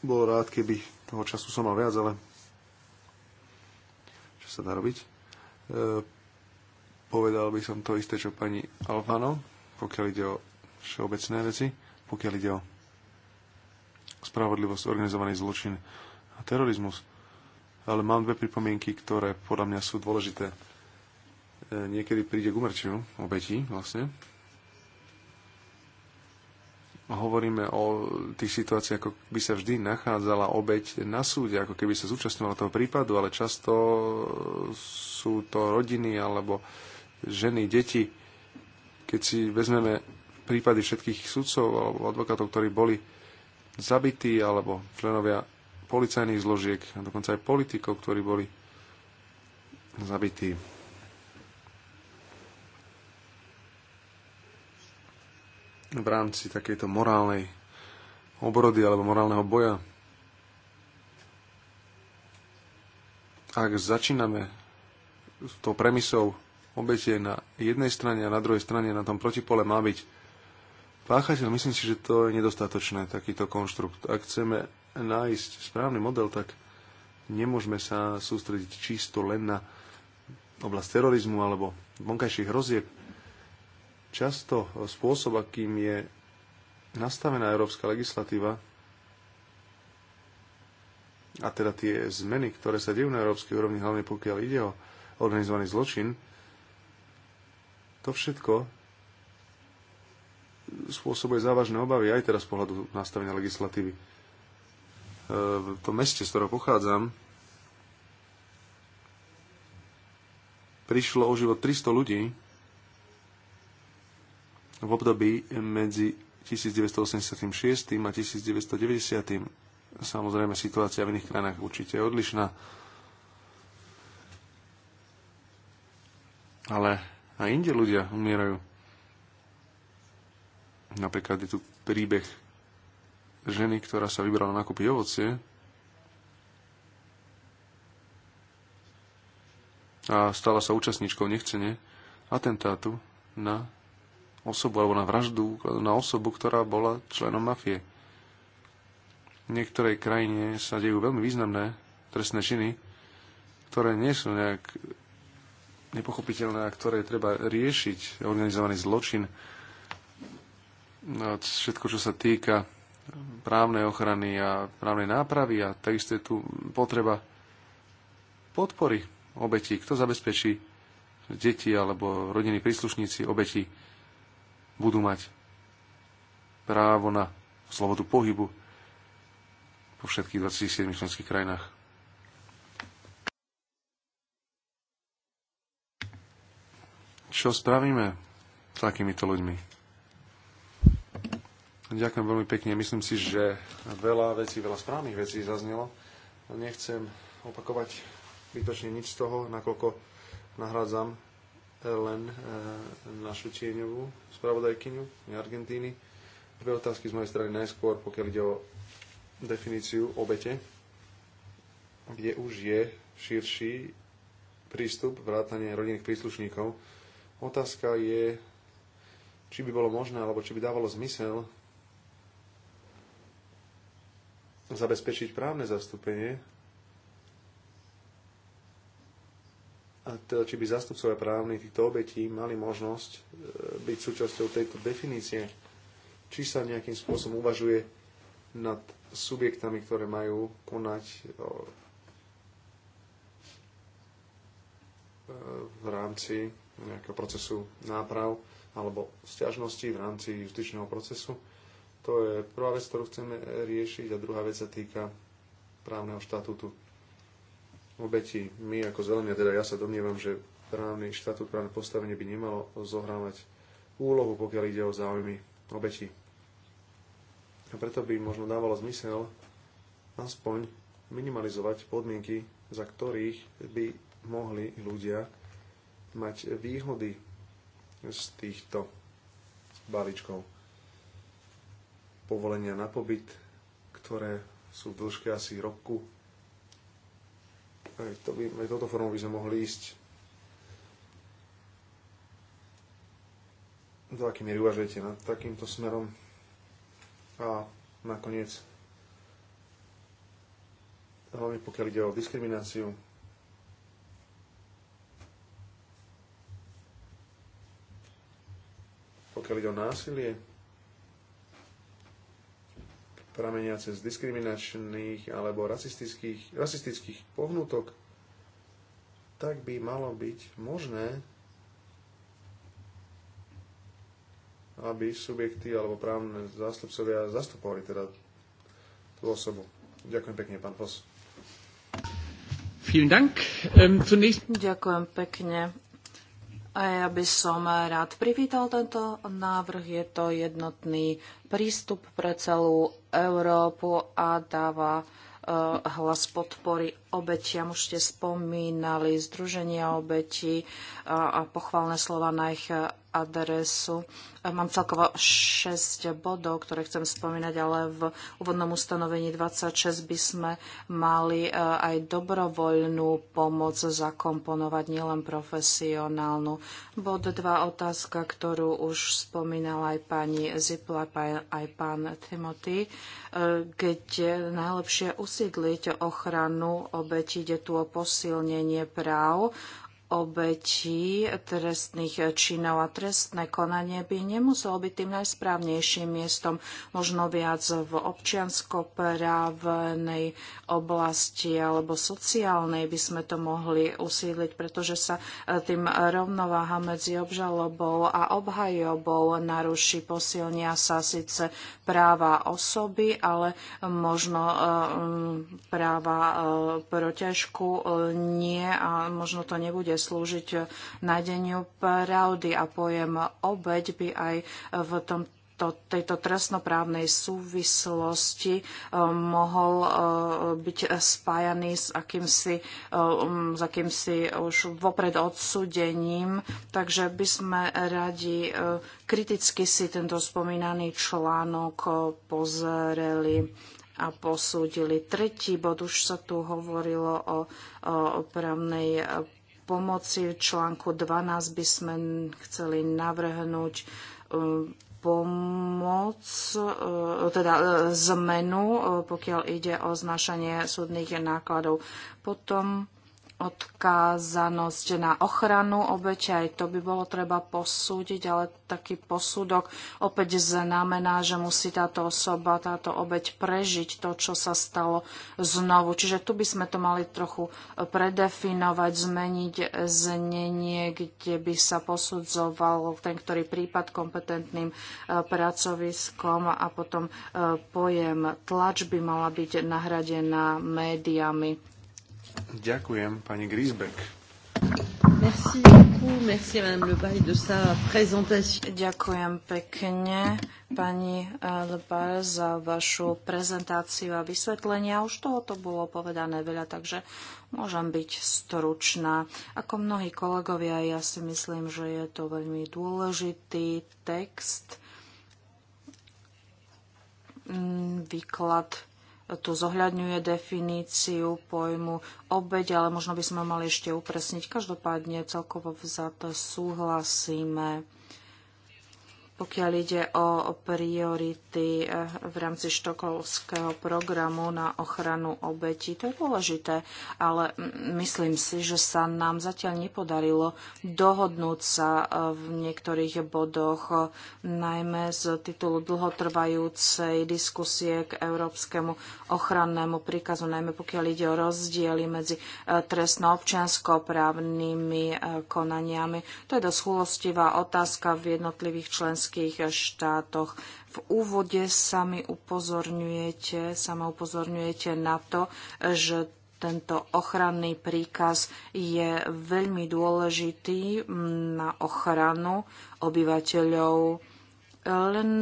bol rád, keby toho času som mal viac, ale čo sa dá robiť? E, povedal by som to isté, čo pani Alfano, pokiaľ ide o všeobecné veci, pokiaľ ide o spravodlivosť, organizovaný zločin a terorizmus. Ale mám dve pripomienky, ktoré podľa mňa sú dôležité. E, niekedy príde k umrčiu obetí vlastne hovoríme o tých situáciách, ako by sa vždy nachádzala obeď na súde, ako keby sa zúčastňovala toho prípadu, ale často sú to rodiny alebo ženy, deti. Keď si vezmeme prípady všetkých sudcov alebo advokátov, ktorí boli zabití, alebo členovia policajných zložiek, a dokonca aj politikov, ktorí boli zabití v rámci takejto morálnej obrody alebo morálneho boja. Ak začíname s tou premisou obete na jednej strane a na druhej strane na tom protipole má byť páchateľ, myslím si, že to je nedostatočné, takýto konštrukt. Ak chceme nájsť správny model, tak nemôžeme sa sústrediť čisto len na oblasť terorizmu alebo vonkajších hrozieb, Často spôsob, akým je nastavená európska legislatíva, a teda tie zmeny, ktoré sa dejú na európskej úrovni, hlavne pokiaľ ide o organizovaný zločin, to všetko spôsobuje závažné obavy aj teraz z pohľadu nastavenia legislatívy. E, v tom meste, z ktorého pochádzam, prišlo o život 300 ľudí v období medzi 1986 a 1990. Samozrejme, situácia v iných krajinách určite je odlišná. Ale aj inde ľudia umierajú. Napríklad je tu príbeh ženy, ktorá sa vybrala nakúpiť ovocie a stala sa účastníčkou nechcene atentátu na osobu alebo na vraždu na osobu, ktorá bola členom mafie. V niektorej krajine sa dejú veľmi významné trestné činy, ktoré nie sú nejak nepochopiteľné a ktoré treba riešiť. Organizovaný zločin, všetko, čo sa týka právnej ochrany a právnej nápravy a takisto je tu potreba podpory obetí. Kto zabezpečí deti alebo rodiny príslušníci obetí? budú mať právo na slobodu pohybu po všetkých 27 členských krajinách. Čo spravíme s takýmito ľuďmi? Ďakujem veľmi pekne. Myslím si, že veľa vecí, veľa správnych vecí zaznelo. Nechcem opakovať výtočne nič z toho, nakoľko nahrádzam len e, našu tieňovú spravodajkyňu Argentíny. Dve otázky z mojej strany najskôr, pokiaľ ide o definíciu obete, kde už je širší prístup, vrátane rodinných príslušníkov. Otázka je, či by bolo možné, alebo či by dávalo zmysel zabezpečiť právne zastúpenie teda, či by zastupcovia právni týchto obetí mali možnosť e, byť súčasťou tejto definície, či sa nejakým spôsobom uvažuje nad subjektami, ktoré majú konať e, v rámci nejakého procesu náprav alebo stiažnosti v rámci justičného procesu. To je prvá vec, ktorú chceme riešiť a druhá vec sa týka právneho štatútu obeti. My ako zelenia, teda ja sa domnievam, že právny štatút, právne postavenie by nemalo zohrávať úlohu, pokiaľ ide o záujmy obeti. A preto by možno dávalo zmysel aspoň minimalizovať podmienky, za ktorých by mohli ľudia mať výhody z týchto balíčkov. Povolenia na pobyt, ktoré sú v dĺžke asi roku aj, to by, aj toto formou by sme mohli ísť. Do aký miery uvažujete nad takýmto smerom? A nakoniec, hlavne pokiaľ ide o diskrimináciu, pokiaľ ide o násilie, prameniace z diskriminačných alebo rasistických, rasistických pohnutok, tak by malo byť možné, aby subjekty alebo právne zástupcovia zastupovali teda tú osobu. Ďakujem pekne, pán ähm, zunächst... Ďakujem pekne. A ja by som rád privítal tento návrh. Je to jednotný prístup pre celú Európu a dáva e, hlas podpory obetiam. Už ste spomínali Združenia obetí a pochválne slova na ich adresu. E, mám celkovo 6 bodov, ktoré chcem spomínať, ale v úvodnom ustanovení 26 by sme mali e, aj dobrovoľnú pomoc zakomponovať, nielen profesionálnu. Bod 2 otázka, ktorú už spomínala aj pani Zipla, aj pán Timothy, kde najlepšie usídliť ochranu obeti, ide tu o posilnenie práv obetí trestných činov a trestné konanie by nemuselo byť tým najsprávnejším miestom, možno viac v občianskoprávnej oblasti alebo sociálnej by sme to mohli usídliť, pretože sa e, tým rovnováha medzi obžalobou a obhajobou naruší, posilnia sa síce práva osoby, ale možno e, práva e, proťažku nie a možno to nebude slúžiť nájdeniu pravdy a pojem obeď by aj v tom to, tejto trestnoprávnej súvislosti eh, mohol eh, byť spájaný s akýmsi, eh, um, s akýmsi už vopred odsudením. Takže by sme radi kriticky si tento spomínaný článok pozreli a posúdili. Tretí bod, už sa tu hovorilo o, o právnej pomoci. V článku 12 by sme chceli navrhnúť e, pomoc, e, teda e, zmenu, pokiaľ ide o znašanie súdnych nákladov. Potom odkázanosť na ochranu obete, aj to by bolo treba posúdiť, ale taký posúdok opäť znamená, že musí táto osoba, táto obeť prežiť to, čo sa stalo znovu. Čiže tu by sme to mali trochu predefinovať, zmeniť znenie, kde by sa posudzoval ten, ktorý prípad kompetentným e, pracoviskom a potom e, pojem tlač by mala byť nahradená médiami Ďakujem, pani Griesbeck. Merci beaucoup, merci Madame Lebail de sa Ďakujem pekne, pani eh, Lebail, za vašu prezentáciu a vysvetlenia. Už tohoto bolo povedané veľa, takže môžem byť stručná. Ako mnohí kolegovia, ja si myslím, že je to veľmi dôležitý text, mm, výklad tu zohľadňuje definíciu pojmu obeď, ale možno by sme mali ešte upresniť. Každopádne celkovo vzaté súhlasíme pokiaľ ide o priority eh, v rámci štokolského programu na ochranu obetí. To je dôležité, ale myslím si, že sa nám zatiaľ nepodarilo dohodnúť sa eh, v niektorých bodoch, najmä z titulu dlhotrvajúcej diskusie k európskemu ochrannému príkazu, najmä pokiaľ ide o rozdiely medzi eh, trestno-občianskoprávnymi konaniami. To je dosť chulostivá otázka v jednotlivých členských členských štátoch. V úvode sami upozorňujete, sama upozorňujete na to, že tento ochranný príkaz je veľmi dôležitý mm, na ochranu obyvateľov len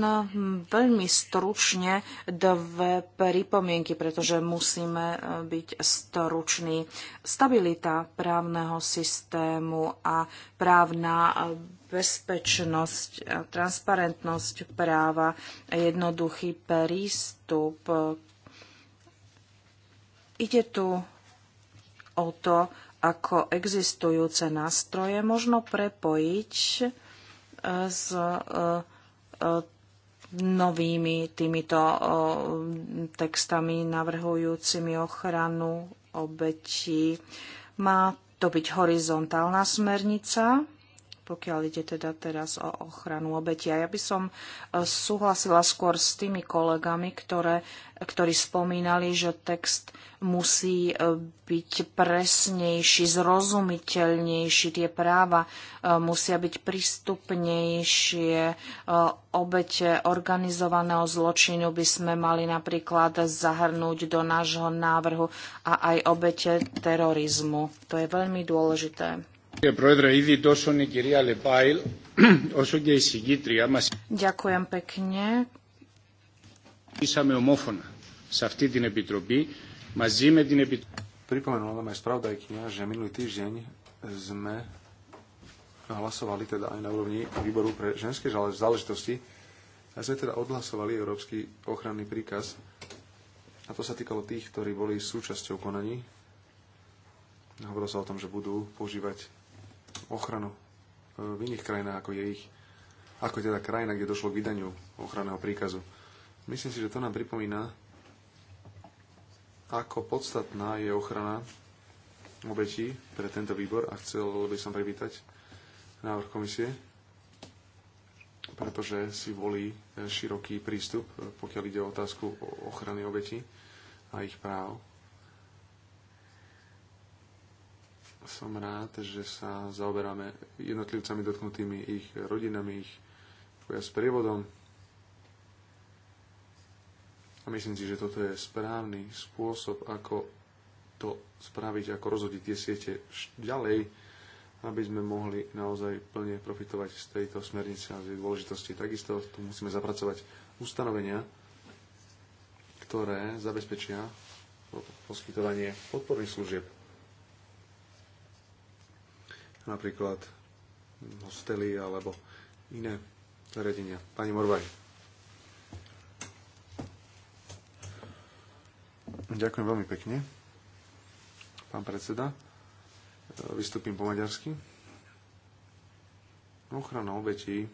veľmi stručne dve pripomienky, pretože musíme e, byť struční. Stabilita právneho systému a právna bezpečnosť, transparentnosť práva, jednoduchý prístup. Ide tu o to, ako existujúce nástroje možno prepojiť eh, s eh, eh, novými týmito textami navrhujúcimi ochranu obetí. Má to byť horizontálna smernica, pokiaľ ide teda teraz o ochranu obetia. Ja by som e, súhlasila skôr s tými kolegami, ktoré, ktorí spomínali, že text musí e, byť presnejší, zrozumiteľnejší, tie práva e, musia byť prístupnejšie. Obete organizovaného zločinu by sme mali napríklad zahrnúť do nášho návrhu a aj obete terorizmu. To je veľmi dôležité. <clears throat> Ďakujem pekne. Pripomenula nám aj spravodajkynia, že minulý týždeň sme hlasovali teda aj na úrovni výboru pre ženské záležitosti a sme teda odhlasovali Európsky ochranný príkaz a to sa týkalo tých, ktorí boli súčasťou konaní. Hovorilo sa o tom, že budú používať ochranu e, v iných krajinách, ako je ich, ako teda krajina, kde došlo k vydaniu ochranného príkazu. Myslím si, že to nám pripomína, ako podstatná je ochrana obetí pre tento výbor a chcel by som privítať návrh komisie, pretože si volí e, široký prístup, e, pokiaľ ide o otázku ochrany obetí a ich práv Som rád, že sa zaoberáme jednotlivcami dotknutými, ich rodinami, ich s prievodom. A myslím si, že toto je správny spôsob, ako to spraviť, ako rozhodiť tie siete ďalej, aby sme mohli naozaj plne profitovať z tejto smernice a z jej dôležitosti. Takisto tu musíme zapracovať ustanovenia, ktoré zabezpečia poskytovanie podporných služieb napríklad hostely alebo iné zariadenia. Pani Morvaj. Ďakujem veľmi pekne. Pán predseda, vystúpim po maďarsky. Ochrana obetí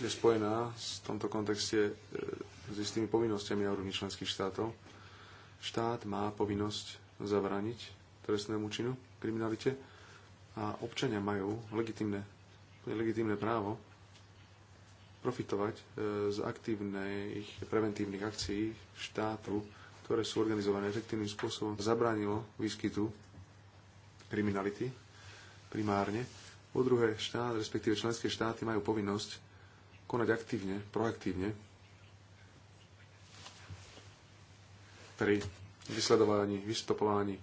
je spojená v tomto kontexte e, s istými povinnosťami a členských štátov. Štát má povinnosť zabrániť trestnému činu, kriminalite a občania majú legitimné, legitimné právo profitovať e, z aktívnych preventívnych akcií štátu, ktoré sú organizované efektívnym spôsobom, zabránilo výskytu kriminality primárne. Po druhé, štát, respektíve členské štáty majú povinnosť konať aktívne, proaktívne pri vysledovaní, vystopovaní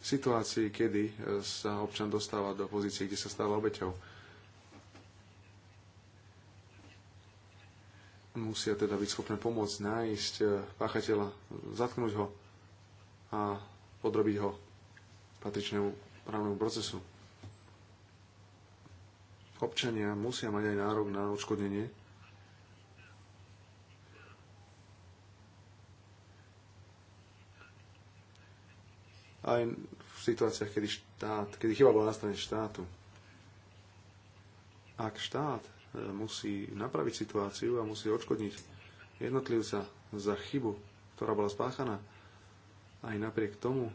situácií, kedy e, sa občan dostáva do pozície, kde sa stáva obeťou. Musia teda byť schopné pomôcť nájsť e, páchateľa, zatknúť ho a podrobiť ho patričnému právnemu procesu. Občania musia mať aj nárok na odškodnenie, aj v situáciách, kedy, štát, kedy chyba bola na strane štátu. Ak štát e, musí napraviť situáciu a musí odškodniť jednotlivca za chybu, ktorá bola spáchaná, aj napriek tomu,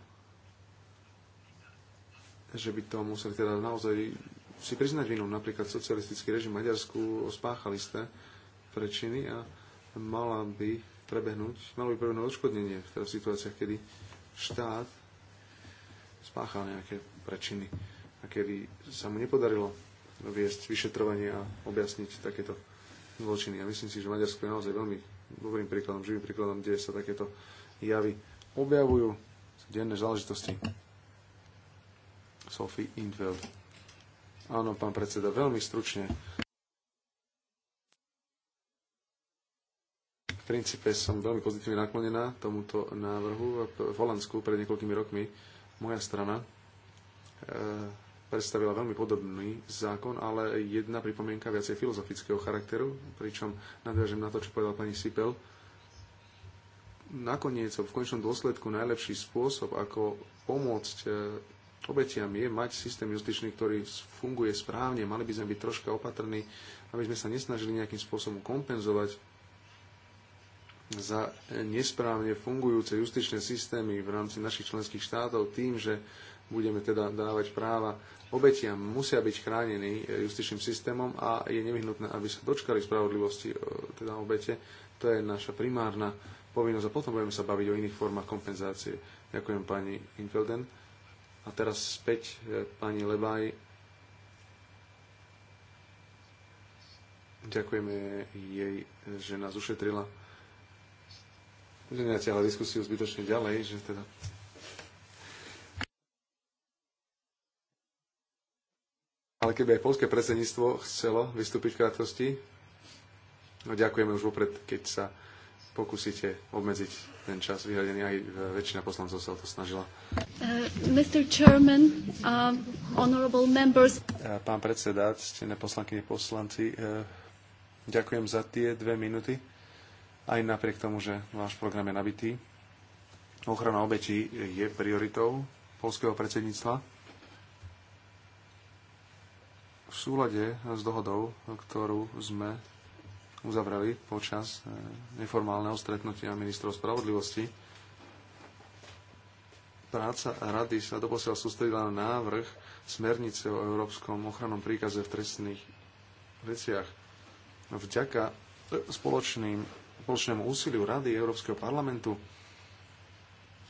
že by to museli teda naozaj si priznať vinu. Napríklad socialistický režim Maďarsku spáchali isté prečiny a mala by prebehnúť, malo by prebehnúť odškodnenie v teda situáciách, kedy štát spáchal nejaké prečiny a kedy sa mu nepodarilo viesť vyšetrovanie a objasniť takéto zločiny. A myslím si, že Maďarsko je naozaj veľmi dobrým príkladom, živým príkladom, kde sa takéto javy objavujú denné záležitosti. Sophie Intveld. Áno, pán predseda, veľmi stručne. V princípe som veľmi pozitívne naklonená tomuto návrhu. V Holandsku pred niekoľkými rokmi moja strana e, predstavila veľmi podobný zákon, ale jedna pripomienka viacej filozofického charakteru, pričom nadviažem na to, čo povedal pani Sipel. Nakoniec, v konečnom dôsledku, najlepší spôsob, ako pomôcť e, obetiam, je mať systém justičný, ktorý funguje správne. Mali by sme byť troška opatrní, aby sme sa nesnažili nejakým spôsobom kompenzovať za nesprávne fungujúce justičné systémy v rámci našich členských štátov tým, že budeme teda dávať práva obetiam, musia byť chránení justičným systémom a je nevyhnutné, aby sa dočkali spravodlivosti, e, teda obete. To je naša primárna povinnosť a potom budeme sa baviť o iných formách kompenzácie. Ďakujem pani Infelden. A teraz späť e, pani Lebaj. Ďakujeme jej, že nás ušetrila že netiahla diskusiu zbytočne ďalej, že teda Ale keby aj polské predsedníctvo chcelo vystúpiť v krátkosti, no ďakujeme už vopred, keď sa pokúsite obmedziť ten čas vyhradený. Aj e, väčšina poslancov sa o to snažila. Uh, Mr. Chairman, uh, honorable members. Pán predseda, ctené poslankyne poslanci, uh, ďakujem za tie dve minúty aj napriek tomu, že váš program je nabitý. Ochrana obetí je prioritou polského predsedníctva. V súlade s dohodou, ktorú sme uzavreli počas eh, neformálneho stretnutia ministrov spravodlivosti, práca rady sa doposiaľ sústredila na návrh smernice o Európskom ochrannom príkaze v trestných veciach. Vďaka eh, spoločným spoločnému úsiliu Rady Európskeho parlamentu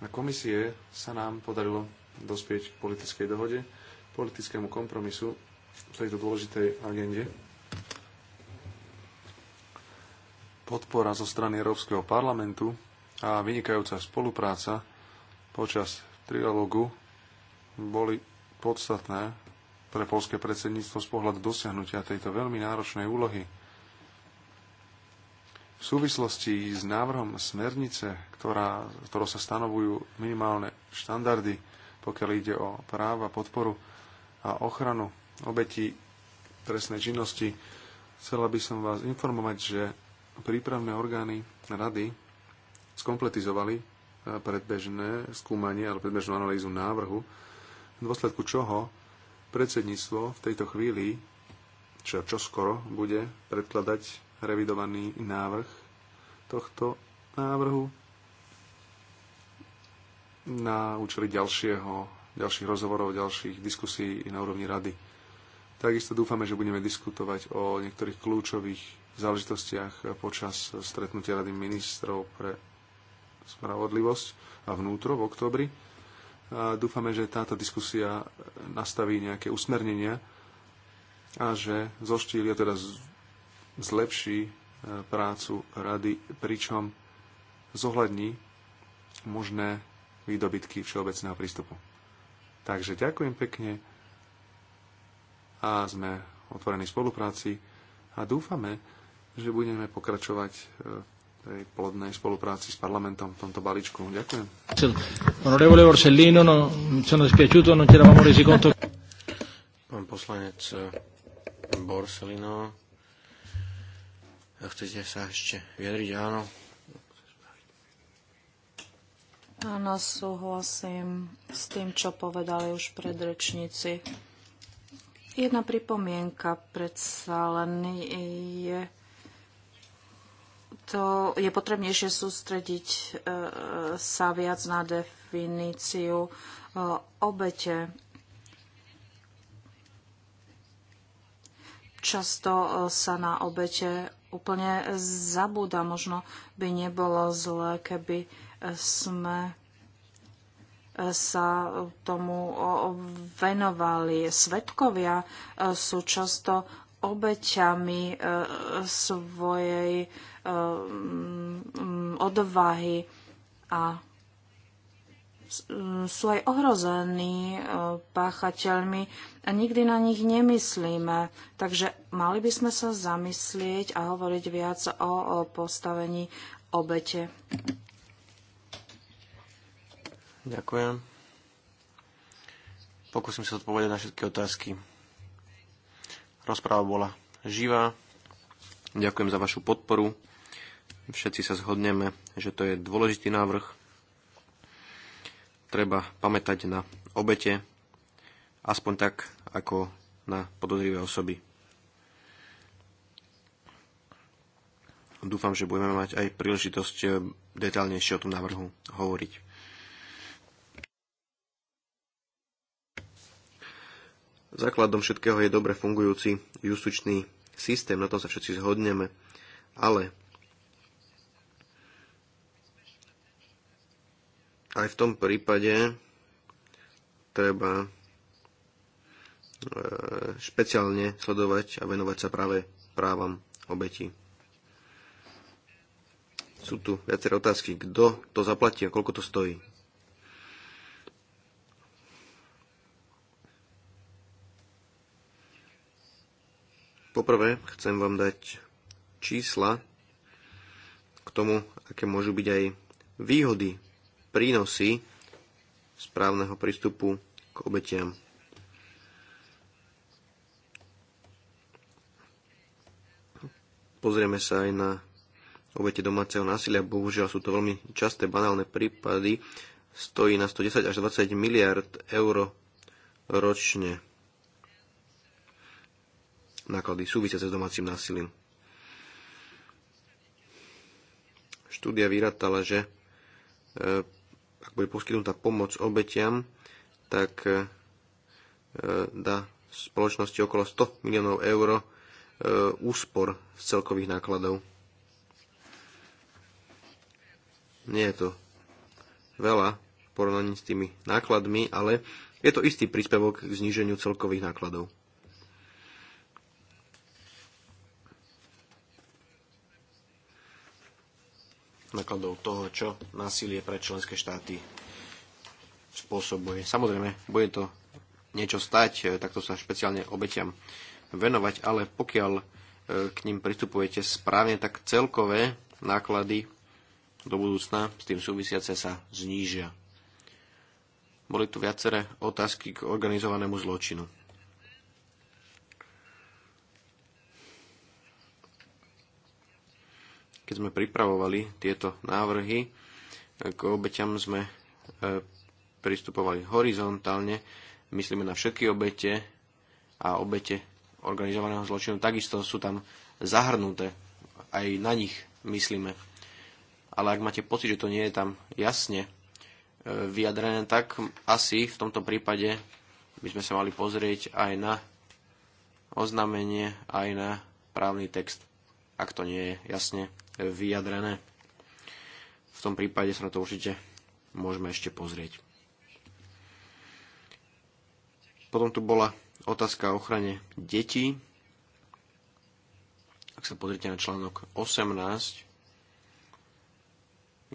a komisie sa nám podarilo dospieť k politickej dohode, politickému kompromisu v tejto dôležitej agende. Podpora zo strany Európskeho parlamentu a vynikajúca spolupráca počas trialógu boli podstatné pre polské predsedníctvo z pohľadu dosiahnutia tejto veľmi náročnej úlohy v súvislosti s návrhom smernice, ktorá, ktorou sa stanovujú minimálne štandardy, pokiaľ ide o práva, podporu a ochranu obetí trestnej činnosti, chcela by som vás informovať, že prípravné orgány rady skompletizovali e, predbežné skúmanie alebo predbežnú analýzu návrhu, v dôsledku čoho predsedníctvo v tejto chvíli, čo, čo skoro, bude predkladať revidovaný návrh tohto návrhu na účely ďalšieho, ďalších rozhovorov, ďalších diskusí na úrovni rady. Takisto dúfame, že budeme diskutovať o niektorých kľúčových záležitostiach počas stretnutia Rady ministrov pre spravodlivosť a vnútro v oktobri. A dúfame, že táto diskusia nastaví nejaké usmernenia a že zoštília, teda zlepší e, prácu rady, pričom zohľadní možné výdobytky všeobecného prístupu. Takže ďakujem pekne a sme otvorení spolupráci a dúfame, že budeme pokračovať e, v tej plodnej spolupráci s parlamentom v tomto balíčku. Ďakujem. No, no, teda Pán poslanec e, Borsellino, Chcete sa ešte vyjadriť? Áno. Áno, súhlasím s tým, čo povedali už predrečníci. Jedna pripomienka predsa len je to je potrebnejšie sústrediť e, sa viac na definíciu e, obete. Často e, sa na obete úplne zabúda. Možno by nebolo zlé, keby eh, sme eh, sa tomu venovali. Svetkovia eh, sú často obeťami svojej odvahy a E, sú aj ohrození e, páchateľmi a nikdy na nich nemyslíme. Takže mali by sme sa zamyslieť a hovoriť viac o, o postavení obete. Ďakujem. Pokúsim sa odpovedať na všetky otázky. Rozpráva bola živá. Ďakujem za vašu podporu. Všetci sa zhodneme, že to je dôležitý návrh treba pamätať na obete, aspoň tak ako na podozrivé osoby. Dúfam, že budeme mať aj príležitosť eh, detálnejšie o tom návrhu hovoriť. Základom všetkého je dobre fungujúci justičný systém, na tom sa všetci zhodneme, ale Aj v tom prípade treba e, špeciálne sledovať a venovať sa práve právam obeti. Sú tu viaceré otázky. Kto to zaplatí a koľko to stojí? Poprvé chcem vám dať čísla k tomu, aké môžu byť aj výhody prínosy správneho prístupu k obetiam. Pozrieme sa aj na obete domáceho násilia. Bohužiaľ sú to veľmi časté banálne prípady. Stojí na 110 až 20 miliard eur ročne náklady súvisiace s domácim násilím. Štúdia vyratala, že e, ak bude poskytnutá pomoc obetiam, tak e, dá spoločnosti okolo 100 miliónov eur e, úspor z celkových nákladov. Nie je to veľa v porovnaní s tými nákladmi, ale je to istý príspevok k zníženiu celkových nákladov. nákladov toho, čo násilie pre členské štáty spôsobuje. Samozrejme, bude to niečo stať, e, takto sa špeciálne obetiam venovať, ale pokiaľ e, k ním pristupujete správne, tak celkové náklady do budúcna s tým súvisiace sa znížia. Boli tu viaceré otázky k organizovanému zločinu keď sme pripravovali tieto návrhy, k obeťam sme e, pristupovali horizontálne, myslíme na všetky obete a obete organizovaného zločinu takisto sú tam zahrnuté. Aj na nich myslíme. Ale ak máte pocit, že to nie je tam jasne e, vyjadrené, tak asi v tomto prípade by sme sa mali pozrieť aj na oznámenie, aj na právny text ak to nie je jasne vyjadrené. V tom prípade sa na to určite môžeme ešte pozrieť. Potom tu bola otázka o ochrane detí. Ak sa pozrite na článok 18,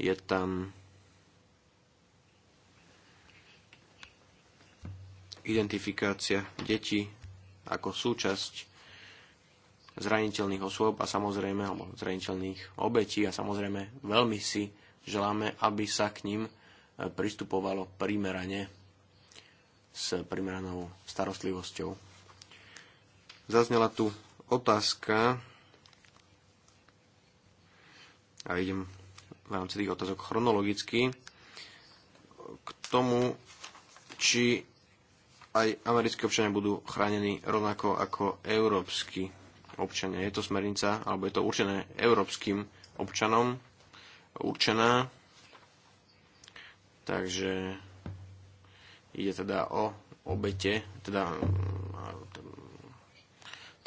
je tam identifikácia detí ako súčasť zraniteľných osôb a samozrejme, alebo zraniteľných obetí a samozrejme veľmi si želáme, aby sa k ním e, pristupovalo primerane s primeranou starostlivosťou. Zaznela tu otázka a idem v rámci tých otázok chronologicky k tomu, či aj americké občania budú chránení rovnako ako európsky občania. Je to smernica, alebo je to určené európskym občanom, určená. Takže ide teda o obete, teda mm,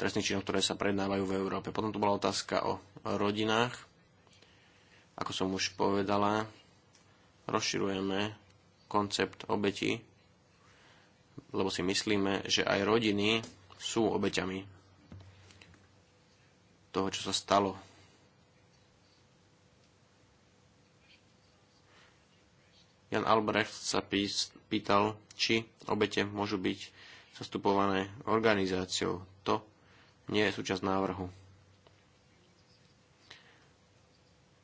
trestných činov, ktoré sa prednávajú v Európe. Potom tu bola otázka o rodinách. Ako som už povedala, rozširujeme koncept obeti, lebo si myslíme, že aj rodiny sú obeťami toho, čo sa stalo. Jan Albrecht sa pýtal, či obete môžu byť zastupované organizáciou. To nie je súčasť návrhu.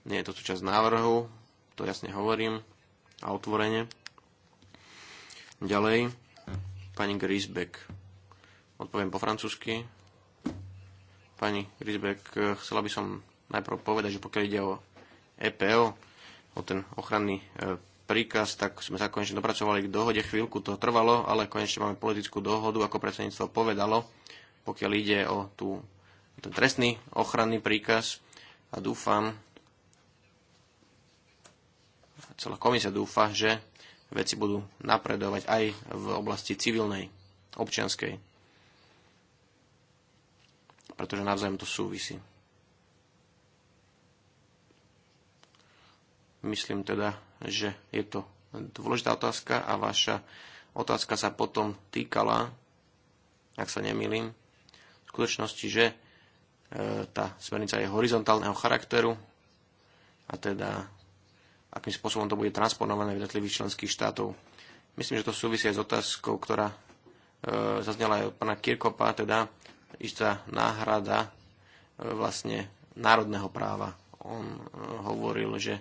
Nie je to súčasť návrhu, to jasne hovorím a otvorene. Ďalej, pani Grisbeck. Odpoviem po francúzsky. Pani Rizbek, e, chcela by som najprv povedať, že pokiaľ ide o EPO, o ten ochranný e, príkaz, tak sme sa konečne dopracovali k dohode. Chvíľku to trvalo, ale konečne máme politickú dohodu, ako predsedníctvo povedalo, pokiaľ ide o tú, ten trestný ochranný príkaz. A dúfam, celá komisia dúfa, že veci budú napredovať aj v oblasti civilnej, občianskej pretože navzájom to súvisí. Myslím teda, že je to dôležitá otázka a vaša otázka sa potom týkala, ak sa nemýlim, v skutočnosti, že e, tá smernica je horizontálneho charakteru a teda akým spôsobom to bude transponované v jednotlivých členských štátov. Myslím, že to súvisí aj s otázkou, ktorá e, zaznela aj od pána Kirkopa, teda istá náhrada e, vlastne národného práva. On e, hovoril, že e,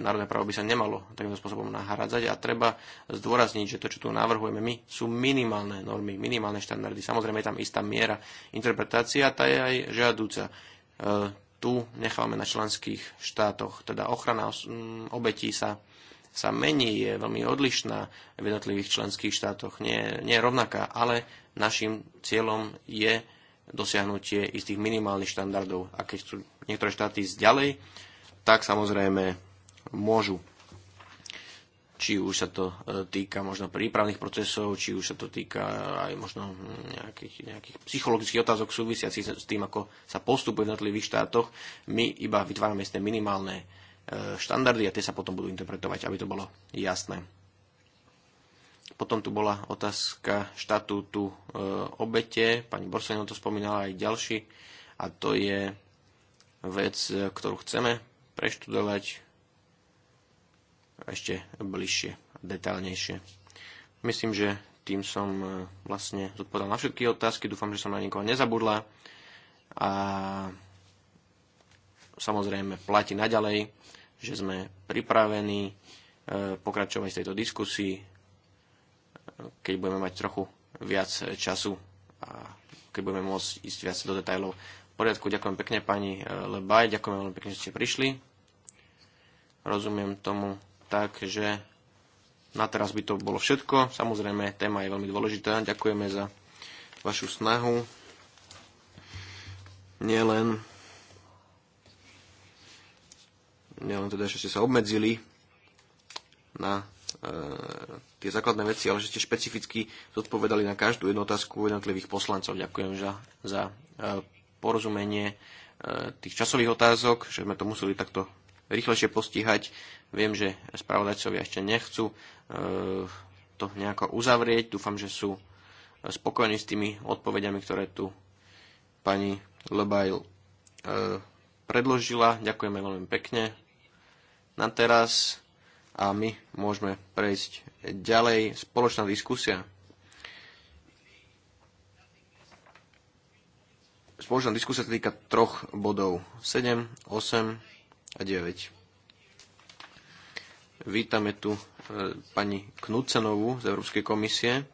národné právo by sa nemalo takýmto spôsobom nahradzať a treba zdôrazniť, že to, čo tu navrhujeme my, sú minimálne normy, minimálne štandardy. Samozrejme je tam istá miera interpretácia, tá je aj žiadúca. Tu nechávame na členských štátoch, teda ochrana obetí sa sa mení, je veľmi odlišná v jednotlivých členských štátoch, nie, nie je rovnaká, ale našim cieľom je dosiahnutie istých minimálnych štandardov. A keď sú niektoré štáty ďalej, tak samozrejme môžu. Či už sa to e, týka možno prípravných procesov, či už sa to týka e, aj možno hm, nejakých, nejakých psychologických otázok súvisiacich s tým, ako sa postupuje v jednotlivých štátoch. My iba vytvárame isté minimálne e, štandardy a tie sa potom budú interpretovať, aby to bolo jasné. Potom tu bola otázka štatútu e, obete, pani Borsovina to spomínala aj ďalší, a to je vec, ktorú chceme preštudovať ešte bližšie, detálnejšie. Myslím, že tým som e, vlastne zodpovedal na všetky otázky, dúfam, že som na nikoho nezabudla a samozrejme platí naďalej, že sme pripravení e, pokračovať v tejto diskusii keď budeme mať trochu viac času a keď budeme môcť ísť viac do detajlov. V poriadku, ďakujem pekne pani eh, Lebaj, ďakujem veľmi pekne, že ste prišli. Rozumiem tomu tak, že na teraz by to bolo všetko. Samozrejme, téma je veľmi dôležitá. Ďakujeme za vašu snahu. Nielen nielen teda, že ste sa obmedzili na E, tie základné veci, ale že ste špecificky zodpovedali na každú jednu otázku jednotlivých poslancov. Ďakujem za, za e, porozumenie e, tých časových otázok, že sme to museli takto rýchlejšie postihať. Viem, že spravodajcovia ešte nechcú to nejako uzavrieť. Dúfam, že sú spokojní s tými odpovediami, ktoré tu pani Lebail predložila. Ďakujeme veľmi pekne. Na teraz a my môžeme prejsť ďalej. Spoločná diskusia. Spoločná diskusia sa týka troch bodov. 7, 8 a 9. Vítame tu e, pani Knucenovú z Európskej komisie.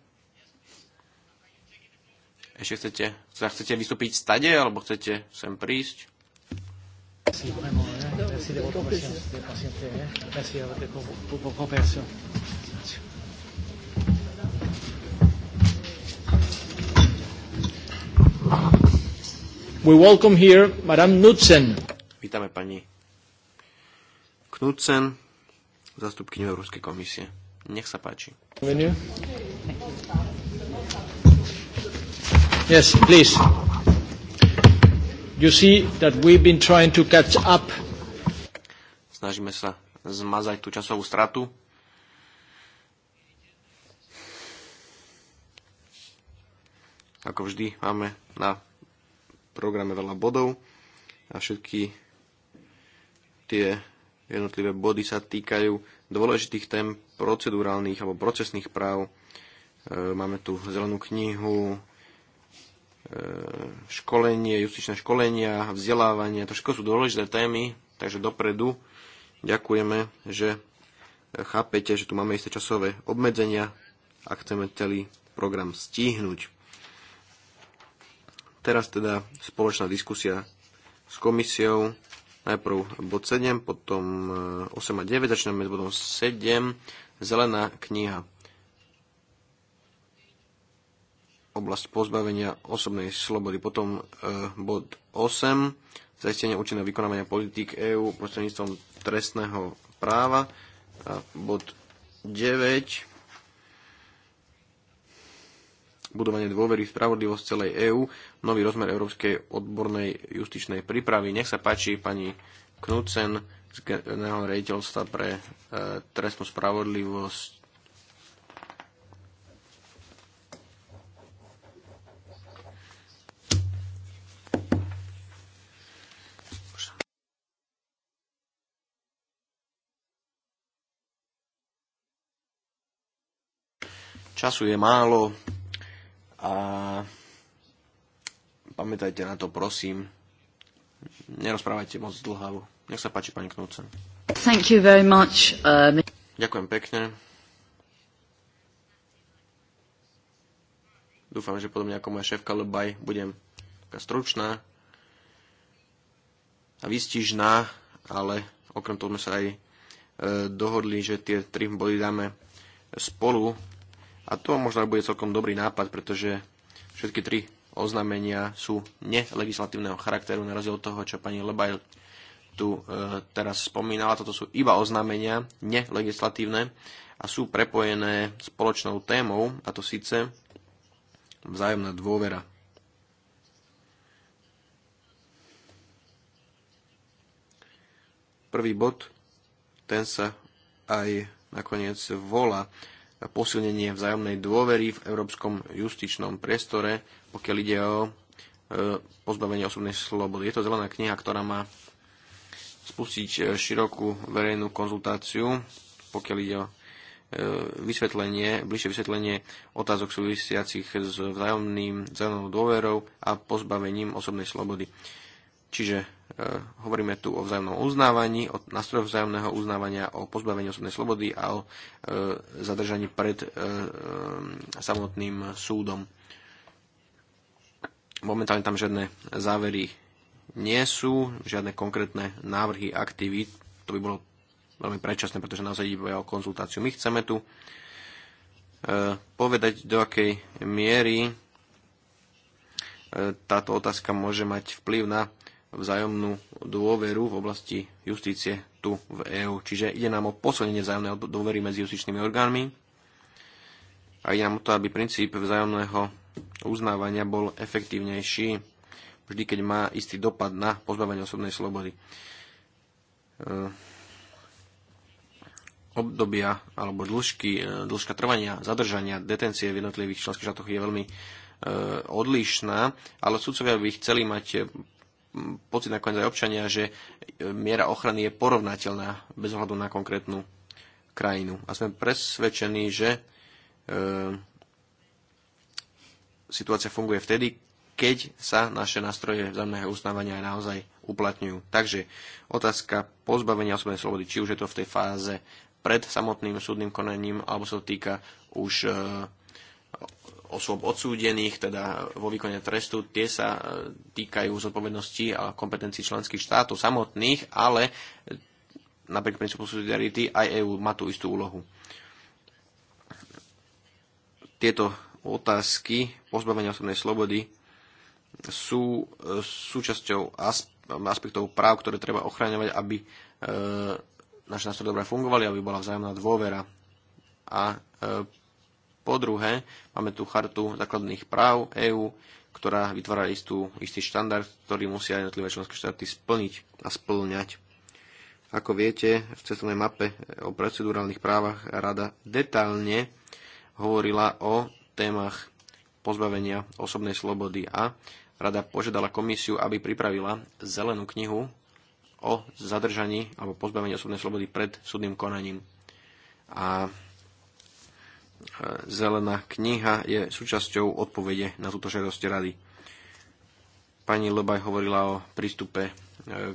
Ešte chcete, chcete vystúpiť stade, alebo chcete sem prísť? Merci vraiment. Hein. Merci de votre patience. De hein. Eh. Merci à votre, pour We welcome here Madame Knudsen. Vítame pani Knudsen, zastupkyňu Európskej komisie. Nech sa páči. Yes, please. You see that we've been trying to catch up. Snažíme sa zmazať tú časovú stratu. Ako vždy máme na programe veľa bodov a všetky tie jednotlivé body sa týkajú dôležitých tém procedurálnych alebo procesných práv. E, máme tu zelenú knihu, E, školenie, justičné školenia, vzdelávanie, to všetko sú dôležité témy, takže dopredu ďakujeme, že chápete, že tu máme isté časové obmedzenia a chceme celý program stihnúť. Teraz teda spoločná diskusia s komisiou. Najprv bod 7, potom 8 e, a 9, začneme s bodom 7, zelená kniha. oblasť pozbavenia osobnej slobody. Potom e, bod 8, zaistenie účinného vykonávania politík EÚ prostredníctvom trestného práva. A bod 9, budovanie dôvery v spravodlivosť celej EÚ, nový rozmer európskej odbornej justičnej prípravy. Nech sa páči pani Knudsen z generálneho rejiteľstva pre e, trestnú spravodlivosť Času je málo a pamätajte na to, prosím. Nerozprávajte moc dlhavo. Nech sa páči, pani Knúcen. Thank you very much. Um... Ďakujem pekne. Dúfam, že podobne ako moja šéfka Lebaj budem taká stručná a vystižná, ale okrem toho sme sa aj e, dohodli, že tie tri body dáme spolu a to možno bude celkom dobrý nápad, pretože všetky tri oznámenia sú nelegislatívneho charakteru, na rozdiel od toho, čo pani Lebaj tu e, teraz spomínala. Toto sú iba oznámenia, nelegislatívne a sú prepojené spoločnou témou, a to síce vzájomná dôvera. Prvý bod, ten sa aj nakoniec volá na posilnenie vzájomnej dôvery v európskom justičnom priestore, pokiaľ ide o e, pozbavenie osobnej slobody. Je to zelená kniha, ktorá má spustiť e, širokú verejnú konzultáciu, pokiaľ ide o e, vysvetlenie, bližšie vysvetlenie otázok súvisiacich s vzájomným, vzájomnou dôverou a pozbavením osobnej slobody. Čiže e, hovoríme tu o vzájomnom uznávaní, o nástrojoch vzájomného uznávania, o pozbavení osobnej slobody a o e, zadržaní pred e, e samotným súdom. Momentálne tam žiadne závery nie sú, žiadne konkrétne návrhy aktivít. To by bolo veľmi predčasné, pretože naozaj ide o konzultáciu. My chceme tu e, povedať, do akej miery e, táto otázka môže mať vplyv na vzájomnú dôveru v oblasti justície tu v EÚ. Čiže ide nám o posilnenie vzájomnej dôvery medzi justičnými orgánmi a ide nám o to, aby princíp vzájomného uznávania bol efektívnejší vždy, keď má istý dopad na pozbavenie osobnej slobody. E, obdobia alebo dĺžky, e, dĺžka trvania, zadržania, detencie v jednotlivých členských štátoch je veľmi e, odlišná, ale sudcovia by chceli mať pocit nakoniec aj občania, že e, miera ochrany je porovnateľná bez ohľadu na konkrétnu krajinu. A sme presvedčení, že e, situácia funguje vtedy, keď sa naše nástroje vzájomného uznávania aj naozaj uplatňujú. Takže otázka pozbavenia osobnej slobody, či už je to v tej fáze pred samotným súdnym konaním, alebo sa to týka už e, osôb odsúdených, teda vo výkone trestu, tie sa e, týkajú zodpovednosti a kompetencií členských štátov samotných, ale e, napriek princípu subsidiarity aj EÚ má tú istú úlohu. Tieto otázky pozbavenia osobnej slobody sú e, súčasťou aspektov práv, ktoré treba ochraňovať, aby naše nástroje dobre fungovali, aby bola vzájomná dôvera a po druhé, máme tu chartu základných práv EÚ, ktorá vytvára istú, istý štandard, ktorý musia jednotlivé členské štáty splniť a splňať. Ako viete, v cestovnej mape o procedurálnych právach rada detálne hovorila o témach pozbavenia osobnej slobody a rada požiadala komisiu, aby pripravila zelenú knihu o zadržaní alebo pozbavení osobnej slobody pred súdnym konaním. A zelená kniha je súčasťou odpovede na túto žiadosť rady. Pani Lebaj hovorila o prístupe e,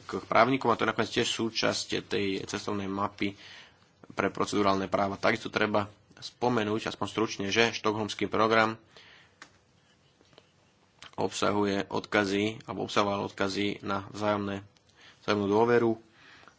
k právnikom a to je nakoniec tiež súčasť tej cestovnej mapy pre procedurálne práva. Takisto treba spomenúť, aspoň stručne, že štokholmský program obsahuje odkazy, alebo obsahoval odkazy na vzájomné, vzájomnú dôveru,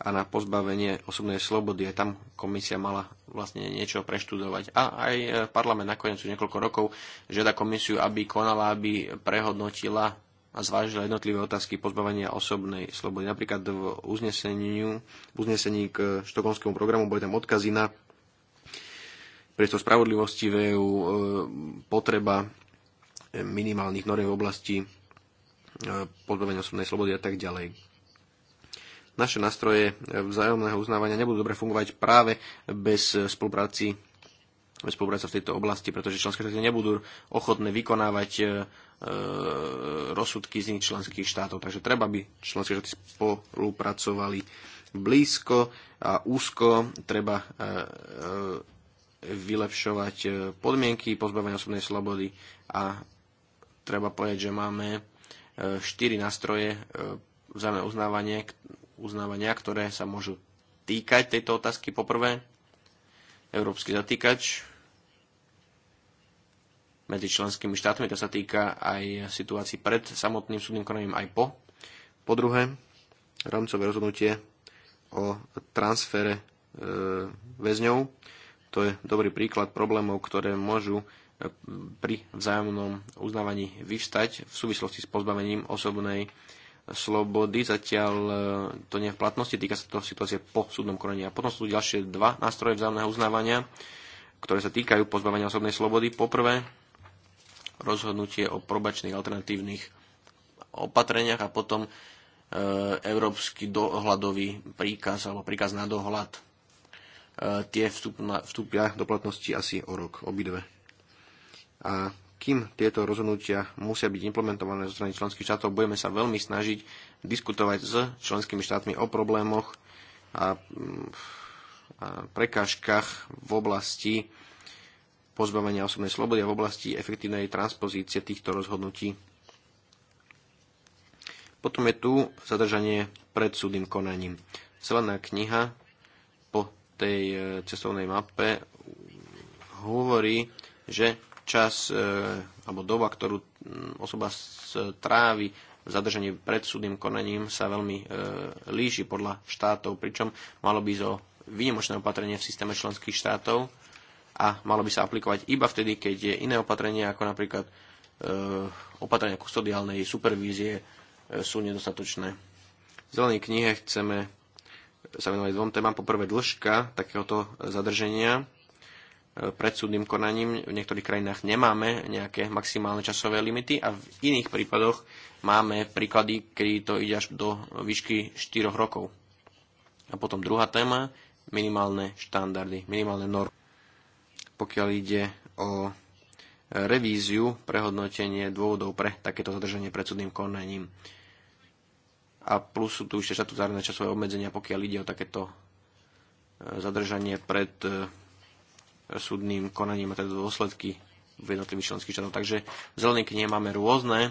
a na pozbavenie osobnej slobody. Aj tam komisia mala vlastne niečo preštudovať. A aj e, parlament nakoniec niekoľko rokov žiada komisiu, aby konala, aby prehodnotila a zvážila jednotlivé otázky pozbavenia osobnej slobody. Napríklad v uzneseniu, v uznesení k štokholmskému programu boli tam odkazy na priestor spravodlivosti v EU, e, potreba e, minimálnych noriev v oblasti pozbavenia osobnej slobody a tak ďalej naše nástroje vzájomného uznávania nebudú dobre fungovať práve bez spolupráci bez spolupráca v tejto oblasti, pretože členské štáty nebudú ochotné vykonávať e, e rozsudky z iných členských štátov. Takže treba by členské štáty spolupracovali blízko a úzko. Treba e, e, vylepšovať e, podmienky pozbavenia osobnej slobody a treba povedať, že máme e, štyri nástroje vzájomné uznávanie, uznávania, ktoré sa môžu týkať tejto otázky. Poprvé, európsky zatýkač medzi členskými štátmi, to sa týka aj situácií pred samotným súdnym konaním aj po. Po druhé, rámcové rozhodnutie o transfere e, väzňov. To je dobrý príklad problémov, ktoré môžu e, pri vzájomnom uznávaní vyvstať v súvislosti s pozbavením osobnej slobody. Zatiaľ e, to nie je v platnosti, týka sa to situácie po súdnom konaní. A potom sú tu ďalšie dva nástroje vzájomného uznávania, ktoré sa týkajú pozbavenia osobnej slobody. Poprvé, rozhodnutie o probačných alternatívnych opatreniach a potom e, európsky dohľadový príkaz alebo príkaz na dohľad. E, tie vstúpia do platnosti asi o rok, obidve. A kým tieto rozhodnutia musia byť implementované zo strany členských štátov, budeme sa veľmi snažiť diskutovať s členskými štátmi o problémoch a, mm, a prekážkach v oblasti pozbavenia osobnej slobody a v oblasti efektívnej transpozície týchto rozhodnutí. Potom je tu zadržanie pred súdnym konaním. Celená kniha po tej e, cestovnej mape hovorí, že čas e, alebo doba, ktorú osoba strávi e, v zadržaní pred súdnym konaním sa veľmi e, líši podľa štátov, pričom malo by zo výnimočné opatrenie v systéme členských štátov a malo by sa aplikovať iba vtedy, keď je iné opatrenie, ako napríklad opatrenia kustodiálnej supervízie sú nedostatočné. V zelenej knihe chceme sa venovať dvom témam. Poprvé dĺžka takéhoto zadrženia pred súdnym konaním. V niektorých krajinách nemáme nejaké maximálne časové limity a v iných prípadoch máme príklady, kedy to ide až do výšky 4 rokov. A potom druhá téma, minimálne štandardy, minimálne normy. Pokiaľ ide o revíziu, prehodnotenie dôvodov pre takéto zadržanie pred súdnym konaním. A plus sú tu ešte štatutárne časové obmedzenia, pokiaľ ide o takéto e, zadržanie pred e, súdnym konaním a teda dôsledky v jednotlivých členských štátoch. Takže v Zelenej knihe máme rôzne e,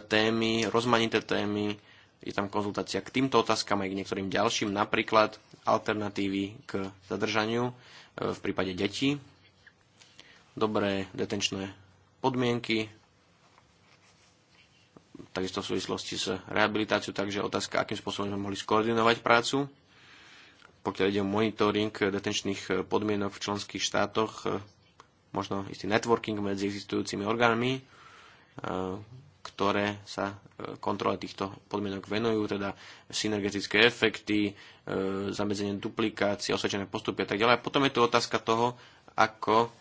témy, rozmanité témy, je tam konzultácia k týmto otázkam aj k niektorým ďalším, napríklad alternatívy k zadržaniu e, v prípade detí, dobré detenčné podmienky, takisto v súvislosti s rehabilitáciou, takže otázka, akým spôsobom sme mohli skoordinovať prácu pokiaľ ide o monitoring detenčných eh, podmienok v členských štátoch, eh, možno istý networking medzi existujúcimi orgánmi, eh, ktoré sa kontrole týchto podmienok venujú, teda synergetické efekty, zamedzenie duplikácie, osvedčené postupy a tak ďalej. potom je tu otázka toho, ako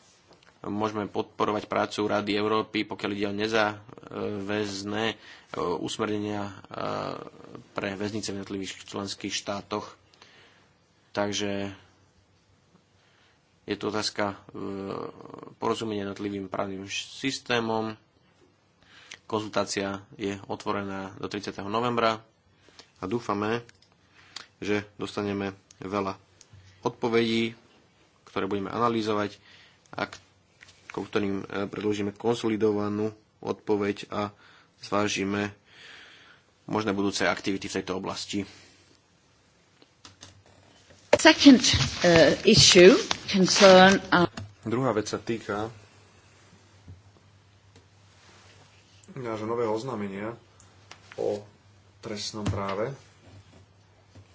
môžeme podporovať prácu Rady Európy, pokiaľ ide o nezáväzné usmernenia pre väznice v jednotlivých členských štátoch. Takže je to otázka e, porozumenia jednotlivým právnym systémom. Konzultácia je otvorená do 30. novembra a dúfame, že dostaneme veľa odpovedí, ktoré budeme analýzovať a ktorým e, predložíme konsolidovanú odpoveď a zvážime možné budúce aktivity v tejto oblasti. Uh, uh, Druhá vec sa týka nášho nového oznámenia o trestnom práve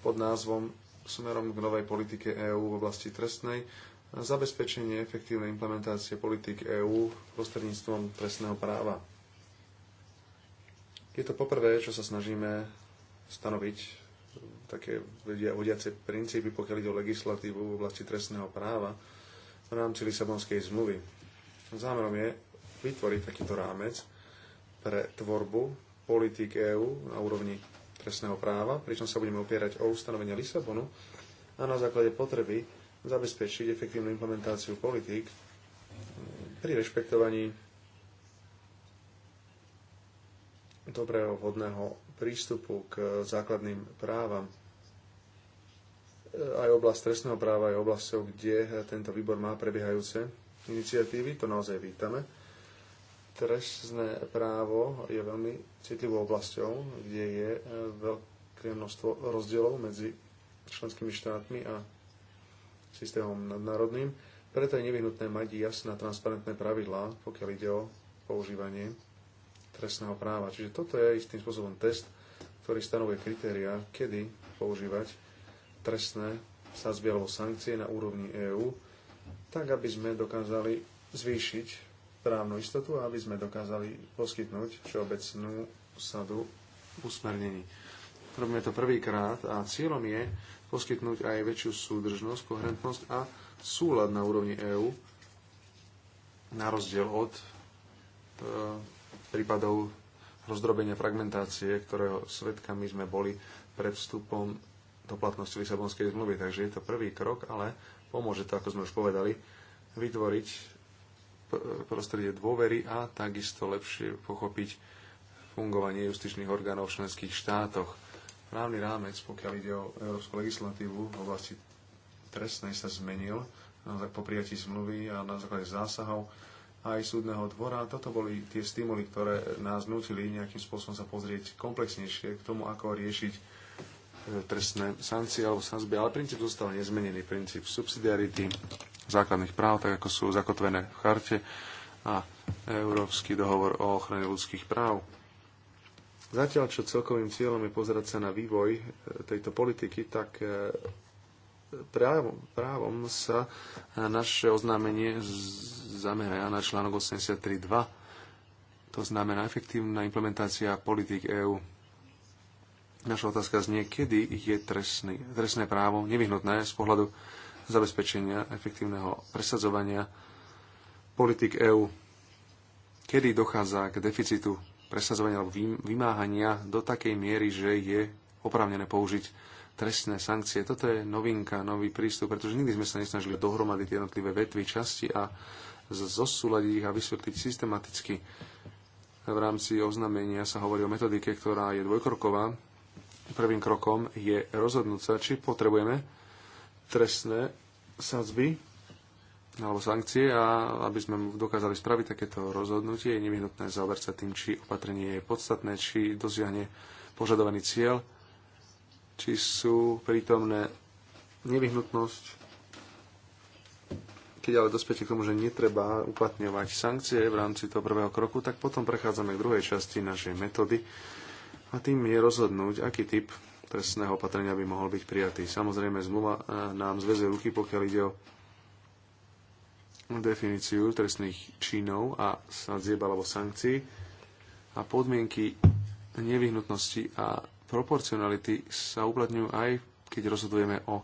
pod názvom Smerom k novej politike EÚ v oblasti trestnej zabezpečenie efektívnej implementácie politik EÚ prostredníctvom trestného práva. Je to poprvé, čo sa snažíme stanoviť také vodiace princípy, pokiaľ ide o legislatívu v oblasti trestného práva v rámci Lisabonskej zmluvy. Zámerom je vytvoriť takýto rámec pre tvorbu politik EÚ na úrovni trestného práva, pričom sa budeme opierať o ustanovenia Lisabonu a na základe potreby zabezpečiť efektívnu implementáciu politík pri rešpektovaní dobrého, vhodného prístupu k základným právam. Aj oblasť trestného práva je oblasťou, kde tento výbor má prebiehajúce iniciatívy, to naozaj vítame. Trestné právo je veľmi citlivou oblasťou, kde je eh, veľké množstvo rozdielov medzi členskými štátmi a systémom nadnárodným. Preto je nevyhnutné mať jasné a transparentné pravidlá, pokiaľ ide o používanie trestného práva. Čiže toto je istým spôsobom test, ktorý stanovuje kritéria, kedy používať trestné sadzby alebo sankcie na úrovni EÚ, tak aby sme dokázali zvýšiť právnu istotu a aby sme dokázali poskytnúť všeobecnú sadu usmernení. Robíme to prvýkrát a cieľom je poskytnúť aj väčšiu súdržnosť, koherentnosť a súlad na úrovni EÚ na rozdiel od e, prípadov rozdrobenia fragmentácie, ktorého svetkami sme boli pred vstupom do platnosti Lisabonskej zmluvy. Takže je to prvý krok, ale pomôže to, ako sme už povedali, vytvoriť prostredie dôvery a takisto lepšie pochopiť fungovanie justičných orgánov v členských štátoch. Právny rámec, pokiaľ ide o európsku legislatívu v oblasti trestnej, sa zmenil po prijatí zmluvy a na základe zásahov aj súdneho dvora. Toto boli tie stimuly, ktoré nás nutili nejakým spôsobom sa pozrieť komplexnejšie k tomu, ako riešiť e, trestné sankcie alebo sanzby. ale princíp zostal nezmenený, princíp subsidiarity základných práv, tak ako sú zakotvené v charte a Európsky dohovor o ochrane ľudských práv. Zatiaľ, čo celkovým cieľom je pozerať sa na vývoj e, tejto politiky, tak e, právom, právom sa naše oznámenie zamerá na článok 83.2. To znamená efektívna implementácia politik EÚ. Naša otázka znie, kedy je trestný, trestné právo nevyhnutné z pohľadu zabezpečenia efektívneho presadzovania politik EÚ. Kedy dochádza k deficitu presadzovania alebo vymáhania do takej miery, že je oprávnené použiť trestné sankcie. Toto je novinka, nový prístup, pretože nikdy sme sa nesnažili dohromady tie jednotlivé vetvy, časti a zosúľadiť ich a vysvetliť systematicky. V rámci oznámenia sa hovorí o metodike, ktorá je dvojkroková. Prvým krokom je rozhodnúť sa, či potrebujeme trestné sadzby alebo sankcie a aby sme dokázali spraviť takéto rozhodnutie, je nevyhnutné zaoberť sa tým, či opatrenie je podstatné, či dosiahne požadovaný cieľ či sú prítomné nevyhnutnosť, keď ale dospete k tomu, že netreba uplatňovať sankcie v rámci toho prvého kroku, tak potom prechádzame k druhej časti našej metódy a tým je rozhodnúť, aký typ trestného opatrenia by mohol byť prijatý. Samozrejme, zmluva e, nám zväzuje ruky, pokiaľ ide o definíciu trestných činov a sadzieb alebo sankcií a podmienky nevyhnutnosti a proporcionality sa uplatňujú aj, keď rozhodujeme o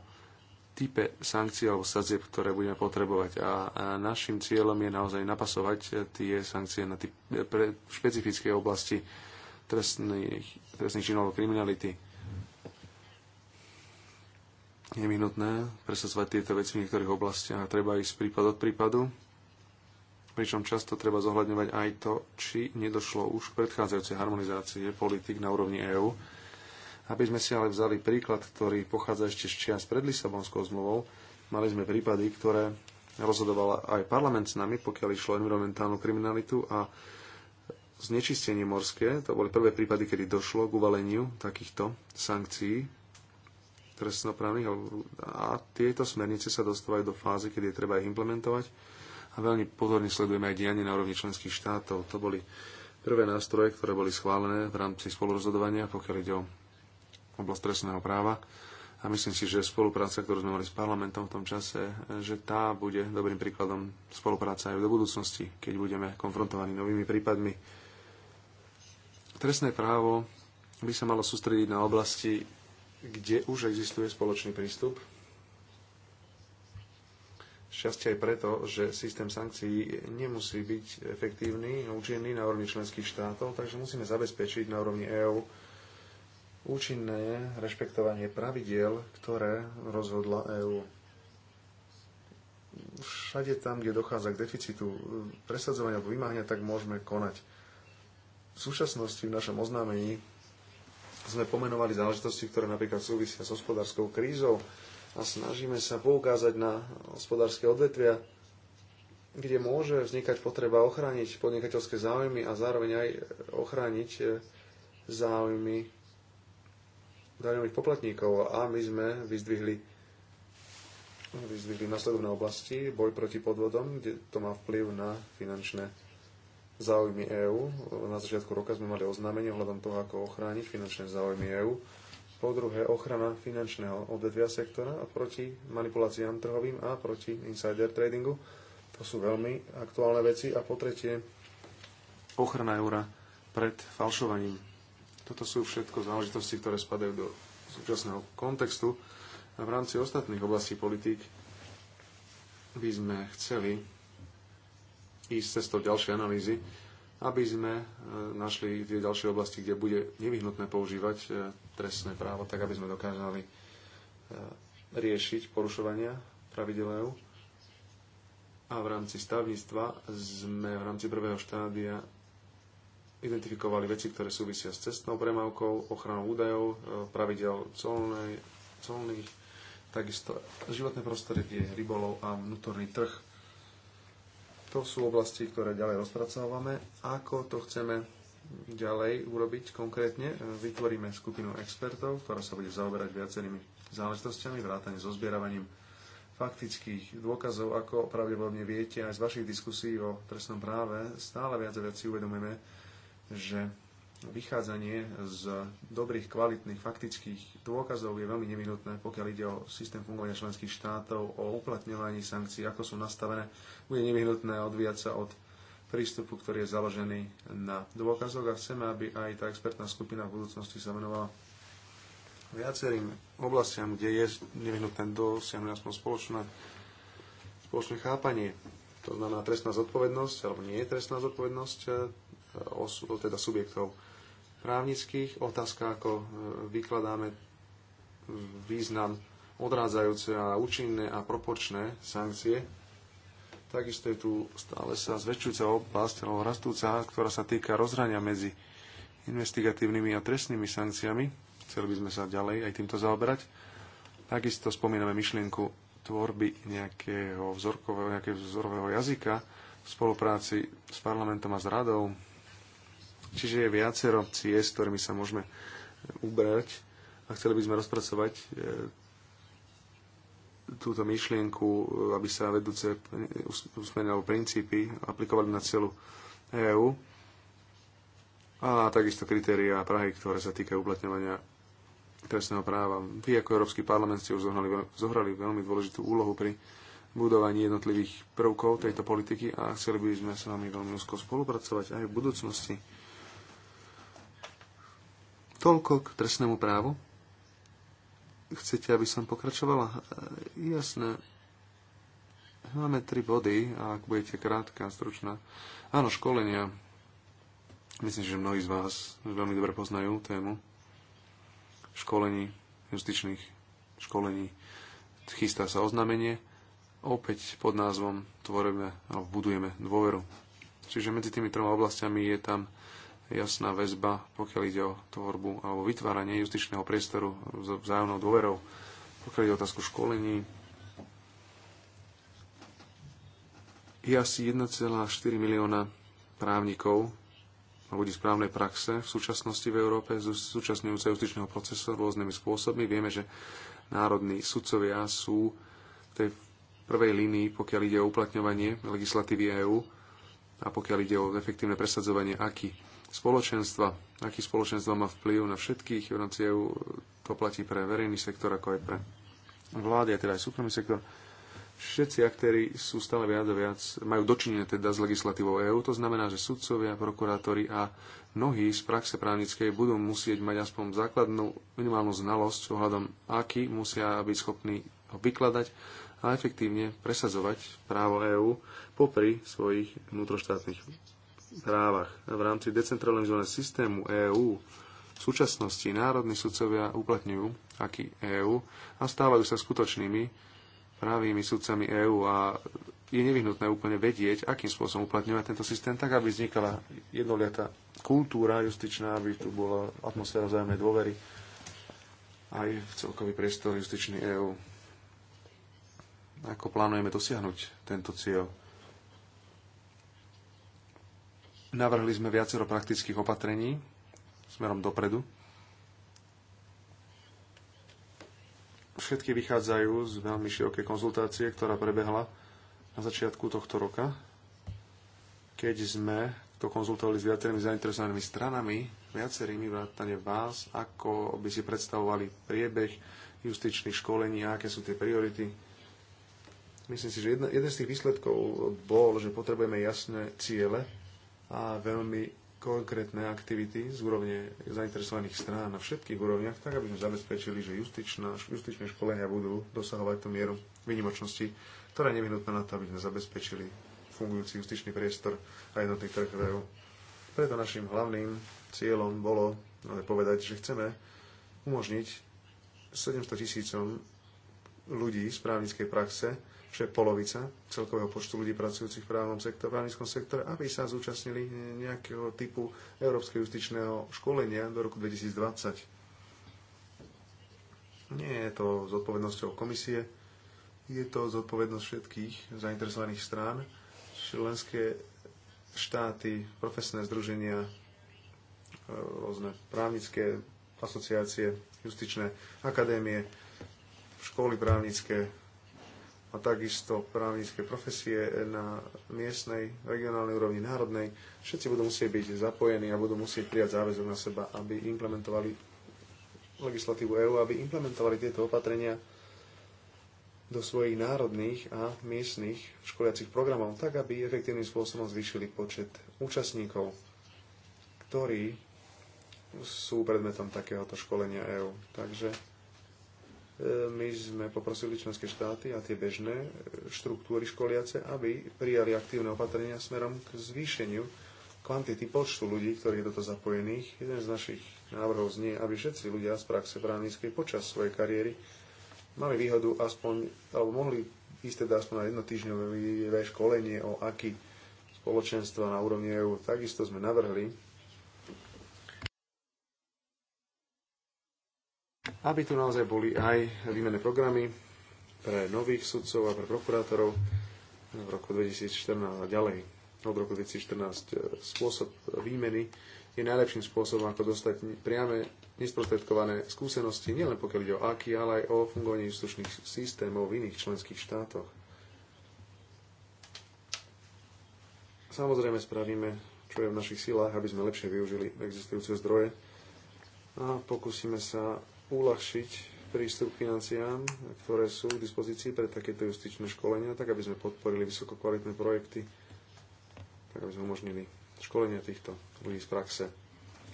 type sankcií alebo sadzieb, ktoré budeme potrebovať. A, a našim cieľom je naozaj napasovať e, tie sankcie na typ, e, pre špecifické oblasti trestných, trestných činov alebo kriminality. Je mi nutné presadzovať tieto veci v niektorých oblastiach a treba ísť prípad od prípadu pričom často treba zohľadňovať aj to, či nedošlo už k predchádzajúcej harmonizácie politik na úrovni EÚ aby sme si ale vzali príklad, ktorý pochádza ešte z čias pred Lisabonskou zmluvou, mali sme prípady, ktoré rozhodovala aj parlament s nami, pokiaľ išlo environmentálnu kriminalitu a znečistenie morské. To boli prvé prípady, kedy došlo k uvaleniu takýchto sankcií trestnoprávnych a tieto smernice sa dostávajú do fázy, kedy je treba ich implementovať a veľmi pozorne sledujeme aj dianie na úrovni členských štátov. To boli prvé nástroje, ktoré boli schválené v rámci spolurozhodovania, pokiaľ ide o oblasť trestného práva. A myslím si, že spolupráca, ktorú sme mali s parlamentom v tom čase, že tá bude dobrým príkladom spolupráca aj do budúcnosti, keď budeme konfrontovaní novými prípadmi. Trestné právo by sa malo sústrediť na oblasti, kde už existuje spoločný prístup. Šťastie aj preto, že systém sankcií nemusí byť efektívny, účinný na úrovni členských štátov, takže musíme zabezpečiť na úrovni EÚ účinné rešpektovanie pravidiel, ktoré rozhodla EÚ. Všade tam, kde dochádza k deficitu e, presadzovania alebo vymáhania, tak môžeme konať. V súčasnosti v našom oznámení sme pomenovali záležitosti, ktoré napríklad súvisia s hospodárskou krízou a snažíme sa poukázať na hospodárske odvetvia, kde môže vznikať potreba ochrániť podnikateľské záujmy a zároveň aj ochrániť e, záujmy daňových poplatníkov a my sme vyzdvihli, vyzdvihli nasledovné oblasti, boj proti podvodom, kde to má vplyv na finančné záujmy EÚ. Na začiatku roka sme mali oznámenie ohľadom toho, ako ochrániť finančné záujmy EÚ. Po druhé, ochrana finančného odvetvia sektora proti manipuláciám trhovým a proti insider tradingu. To sú veľmi aktuálne veci. A po tretie, ochrana eura pred falšovaním toto sú všetko záležitosti, ktoré spadajú do súčasného kontextu. A v rámci ostatných oblastí politík by sme chceli ísť cestou ďalšej analýzy, aby sme e, našli tie ďalšie oblasti, kde bude nevyhnutné používať e, trestné právo, tak aby sme dokázali e, riešiť porušovania pravidel EU. A v rámci stavníctva sme v rámci prvého štádia identifikovali veci, ktoré súvisia s cestnou premávkou, ochranou údajov, e, pravidel colnej, colných, takisto životné prostredie, rybolov a vnútorný trh. To sú oblasti, ktoré ďalej rozpracovávame. Ako to chceme ďalej urobiť konkrétne? E, vytvoríme skupinu expertov, ktorá sa bude zaoberať viacerými záležitosťami, vrátane so zbieravaním faktických dôkazov, ako pravdepodobne viete aj z vašich diskusí o trestnom práve, stále viac a viac si uvedomujeme, že vychádzanie z dobrých, kvalitných, faktických dôkazov je veľmi nevinutné, pokiaľ ide o systém fungovania členských štátov, o uplatňovaní sankcií, ako sú nastavené. Bude nevyhnutné odvíjať sa od prístupu, ktorý je založený na dôkazoch a chceme, aby aj tá expertná skupina v budúcnosti sa venovala viacerým oblastiam, kde je nevyhnutné dosiahnuť aspoň spoločné, spoločné chápanie. To znamená trestná zodpovednosť, alebo nie je trestná zodpovednosť osú, teda subjektov právnických. Otázka, ako e, vykladáme význam odrádzajúce a účinné a proporčné sankcie. Takisto je tu stále sa zväčšujúca oblasť, alebo rastúca, ktorá sa týka rozhrania medzi investigatívnymi a trestnými sankciami. Chceli by sme sa ďalej aj týmto zaoberať. Takisto spomíname myšlienku tvorby nejakého vzorkového, nejakého vzorového jazyka v spolupráci s parlamentom a s radou Čiže je viacero ciest, ktorými sa môžeme eh, ubrať a chceli by sme rozpracovať eh, túto myšlienku, eh, aby sa vedúce usmerenia alebo princípy aplikovali na celú EÚ a takisto kritériá Prahy, ktoré sa týkajú uplatňovania trestného práva. Vy ako Európsky parlament ste už zohrali, zohrali veľmi dôležitú úlohu pri budovaní jednotlivých prvkov tejto politiky a chceli by sme s vami veľmi úzko spolupracovať aj v budúcnosti. Toľko k trestnému právu. Chcete, aby som pokračovala? E, jasné. Máme tri body a ak budete krátka, stručná. Áno, školenia. Myslím, že mnohí z vás veľmi dobre poznajú tému školení, justičných školení. Chystá sa oznámenie, opäť pod názvom tvoríme a budujeme dôveru. Čiže medzi tými troma oblastiami je tam jasná väzba, pokiaľ ide o tvorbu alebo vytváranie justičného priestoru s vzájomnou dôverou, pokiaľ ide o otázku školení. Je asi 1,4 milióna právnikov a ľudí z právnej praxe v súčasnosti v Európe súčasňujúce sa justičného procesu rôznymi spôsobmi. Vieme, že národní sudcovia sú v tej prvej línii, pokiaľ ide o uplatňovanie legislatívy EÚ a pokiaľ ide o efektívne presadzovanie aký spoločenstva, aký spoločenstva má vplyv na všetkých v rámci EU, to platí pre verejný sektor, ako aj pre vlády, a teda aj súkromný sektor. Všetci aktéry sú stále viac a viac, majú dočinenie teda s legislatívou EÚ, to znamená, že sudcovia, prokurátori a mnohí z praxe právnickej budú musieť mať aspoň základnú minimálnu znalosť ohľadom, aký musia byť schopní ho vykladať a efektívne presadzovať právo EÚ popri svojich vnútroštátnych právach v rámci decentralizovaného systému EÚ v súčasnosti národní sudcovia uplatňujú aký EÚ a stávajú sa skutočnými právými sudcami EÚ a je nevyhnutné úplne vedieť, akým spôsobom uplatňovať tento systém, tak aby vznikala jednoliatá kultúra justičná, aby tu bola atmosféra vzájomnej dôvery aj v celkový priestor justičný EÚ. Ako plánujeme dosiahnuť tento cieľ? Navrhli sme viacero praktických opatrení smerom dopredu. Všetky vychádzajú z veľmi širokej konzultácie, ktorá prebehla na začiatku tohto roka, keď sme to konzultovali s viacerými zainteresovanými stranami, viacerými vrátane vás, ako by si predstavovali priebeh justičných školení a aké sú tie priority. Myslím si, že jedna, jeden z tých výsledkov bol, že potrebujeme jasné ciele a veľmi konkrétne aktivity z úrovne zainteresovaných strán na všetkých úrovniach, tak aby sme zabezpečili, že justičná, justičné školenia budú dosahovať tú mieru výnimočnosti, ktorá je nevyhnutná na to, aby sme zabezpečili fungujúci justičný priestor a jednotný trh EU. Preto našim hlavným cieľom bolo no, povedať, že chceme umožniť 700 tisícom ľudí z právnickej praxe čo je polovica celkového počtu ľudí pracujúcich v právnom sektore, právnickom sektore, aby sa zúčastnili nejakého typu európskeho justičného školenia do roku 2020. Nie je to zodpovednosťou komisie, je to zodpovednosť všetkých zainteresovaných strán, členské štáty, profesné združenia, e, rôzne právnické asociácie, justičné akadémie, školy právnické, a takisto právnické profesie na miestnej, regionálnej úrovni, národnej. Všetci budú musieť byť zapojení a budú musieť prijať záväzok na seba, aby implementovali legislatívu EÚ, aby implementovali tieto opatrenia do svojich národných a miestnych školiacich programov, tak aby efektívnym spôsobom zvýšili počet účastníkov, ktorí sú predmetom takéhoto školenia EÚ. Takže E, my sme poprosili členské štáty a tie bežné e, štruktúry školiace, aby prijali aktívne opatrenia smerom k zvýšeniu kvantity počtu ľudí, ktorí je do toho zapojených. Jeden z našich návrhov znie, aby všetci ľudia z praxe právnickej počas svojej kariéry mali výhodu aspoň, alebo mohli ísť teda aspoň na jednotýždňové školenie o aký spoločenstva na úrovni EU. Takisto sme navrhli aby tu naozaj boli aj výmenné programy pre nových sudcov a pre prokurátorov v roku 2014 a ďalej. Od roku 2014 e, spôsob výmeny je najlepším spôsobom, ako dostať priame nesprostredkované skúsenosti, nielen pokiaľ ide o AKI, ale aj o fungovanie justičných systémov v iných členských štátoch. Samozrejme spravíme, čo je v našich silách, aby sme lepšie využili existujúce zdroje a pokúsime sa uľahčiť prístup k financiám, ktoré sú k dispozícii pre takéto justičné školenia, tak aby sme podporili vysokokvalitné projekty, tak aby sme umožnili školenia týchto ľudí z praxe.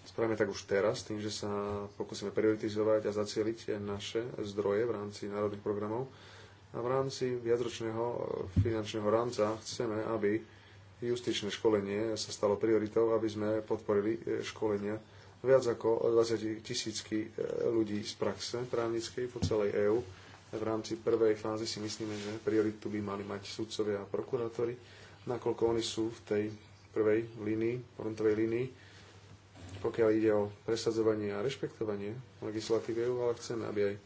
Spravíme tak už teraz, tým, že sa pokúsime prioritizovať a zacieliť naše zdroje v rámci národných programov. A v rámci viacročného finančného rámca chceme, aby justičné školenie sa stalo prioritou, aby sme podporili školenia viac ako 20 tisícky e, ľudí z praxe právnickej po celej EÚ. V rámci prvej fázy si myslíme, že prioritu by mali mať sudcovia a prokurátori, nakoľko oni sú v tej prvej línii, frontovej línii, pokiaľ ide o presadzovanie a rešpektovanie legislatívy EÚ, ale chceme, aby aj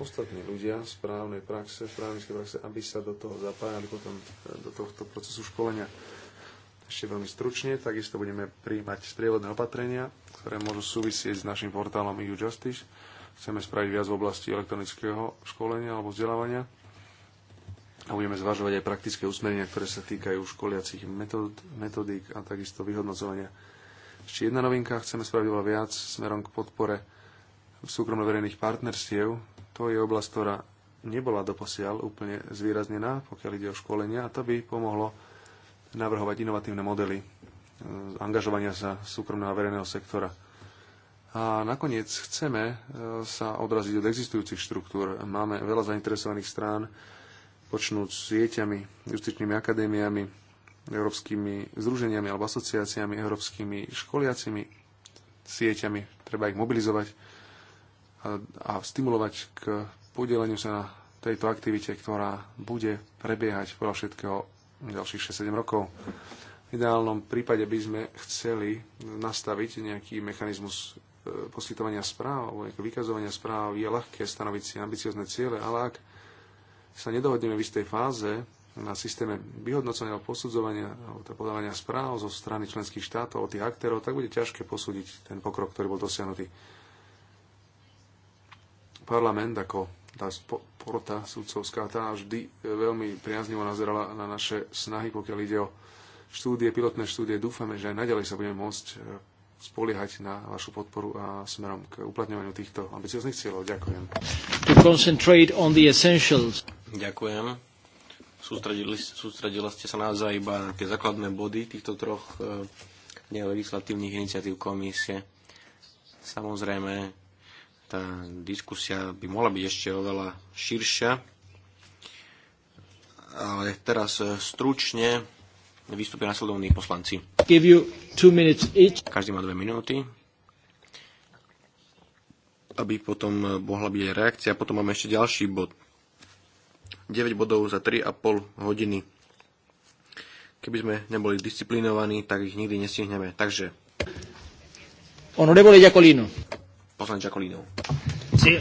ostatní ľudia z právnej praxe, z právnickej praxe, aby sa do toho zapájali potom e, do tohto procesu školenia ešte veľmi stručne, takisto budeme príjmať sprievodné opatrenia, ktoré môžu súvisieť s našim portálom EU Justice. Chceme spraviť viac v oblasti elektronického školenia alebo vzdelávania a budeme zvažovať aj praktické usmerenia, ktoré sa týkajú školiacich metód, metodík a takisto vyhodnocovania. Ešte jedna novinka, chceme spraviť oveľa viac smerom k podpore súkromno verejných partnerstiev. To je oblasť, ktorá nebola doposiaľ úplne zvýraznená, pokiaľ ide o školenia a to by pomohlo navrhovať inovatívne modely e, angažovania sa súkromného a verejného sektora. A nakoniec chceme e, sa odraziť od existujúcich štruktúr. Máme veľa zainteresovaných strán, počnúť s sieťami, justičnými akadémiami, európskymi združeniami alebo asociáciami, európskymi školiacimi sieťami. Treba ich mobilizovať a, e, a stimulovať k podieleniu sa na tejto aktivite, ktorá bude prebiehať podľa všetkého ďalších 6-7 rokov. V ideálnom prípade by sme chceli nastaviť nejaký mechanizmus e, poskytovania správ alebo vykazovania správ. Je ľahké stanoviť si ambiciozne ciele, ale ak sa nedohodneme v istej fáze na systéme vyhodnocovania alebo posudzovania alebo teda podávania správ zo strany členských štátov od tých aktérov, tak bude ťažké posúdiť ten pokrok, ktorý bol dosiahnutý. Parlament ako tá porota sudcovská, tá vždy e, veľmi priaznivo nazerala na naše snahy, pokiaľ ide o štúdie, pilotné štúdie. Dúfame, že aj naďalej sa budeme môcť e, spoliehať na vašu podporu a smerom k uplatňovaniu týchto ambicioznych cieľov. Ďakujem. To concentrate on the essentials. Ďakujem. Sústredili, sústredila ste sa naozaj iba na tie základné body týchto troch e, nelegislatívnych iniciatív komisie. Samozrejme, tá diskusia by mohla byť ešte oveľa širšia, ale teraz e, stručne vystúpia nasledovní poslanci. Každý má dve minúty, aby potom e, mohla byť aj reakcia. Potom máme ešte ďalší bod. 9 bodov za 3,5 hodiny. Keby sme neboli disciplinovaní, tak ich nikdy nestihneme. Takže... Honorevole Jacolino poslanec Jakolínov. <clears throat>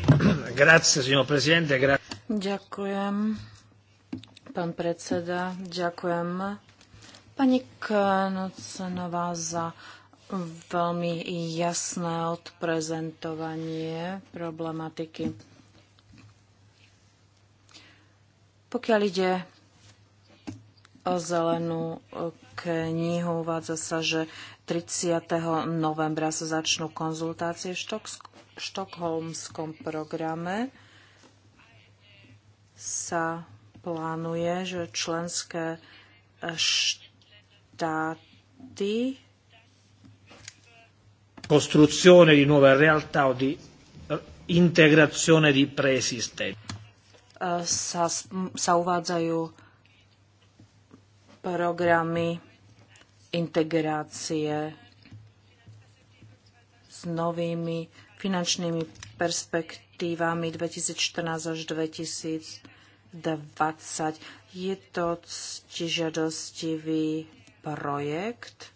Ďakujem, pán predseda. Ďakujem pani Knudsenová za veľmi jasné odprezentovanie problematiky. Pokiaľ ide o zelenú knihu, uvádza sa, že 30. novembra sa začnú konzultácie v štok- štokholmskom programe. Sa plánuje, že členské eh, štáty costruzione di nuove realtà o di eh, integrazione di preesistenti. Eh, sa, sa uvádzajú programy integrácie s novými finančnými perspektívami 2014 až 2020. Je to ctižadostivý projekt,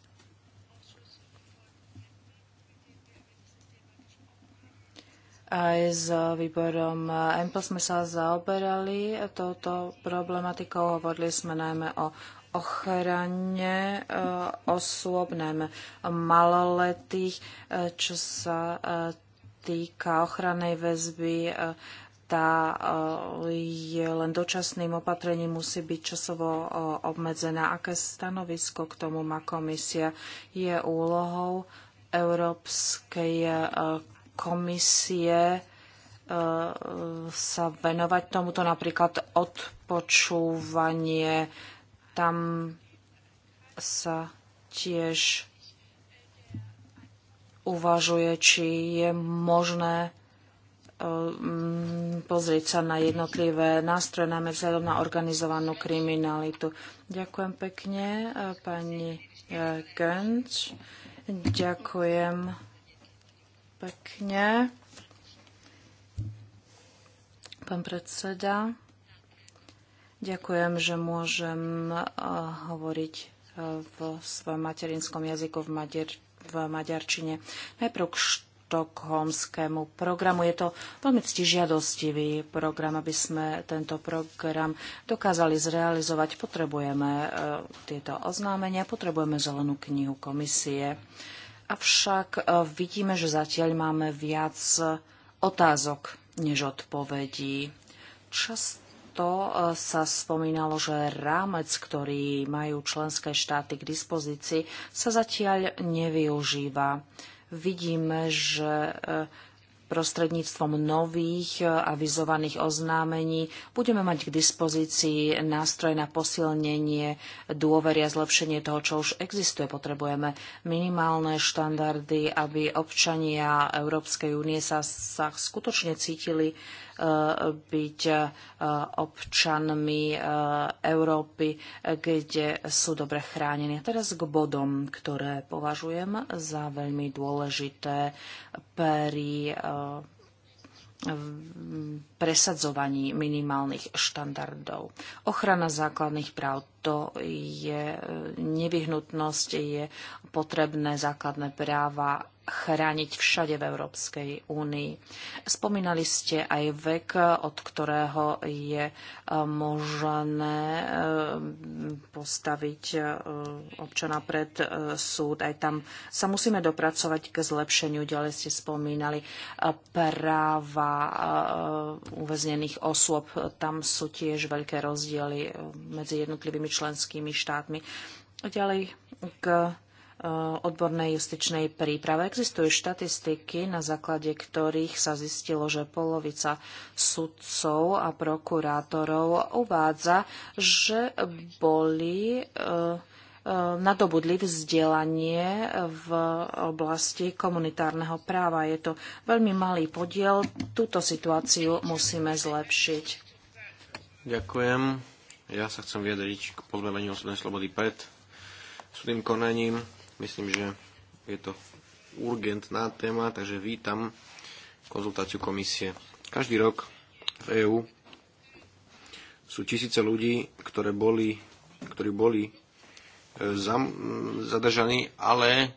Aj s výborom EMPL sme sa zaoberali touto problematikou. Hovorili sme najmä o ochrane eh, osôb, najmä maloletých, eh, čo sa eh, týka ochrannej väzby, tá je len dočasným opatrením, musí byť časovo obmedzená. Aké stanovisko k tomu má komisia? Je úlohou Európskej komisie sa venovať tomuto napríklad odpočúvanie tam sa tiež uvažuje, či je možné e, mm, pozrieť sa na jednotlivé nástroje, najmä vzhľadom na organizovanú kriminalitu. Ďakujem pekne, e, pani e, Gönč. Ďakujem pekne, pán predseda. Ďakujem, že môžem eh, hovoriť eh, v svojom materinskom jazyku v, Maďar- v maďarčine. Najprv k štokholmskému programu. Je to veľmi ctižiadostivý program, aby sme tento program dokázali zrealizovať. Potrebujeme eh, tieto oznámenia, potrebujeme zelenú knihu komisie. Avšak vidíme, že zatiaľ máme viac otázok než odpovedí. Často to e, sa spomínalo, že rámec, ktorý majú členské štáty k dispozícii, sa zatiaľ nevyužíva. Vidíme, že e, prostredníctvom nových e, avizovaných oznámení budeme mať k dispozícii nástroj na posilnenie dôvery a zlepšenie toho, čo už existuje. Potrebujeme minimálne štandardy, aby občania Európskej únie sa, sa skutočne cítili e, byť e, občanmi Európy, kde sú dobre chránení. teraz k bodom, ktoré považujem za veľmi dôležité pri presadzovaní minimálnych štandardov. Ochrana základných práv to je e, nevyhnutnosť, je potrebné základné práva chrániť všade v Európskej únii. Spomínali ste aj vek, od ktorého je e, možné e, postaviť e, občana pred súd. Aj tam sa musíme dopracovať k zlepšeniu. Ďalej ste spomínali práva uväznených osôb. Tam sú tiež veľké rozdiely medzi jednotlivými členskými štátmi. Ďalej k Eh, odbornej justičnej príprave. Existujú štatistiky, na základe ktorých sa zistilo, že polovica sudcov a prokurátorov uvádza, že boli eh, eh, nadobudli vzdelanie v oblasti komunitárneho práva. Je to veľmi malý podiel. Túto situáciu musíme zlepšiť. Ďakujem. Ja sa chcem vyjadriť k podmeveniu osobnej slobody pred súdnym konaním. Myslím, že je to urgentná téma, takže vítam konzultáciu komisie. Každý rok v EÚ sú tisíce ľudí, ktoré boli, ktorí boli e, zam, zadržaní, ale,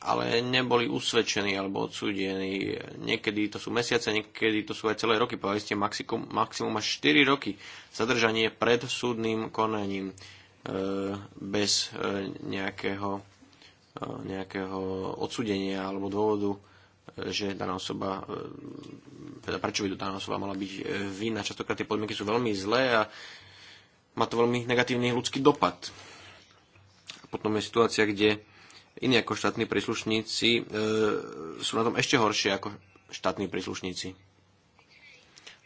ale neboli usvedčení alebo odsúdení. Niekedy to sú mesiace, niekedy to sú aj celé roky. Povedali ste maximum, maximum až 4 roky zadržanie pred súdnym konaním e, bez e, nejakého nejakého odsudenia alebo dôvodu, že daná osoba, e, teda prečo by daná osoba mala byť e, vinná. Častokrát tie podmienky sú veľmi zlé a má to veľmi negatívny ľudský dopad. Potom je situácia, kde iní ako štátni príslušníci e, sú na tom ešte horšie ako štátni príslušníci.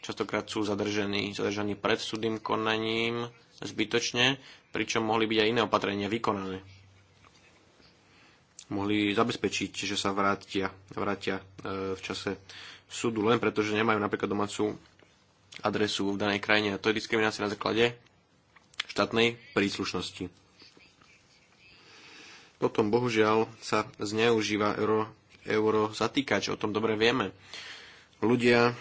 Častokrát sú zadržení, zadržaní pred súdnym konaním zbytočne, pričom mohli byť aj iné opatrenia vykonané mohli zabezpečiť, že sa vrátia, vrátia e, v čase súdu len preto, že nemajú napríklad domácu adresu v danej krajine. A to je diskriminácia na základe štátnej príslušnosti. Potom bohužiaľ sa zneužíva euro, euro zatýkač, o tom dobre vieme. Ľudia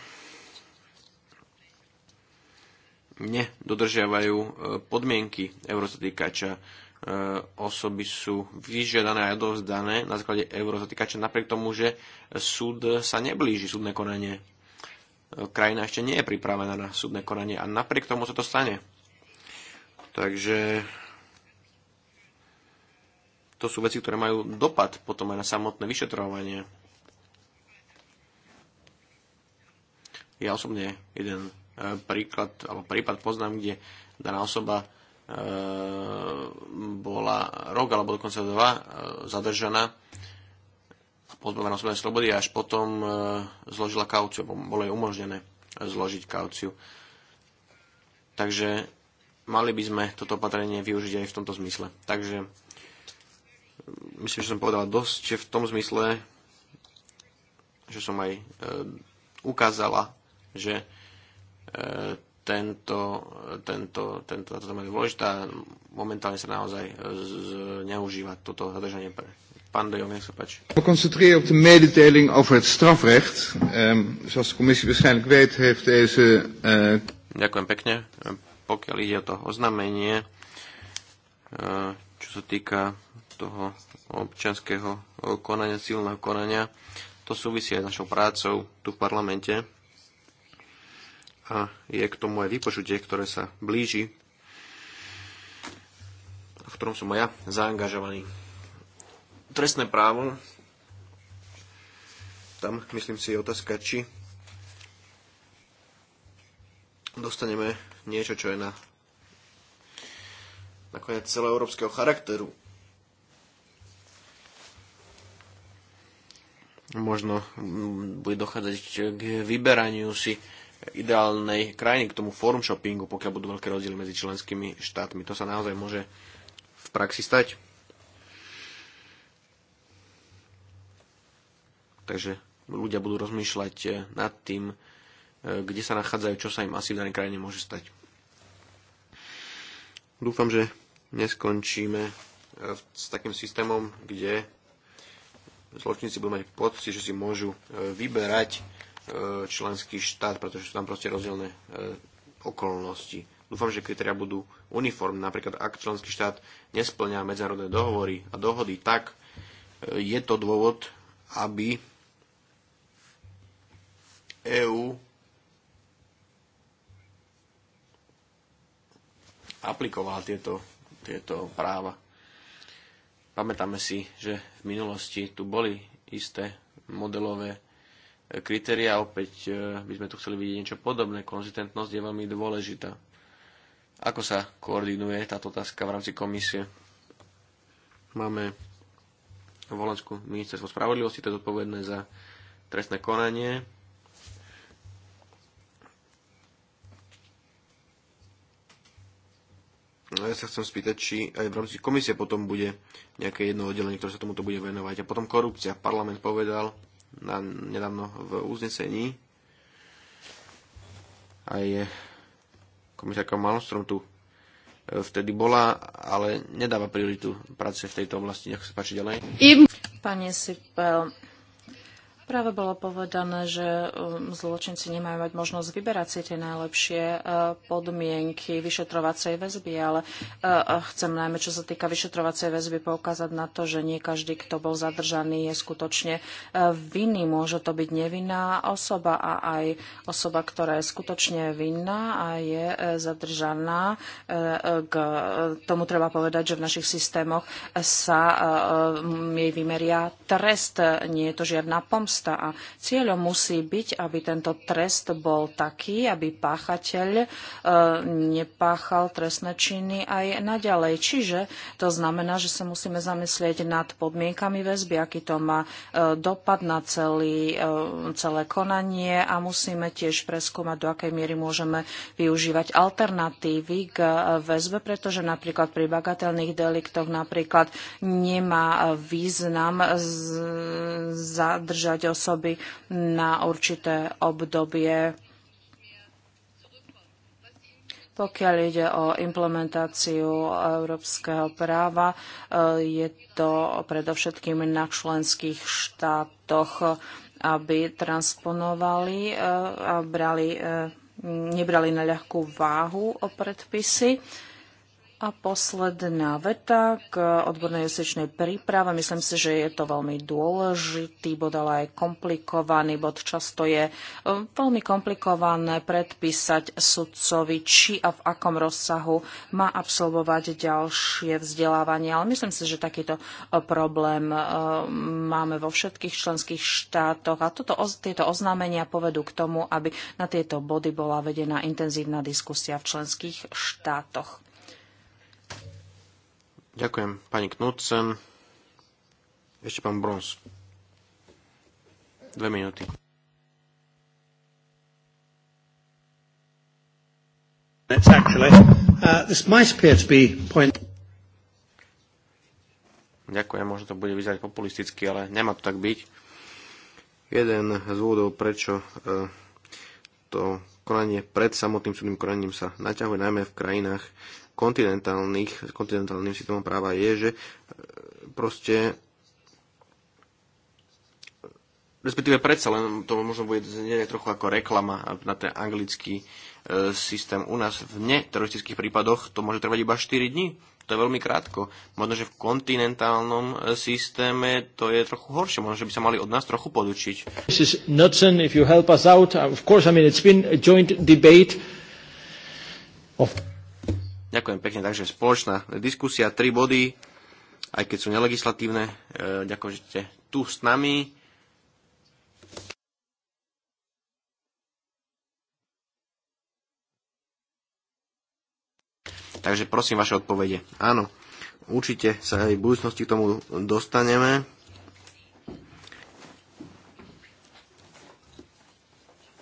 nedodržiavajú e, podmienky eurozatýkača E, osoby sú vyžiadané a odovzdané na základe eurozatýkača, napriek tomu, že súd sa neblíži súdne konanie. E, krajina ešte nie je pripravená na súdne konanie a napriek tomu sa to stane. Takže to sú veci, ktoré majú dopad potom aj na samotné vyšetrovanie. Ja osobne jeden e, príklad alebo prípad poznám, kde daná osoba Eh, bola rok alebo dokonca dva eh, zadržaná a pozbavená osobnej slobody a až potom eh, zložila kauciu, bolo jej umožnené zložiť kauciu. Takže mali by sme toto opatrenie využiť aj v tomto zmysle. Takže myslím, že som povedal dosť v tom zmysle, že som aj e, ukázala, že e, tento, tento, tento, tento je dôležitá. Momentálne sa naozaj zneužíva toto zadržanie pre. Pán de nech sa páči. We concentreren op de mededeling over het strafrecht. Um, zoals de commissie waarschijnlijk weet, heeft deze... Uh... Ďakujem pekne. Pokiaľ ide o to oznámenie, eh, čo sa týka toho občanského konania, silného konania, to súvisí aj s našou prácou tu v parlamente a je k tomu aj vypočutie, ktoré sa blíži, v ktorom som aj ja zaangažovaný. Trestné právo, tam myslím si je otázka, či dostaneme niečo, čo je na nakoniec celoeurópskeho charakteru. Možno mm, bude dochádzať k vyberaniu si ideálnej krajiny k tomu forum shoppingu, pokiaľ budú veľké rozdiely medzi členskými štátmi. To sa naozaj môže v praxi stať. Takže ľudia budú rozmýšľať eh, nad tým, eh, kde sa nachádzajú, čo sa im asi v danej krajine môže stať. Dúfam, že neskončíme eh, s takým systémom, kde zločníci budú mať pocit, že si môžu vyberať E, členský štát, pretože sú tam proste rozdielne e, okolnosti. Dúfam, že kritéria teda budú uniformné. Napríklad, ak členský štát nesplňa medzinárodné dohovory a dohody, tak e, je to dôvod, aby EÚ aplikovala tieto, tieto práva. Pamätáme si, že v minulosti tu boli isté modelové kritéria. Opäť e, by sme tu chceli vidieť niečo podobné. Konzistentnosť je veľmi dôležitá. Ako sa koordinuje táto otázka v rámci komisie? Máme v Holandsku ministerstvo spravodlivosti, to je zodpovedné za trestné konanie. No ja sa chcem spýtať, či aj v rámci komisie potom bude nejaké jedno oddelenie, ktoré sa tomuto bude venovať. A potom korupcia. Parlament povedal, na nedávno v uznesení. Aj komisárka Malmström tu e, vtedy bola, ale nedáva prioritu práce v tejto oblasti. Nech sa páči ďalej. Pane Sipel, Práve bolo povedané, že um, zločinci nemajú mať možnosť vyberať si tie najlepšie uh, podmienky vyšetrovacej väzby, ale uh, uh, chcem najmä, čo sa týka vyšetrovacej väzby, poukázať na to, že nie každý, kto bol zadržaný, je skutočne vinný. Môže to byť nevinná osoba a aj osoba, ktorá je skutočne vinná a je zadržaná. K tomu treba povedať, že v našich systémoch sa jej vymeria trest. Nie je to žiadna pomsta tresta. A cieľom musí byť, aby tento trest bol taký, aby páchateľ e, nepáchal trestné činy aj naďalej. Čiže to znamená, že sa musíme zamyslieť nad podmienkami väzby, aký to má e, dopad na celý, e, celé konanie a musíme tiež preskúmať, do akej miery môžeme využívať alternatívy k väzbe, pretože napríklad pri bagatelných deliktoch napríklad nemá význam zadržať osoby na určité obdobie. Pokiaľ ide o implementáciu európskeho práva, e, je to predovšetkým na členských štátoch, aby transponovali e, a brali, e, nebrali na ľahkú váhu o predpisy a posledná veta k odbornej jesečnej príprave. Myslím si, že je to veľmi dôležitý bod, ale aj komplikovaný bod. Často je e, veľmi komplikované predpísať sudcovi, či a v akom rozsahu má absolvovať ďalšie vzdelávanie. Ale myslím si, že takýto e, problém e, máme vo všetkých členských štátoch. A toto, tieto oznámenia povedú k tomu, aby na tieto body bola vedená intenzívna diskusia v členských štátoch. Ďakujem pani Knudsen. Ešte pán Brons. Dve minúty. Uh, Ďakujem, možno to bude vyzerať populisticky, ale nemá to tak byť. Jeden z dôvodov, prečo uh, to konanie pred samotným súdnym konaním sa naťahuje najmä v krajinách, kontinentálnych, kontinentálnym systémom práva je, že e, proste respektíve predsa len to možno bude znieť trochu ako reklama na ten anglický e, systém u nás. V neteroristických prípadoch to môže trvať iba 4 dní. To je veľmi krátko. Možno, že v kontinentálnom e, systéme to je trochu horšie. Možno, že by sa mali od nás trochu podučiť. Mrs. if you help us out, uh, of course, I mean, it's been a joint debate of Ďakujem pekne, takže spoločná diskusia, tri body, aj keď sú nelegislatívne. E, ďakujem, že ste tu s nami. Takže prosím vaše odpovede. Áno, určite sa aj v budúcnosti k tomu dostaneme.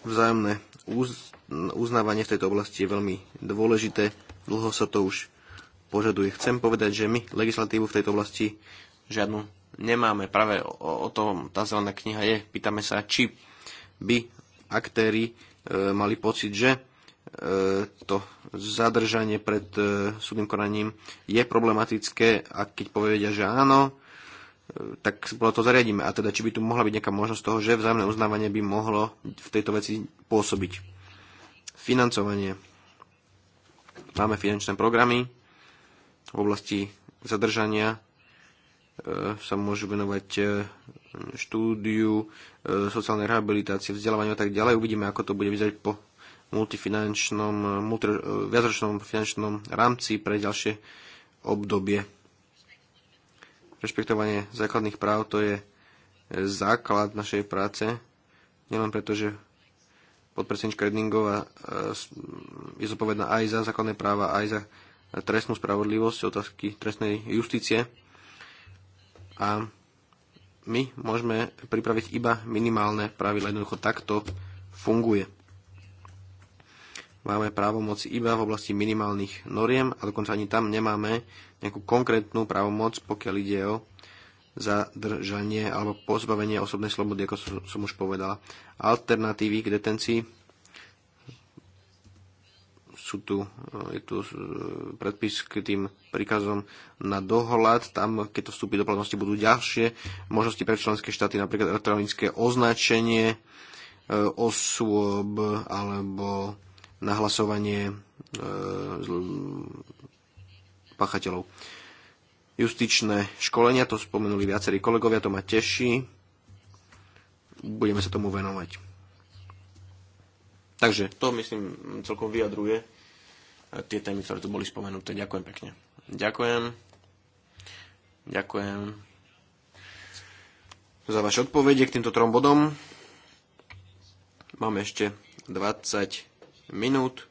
Vzájomné uznávanie v tejto oblasti je veľmi dôležité dlho sa to už požaduje. Chcem povedať, že my legislatívu v tejto oblasti žiadnu nemáme. Práve o, o tom tá zelená kniha je. Pýtame sa, či by aktéry e, mali pocit, že e, to zadržanie pred e, súdnym konaním je problematické a keď povedia, že áno, e, tak bolo to zariadíme. A teda, či by tu mohla byť nejaká možnosť toho, že vzájomné uznávanie by mohlo v tejto veci pôsobiť. Financovanie. Máme finančné programy v oblasti zadržania e, sa môžu venovať e, štúdiu, e, sociálnej rehabilitácie, vzdelávania a tak ďalej. Uvidíme, ako to bude vyzerať po multifinančnom, multi, viacročnom finančnom rámci pre ďalšie obdobie. Rešpektovanie základných práv to je základ našej práce, nielen preto, že podpredsednička Redningová e, je zodpovedná aj za zákonné práva, aj za trestnú spravodlivosť, otázky trestnej justície. A my môžeme pripraviť iba minimálne pravidla. Jednoducho takto funguje. Máme právomoc iba v oblasti minimálnych noriem a dokonca ani tam nemáme nejakú konkrétnu právomoc, pokiaľ ide o zadržanie alebo pozbavenie osobnej slobody, ako som, som už povedala. Alternatívy k detencii sú tu, eh, je tu eh, predpis k tým príkazom na dohľad. Tam, keď to vstúpi do platnosti, budú ďalšie možnosti pre členské štáty, napríklad elektronické označenie eh, osôb alebo nahlasovanie pachateľov. E, justičné školenia, to spomenuli viacerí kolegovia, to ma teší. Budeme sa tomu venovať. Takže to, myslím, celkom vyjadruje e, tie témy, ktoré tu boli spomenuté. Ďakujem pekne. Ďakujem. Ďakujem za vaše odpovede k týmto trom bodom. Máme ešte 20 minút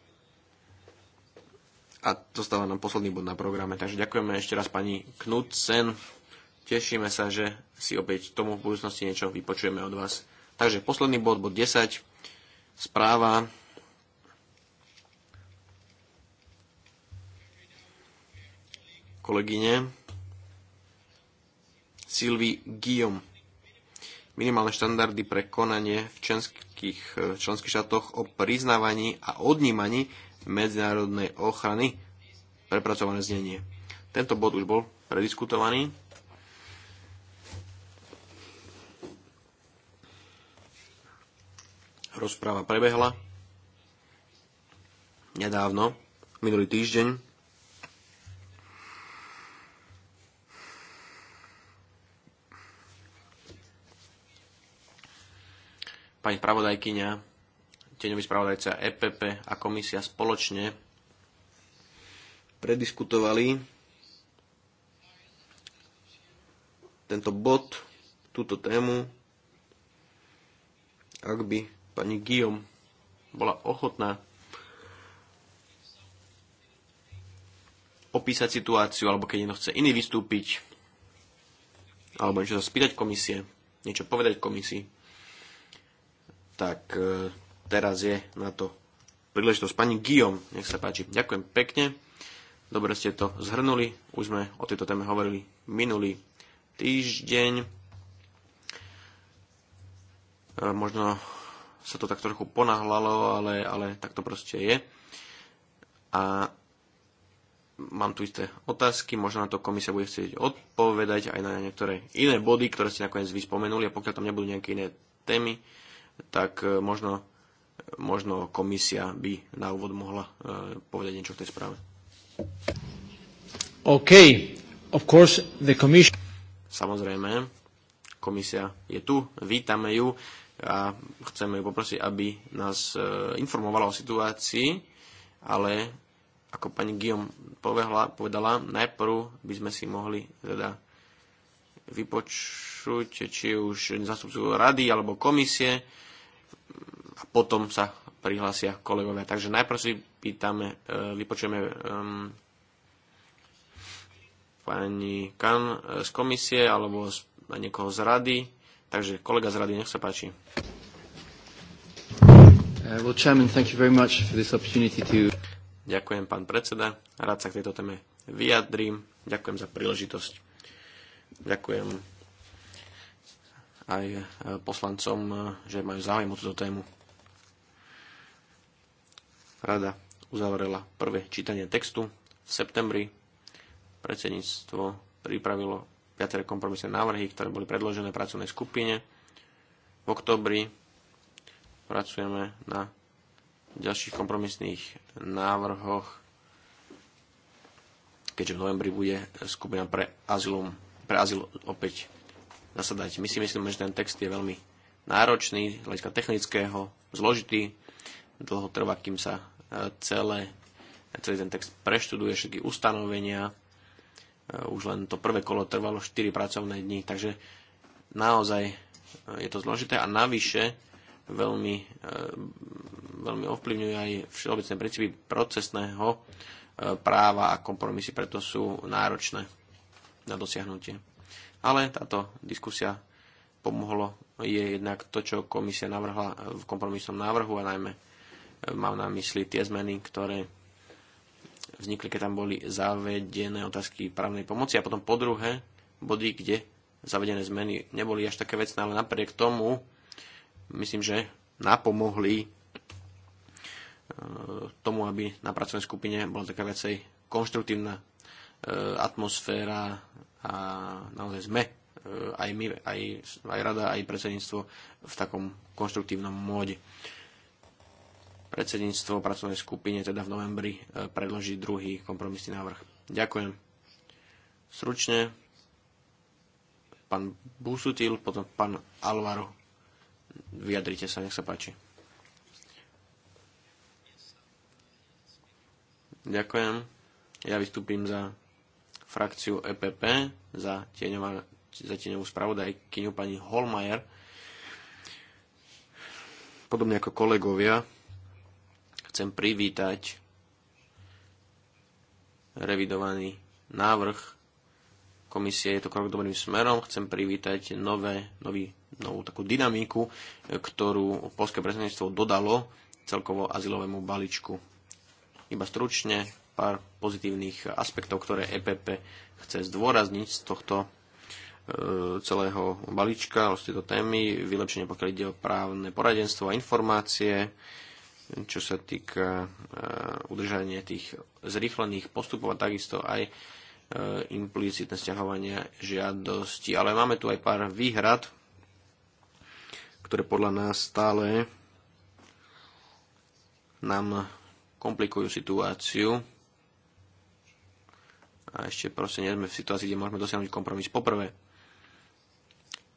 a zostáva nám posledný bod na programe. Takže ďakujeme ešte raz pani Knudsen. Tešíme sa, že si opäť tomu v budúcnosti niečo vypočujeme od vás. Takže posledný bod, bod 10. Správa kolegyne Sylvie Guillom. Minimálne štandardy pre konanie v členských, členských štátoch o priznávaní a odnímaní medzinárodnej ochrany, prepracované znenie. Tento bod už bol prediskutovaný. Rozpráva prebehla nedávno, minulý týždeň. Pani pravodajkyňa tieňový spravodajca EPP a komisia spoločne prediskutovali tento bod, túto tému, ak by pani Guillom bola ochotná opísať situáciu, alebo keď niekto chce iný vystúpiť, alebo niečo sa spýtať komisie, niečo povedať komisii, tak eh, teraz je na to príležitosť. Pani Guillaume, nech sa páči. Ďakujem pekne. Dobre ste to zhrnuli. Už sme o tejto téme hovorili minulý týždeň. E, možno sa to tak trochu ponahlalo, ale, ale tak to proste je. A mám tu isté otázky, možno na to komisia bude chcieť odpovedať aj na niektoré iné body, ktoré ste nakoniec vyspomenuli a pokiaľ tam nebudú nejaké iné témy, tak e, možno možno komisia by na úvod mohla e, povedať niečo v tej správe. OK, of course the commission... Samozrejme, komisia je tu, vítame ju a chceme ju poprosiť, aby nás e, informovala o situácii, ale ako pani Guillaume povedala, povedala najprv by sme si mohli teda vypočuť, či už zastupcu rady alebo komisie, a potom sa prihlásia kolegovia. Takže najprv si pýtame, e, vypočujeme um, pani Kan e, z komisie alebo z, niekoho z rady. Takže kolega z rady, nech sa páči. Uh, well, Chairman, thank you very much for this opportunity to... Ďakujem, pán predseda. Rád sa k tejto téme vyjadrím. Ďakujem za príležitosť. Ďakujem aj e, poslancom, že majú záujem o túto tému. Rada uzavrela prvé čítanie textu v septembri. Predsedníctvo pripravilo viaceré kompromisné návrhy, ktoré boli predložené pracovnej skupine. V oktobri pracujeme na ďalších kompromisných návrhoch, keďže v novembri bude skupina pre, azylum, pre azyl opäť zasadať. My si myslíme, že ten text je veľmi náročný, hľadiska technického, zložitý, dlho trvá, kým sa e, celé, celý ten text preštuduje, všetky ustanovenia. E, už len to prvé kolo trvalo 4 pracovné dni, takže naozaj e, je to zložité a navyše veľmi, veľmi ovplyvňuje aj všeobecné princípy procesného práva a kompromisy, preto sú náročné na dosiahnutie. Ale táto diskusia pomohlo je jednak to, čo komisia navrhla v kompromisnom návrhu a najmä Mám na mysli tie zmeny, ktoré vznikli, keď tam boli zavedené otázky právnej pomoci a potom po druhé body, kde zavedené zmeny neboli až také vecné, ale napriek tomu myslím, že napomohli e, tomu, aby na pracovnej skupine bola taká viacej konštruktívna e, atmosféra a naozaj sme e, aj my, aj, aj rada, aj predsedníctvo v takom konštruktívnom móde predsedníctvo pracovnej skupine teda v novembri e, predloží druhý kompromisný návrh. Ďakujem. Stručne pán Busutil, potom pán Alvaro. Vyjadrite sa, nech sa páči. Ďakujem. Ja vystúpim za frakciu EPP, za, tieňová, za tieňovú spravodajkyňu pani Holmajer. Podobne ako kolegovia, chcem privítať revidovaný návrh komisie. Je to krok dobrým smerom. Chcem privítať nové, nový, novú takú dynamiku, ktorú polské predsedníctvo dodalo celkovo azylovému balíčku. Iba stručne pár pozitívnych aspektov, ktoré EPP chce zdôrazniť z tohto e, celého balíčka, z tejto témy, vylepšenie pokiaľ ide o právne poradenstvo a informácie, čo sa týka e, udržania tých zrýchlených postupov a takisto aj e, implicitné stiahovania žiadosti. Ale máme tu aj pár výhrad, ktoré podľa nás stále nám komplikujú situáciu. A ešte proste nie sme v situácii, kde môžeme dosiahnuť kompromis. Poprvé,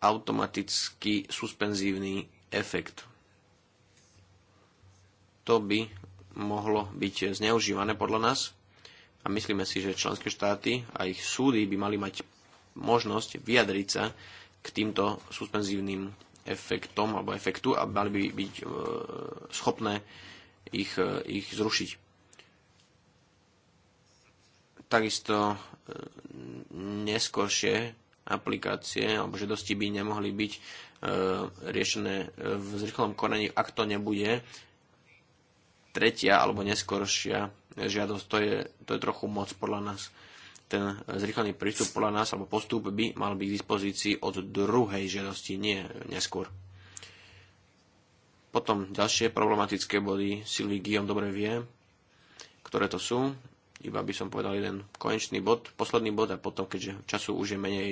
automatický suspenzívny efekt to by mohlo byť zneužívané podľa nás a myslíme si, že členské štáty a ich súdy by mali mať možnosť vyjadriť sa k týmto suspenzívnym efektom alebo efektu a mali by byť e, schopné ich, e, ich zrušiť. Takisto e, neskôršie aplikácie alebo žiadosti by nemohli byť e, riešené v zrychlom konaní, ak to nebude tretia alebo neskoršia žiadosť, to je, to je trochu moc podľa nás. Ten zrýchlený prístup podľa nás alebo postup by mal byť k dispozícii od druhej žiadosti, nie neskôr. Potom ďalšie problematické body, Silvi Guillaume dobre vie, ktoré to sú. Iba by som povedal jeden konečný bod, posledný bod a potom, keďže času už je menej,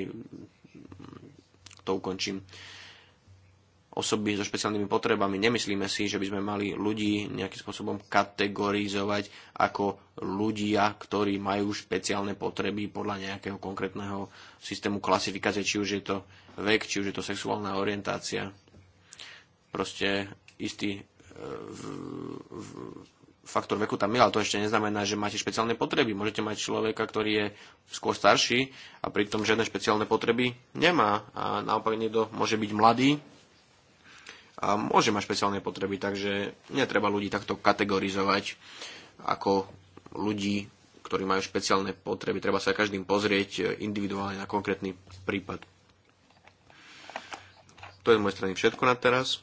to ukončím osoby so špeciálnymi potrebami. Nemyslíme si, že by sme mali ľudí nejakým spôsobom kategorizovať ako ľudia, ktorí majú špeciálne potreby podľa nejakého konkrétneho systému klasifikácie, či už je to vek, či už je to sexuálna orientácia. Proste istý e, faktor veku tam je, ale to ešte neznamená, že máte špeciálne potreby. Môžete mať človeka, ktorý je skôr starší a pritom žiadne špeciálne potreby nemá. A naopak niekto môže byť mladý a môže mať špeciálne potreby, takže netreba ľudí takto kategorizovať ako ľudí, ktorí majú špeciálne potreby. Treba sa každým pozrieť e, individuálne na konkrétny prípad. To je z mojej strany všetko na teraz,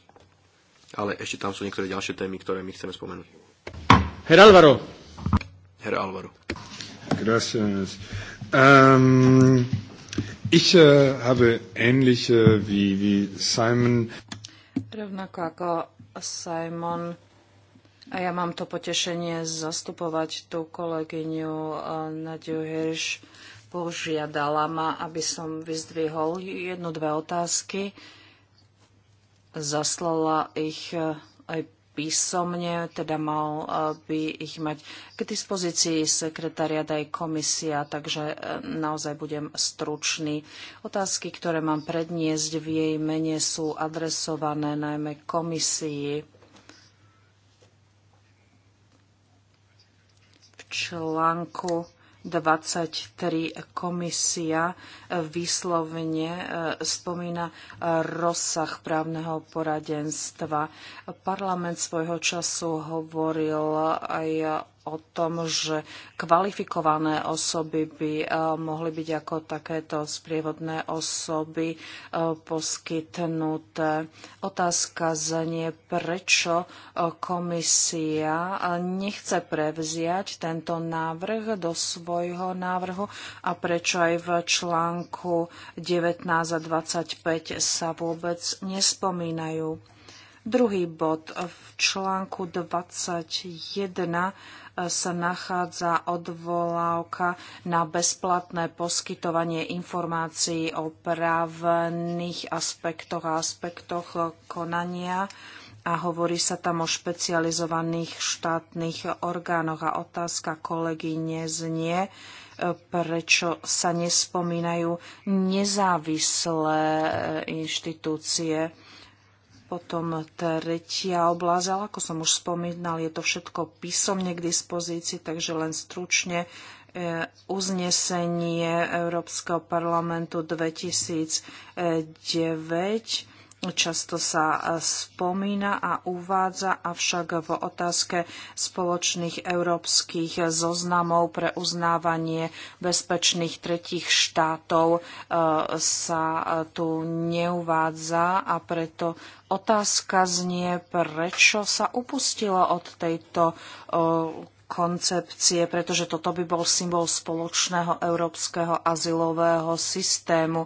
ale ešte tam sú niektoré ďalšie témy, ktoré my chceme spomenúť. Her Alvaro. Her Alvaro. Gracias. Um... Ich uh, habe ähnliche wie, wie Simon. Rovnako ako Simon, a ja mám to potešenie zastupovať tú kolegyňu Nadiu Hirš, požiadala ma, aby som vyzdvihol jednu, dve otázky. Zaslala ich eh, aj písomne, teda mal e, by ich mať k dispozícii sekretariat aj komisia, takže e, naozaj budem stručný. Otázky, ktoré mám predniesť v jej mene, sú adresované najmä komisii. V článku 23 komisia e, výslovne e, spomína e, rozsah právneho poradenstva. Parlament svojho času hovoril aj o tom, že kvalifikované osoby by eh, mohli byť ako takéto sprievodné osoby eh, poskytnuté. Otázka znie, prečo eh, komisia nechce prevziať tento návrh do svojho návrhu a prečo aj v článku 19 a 25 sa vôbec nespomínajú. Druhý bod v článku 21 sa nachádza odvolávka na bezplatné poskytovanie informácií o právnych aspektoch a aspektoch konania a hovorí sa tam o špecializovaných štátnych orgánoch a otázka kolegyne znie, prečo sa nespomínajú nezávislé inštitúcie potom tretia oblasť, ale ako som už spomínal, je to všetko písomne k dispozícii, takže len stručne e, uznesenie Európskeho parlamentu 2009 často sa e, spomína a uvádza, avšak v otázke spoločných európskych zoznamov pre uznávanie bezpečných tretich štátov e, sa e, tu neuvádza a preto otázka znie, prečo sa upustilo od tejto koncepcie, pretože toto by bol symbol spoločného európskeho azylového systému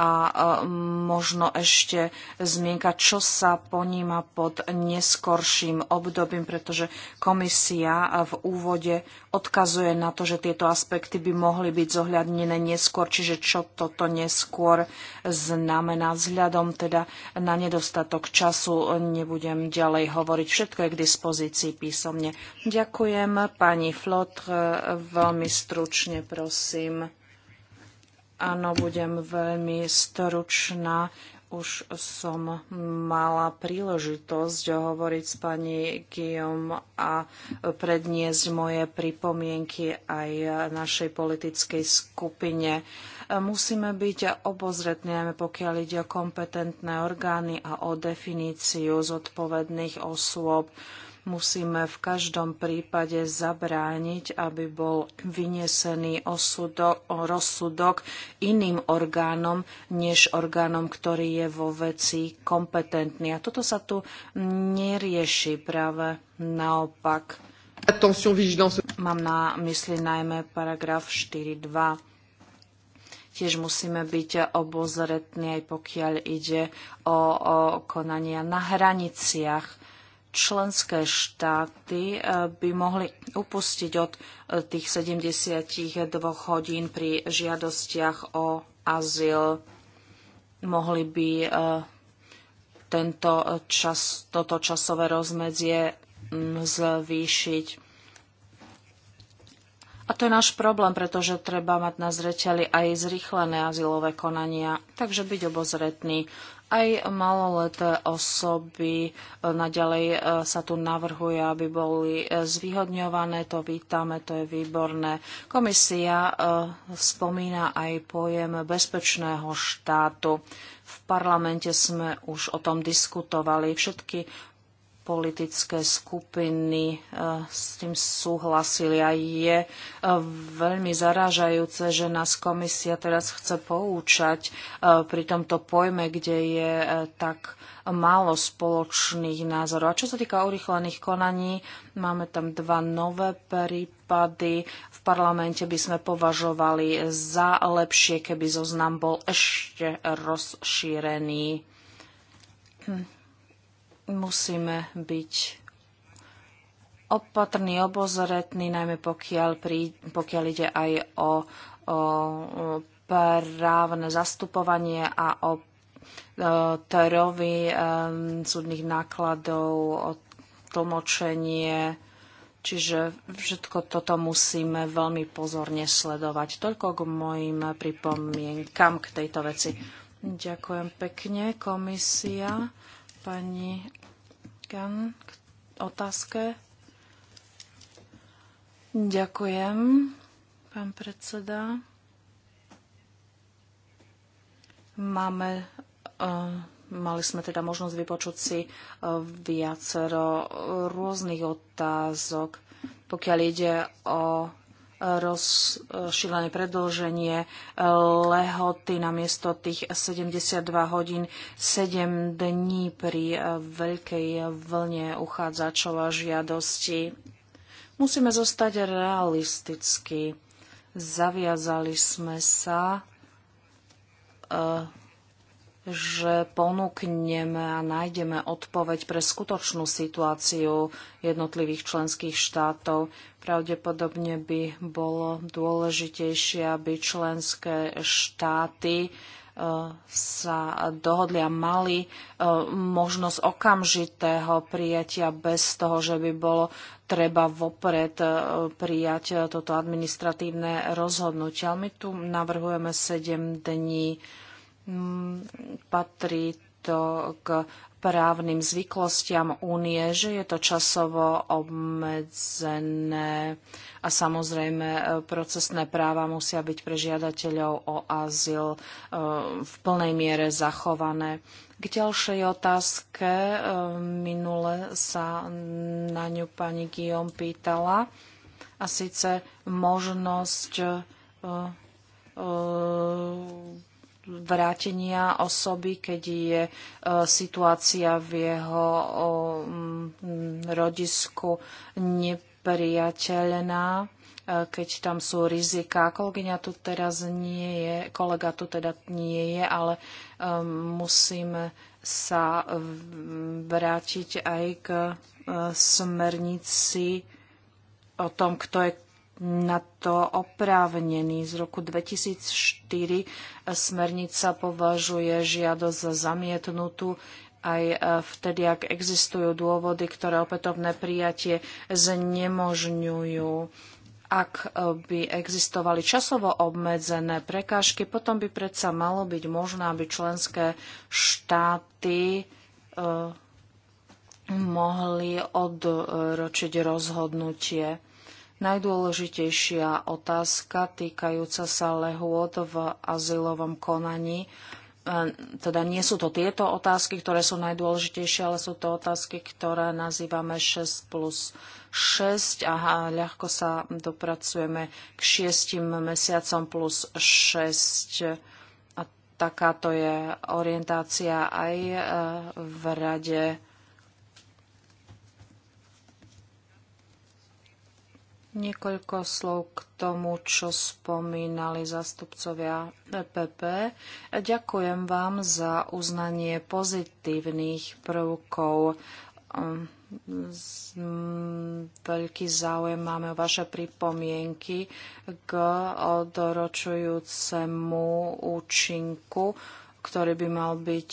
a možno ešte zmienka, čo sa poníma pod neskorším obdobím, pretože komisia v úvode odkazuje na to, že tieto aspekty by mohli byť zohľadnené neskôr, čiže čo toto neskôr znamená vzhľadom teda na nedostatok času nebudem ďalej hovoriť. Všetko je k dispozícii písomne. Ďakujem pani Flotr, veľmi stručne prosím. Áno, budem veľmi stručná. Už som mala príležitosť hovoriť s pani Kijom a predniesť moje pripomienky aj našej politickej skupine. Musíme byť obozretní, pokiaľ ide o kompetentné orgány a o definíciu zodpovedných osôb musíme v každom prípade zabrániť, aby bol vyniesený osudok, rozsudok iným orgánom, než orgánom, ktorý je vo veci kompetentný. A toto sa tu nerieši práve naopak. Mám na mysli najmä paragraf 4.2 tiež musíme byť obozretní, aj pokiaľ ide o, o konania na hraniciach členské štáty e, by mohli upustiť od e, tých 72 hodín pri žiadostiach o azyl. Mohli by e, tento čas, toto časové rozmedzie zvýšiť. A to je náš problém, pretože treba mať na zreteli aj zrychlené azylové konania, takže byť obozretný aj maloleté osoby. E, naďalej e, sa tu navrhuje, aby boli e, zvýhodňované. To vítame, to je výborné. Komisia spomína aj pojem bezpečného štátu. V parlamente sme už o tom diskutovali. Všetky politické skupiny e, s tým súhlasili a je e, veľmi zaražajúce, že nás komisia teraz chce poučať e, pri tomto pojme, kde je tak málo spoločných názorov. A čo sa týka urychlených konaní, máme tam dva nové prípady. V parlamente by sme považovali za lepšie, keby zoznam bol ešte rozšírený. Hm Musíme byť opatrný, obozretný, najmä pokiaľ, prí, pokiaľ ide aj o, o právne zastupovanie a o terovi e, súdnych nákladov, o tlmočenie. Čiže všetko toto musíme veľmi pozorne sledovať. Toľko k mojim pripomienkam k tejto veci. Ďakujem pekne, komisia pani Gan k otázke. Ďakujem, pán predseda. Máme, uh, mali sme teda možnosť vypočuť si uh, viacero rôznych otázok, pokiaľ ide o rozšílené predlženie lehoty na miesto tých 72 hodín 7 dní pri eh, veľkej vlne uchádzačov a žiadosti. Musíme zostať realisticky. Zaviazali sme sa eh, že ponúkneme a nájdeme odpoveď pre skutočnú situáciu jednotlivých členských štátov. Pravdepodobne by bolo dôležitejšie, aby členské štáty e, sa dohodli a mali e, možnosť okamžitého prijatia bez toho, že by bolo treba vopred e, prijať toto administratívne rozhodnutie. Ale my tu navrhujeme 7 dní Mm, patrí to k právnym zvyklostiam únie, že je to časovo obmedzené a samozrejme e, procesné práva musia byť pre žiadateľov o azyl e, v plnej miere zachované. K ďalšej otázke e, minule sa na ňu pani Guillaume pýtala a síce možnosť vrátenia osoby, keď je e, situácia v jeho rodisku nepriateľná e, keď tam sú rizika. Kolegyňa tu teraz nie je, kolega tu teda nie je, ale e, musíme sa vrátiť aj k smernici o tom, kto je na to oprávnený. Z roku 2004 smernica považuje žiadosť za zamietnutú aj e, vtedy, ak existujú dôvody, ktoré opätovné prijatie znemožňujú. Ak e, by existovali časovo obmedzené prekážky, potom by predsa malo byť možné, aby členské štáty e, mohli odročiť rozhodnutie. Najdôležitejšia otázka týkajúca sa lehôd v azylovom konaní e, teda nie sú to tieto otázky, ktoré sú najdôležitejšie, ale sú to otázky, ktoré nazývame 6 plus 6 a ľahko sa dopracujeme k 6 mesiacom plus 6. A takáto je orientácia aj e, v rade Niekoľko slov k tomu, čo spomínali zastupcovia PP. E Ďakujem vám za uznanie pozitívnych prvkov. Ehm, veľký záujem máme o vaše pripomienky k doročujúcemu účinku, ktorý by mal byť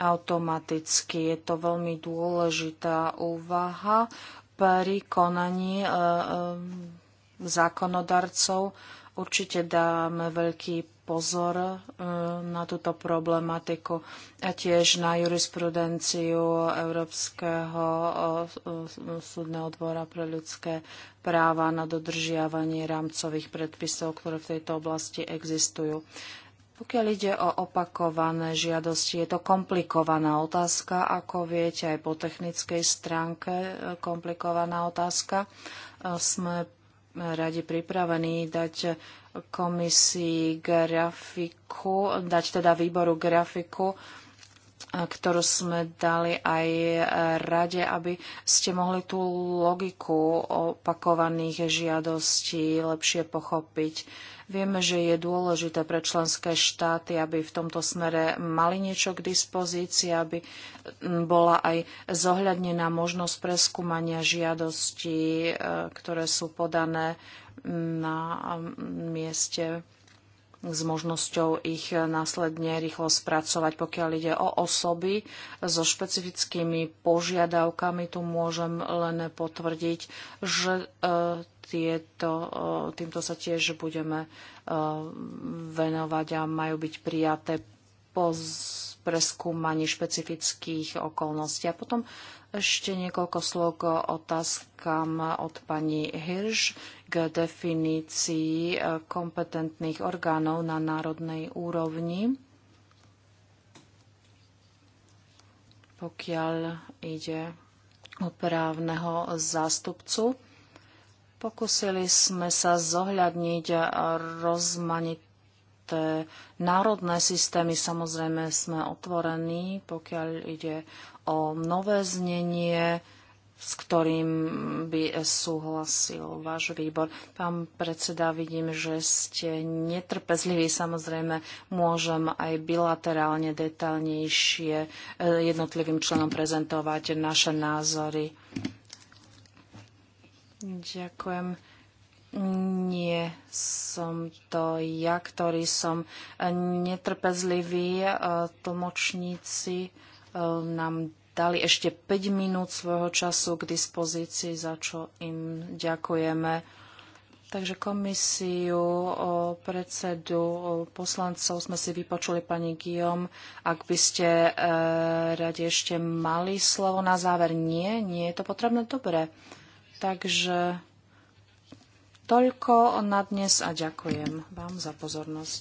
automaticky. Je to veľmi dôležitá úvaha pri konaní e, e, zákonodarcov určite dáme veľký pozor e, na túto problematiku a tiež na jurisprudenciu Európskeho súdneho dvora pre ľudské práva na dodržiavanie rámcových predpisov, ktoré v tejto oblasti existujú. Pokiaľ ide o opakované žiadosti, je to komplikovaná otázka, ako viete, aj po technickej stránke e, komplikovaná otázka. E, sme radi pripravení dať komisii grafiku, dať teda výboru grafiku, ktorú sme dali aj e, rade, aby ste mohli tú logiku opakovaných žiadostí lepšie pochopiť. Vieme, že je dôležité pre členské štáty, aby v tomto smere mali niečo k dispozícii, aby bola aj zohľadnená možnosť preskúmania žiadostí, e, ktoré sú podané na mieste s možnosťou ich následne rýchlo spracovať. Pokiaľ ide o osoby so špecifickými požiadavkami, tu môžem len potvrdiť, že e, tieto, e, týmto sa tiež budeme e, venovať a majú byť prijaté po preskúmaní špecifických okolností. A potom ešte niekoľko slov k otázkam od pani Hirsch k definícii e, kompetentných orgánov na národnej úrovni. Pokiaľ ide o právneho zástupcu, pokúsili sme sa zohľadniť rozmanité národné systémy. Samozrejme sme otvorení, pokiaľ ide o nové znenie s ktorým by súhlasil váš výbor. Pán predseda, vidím, že ste netrpezliví. Samozrejme, môžem aj bilaterálne detaľnejšie e, jednotlivým členom prezentovať naše názory. Ďakujem. Nie som to ja, ktorý som e, netrpezlivý. E, tlmočníci nám dali ešte 5 minút svojho času k dispozícii, za čo im ďakujeme. Takže komisiu predsedu poslancov sme si vypočuli pani Guillom. Ak by ste e, radi ešte mali slovo na záver, nie, nie je to potrebné, dobre. Takže toľko na dnes a ďakujem vám za pozornosť.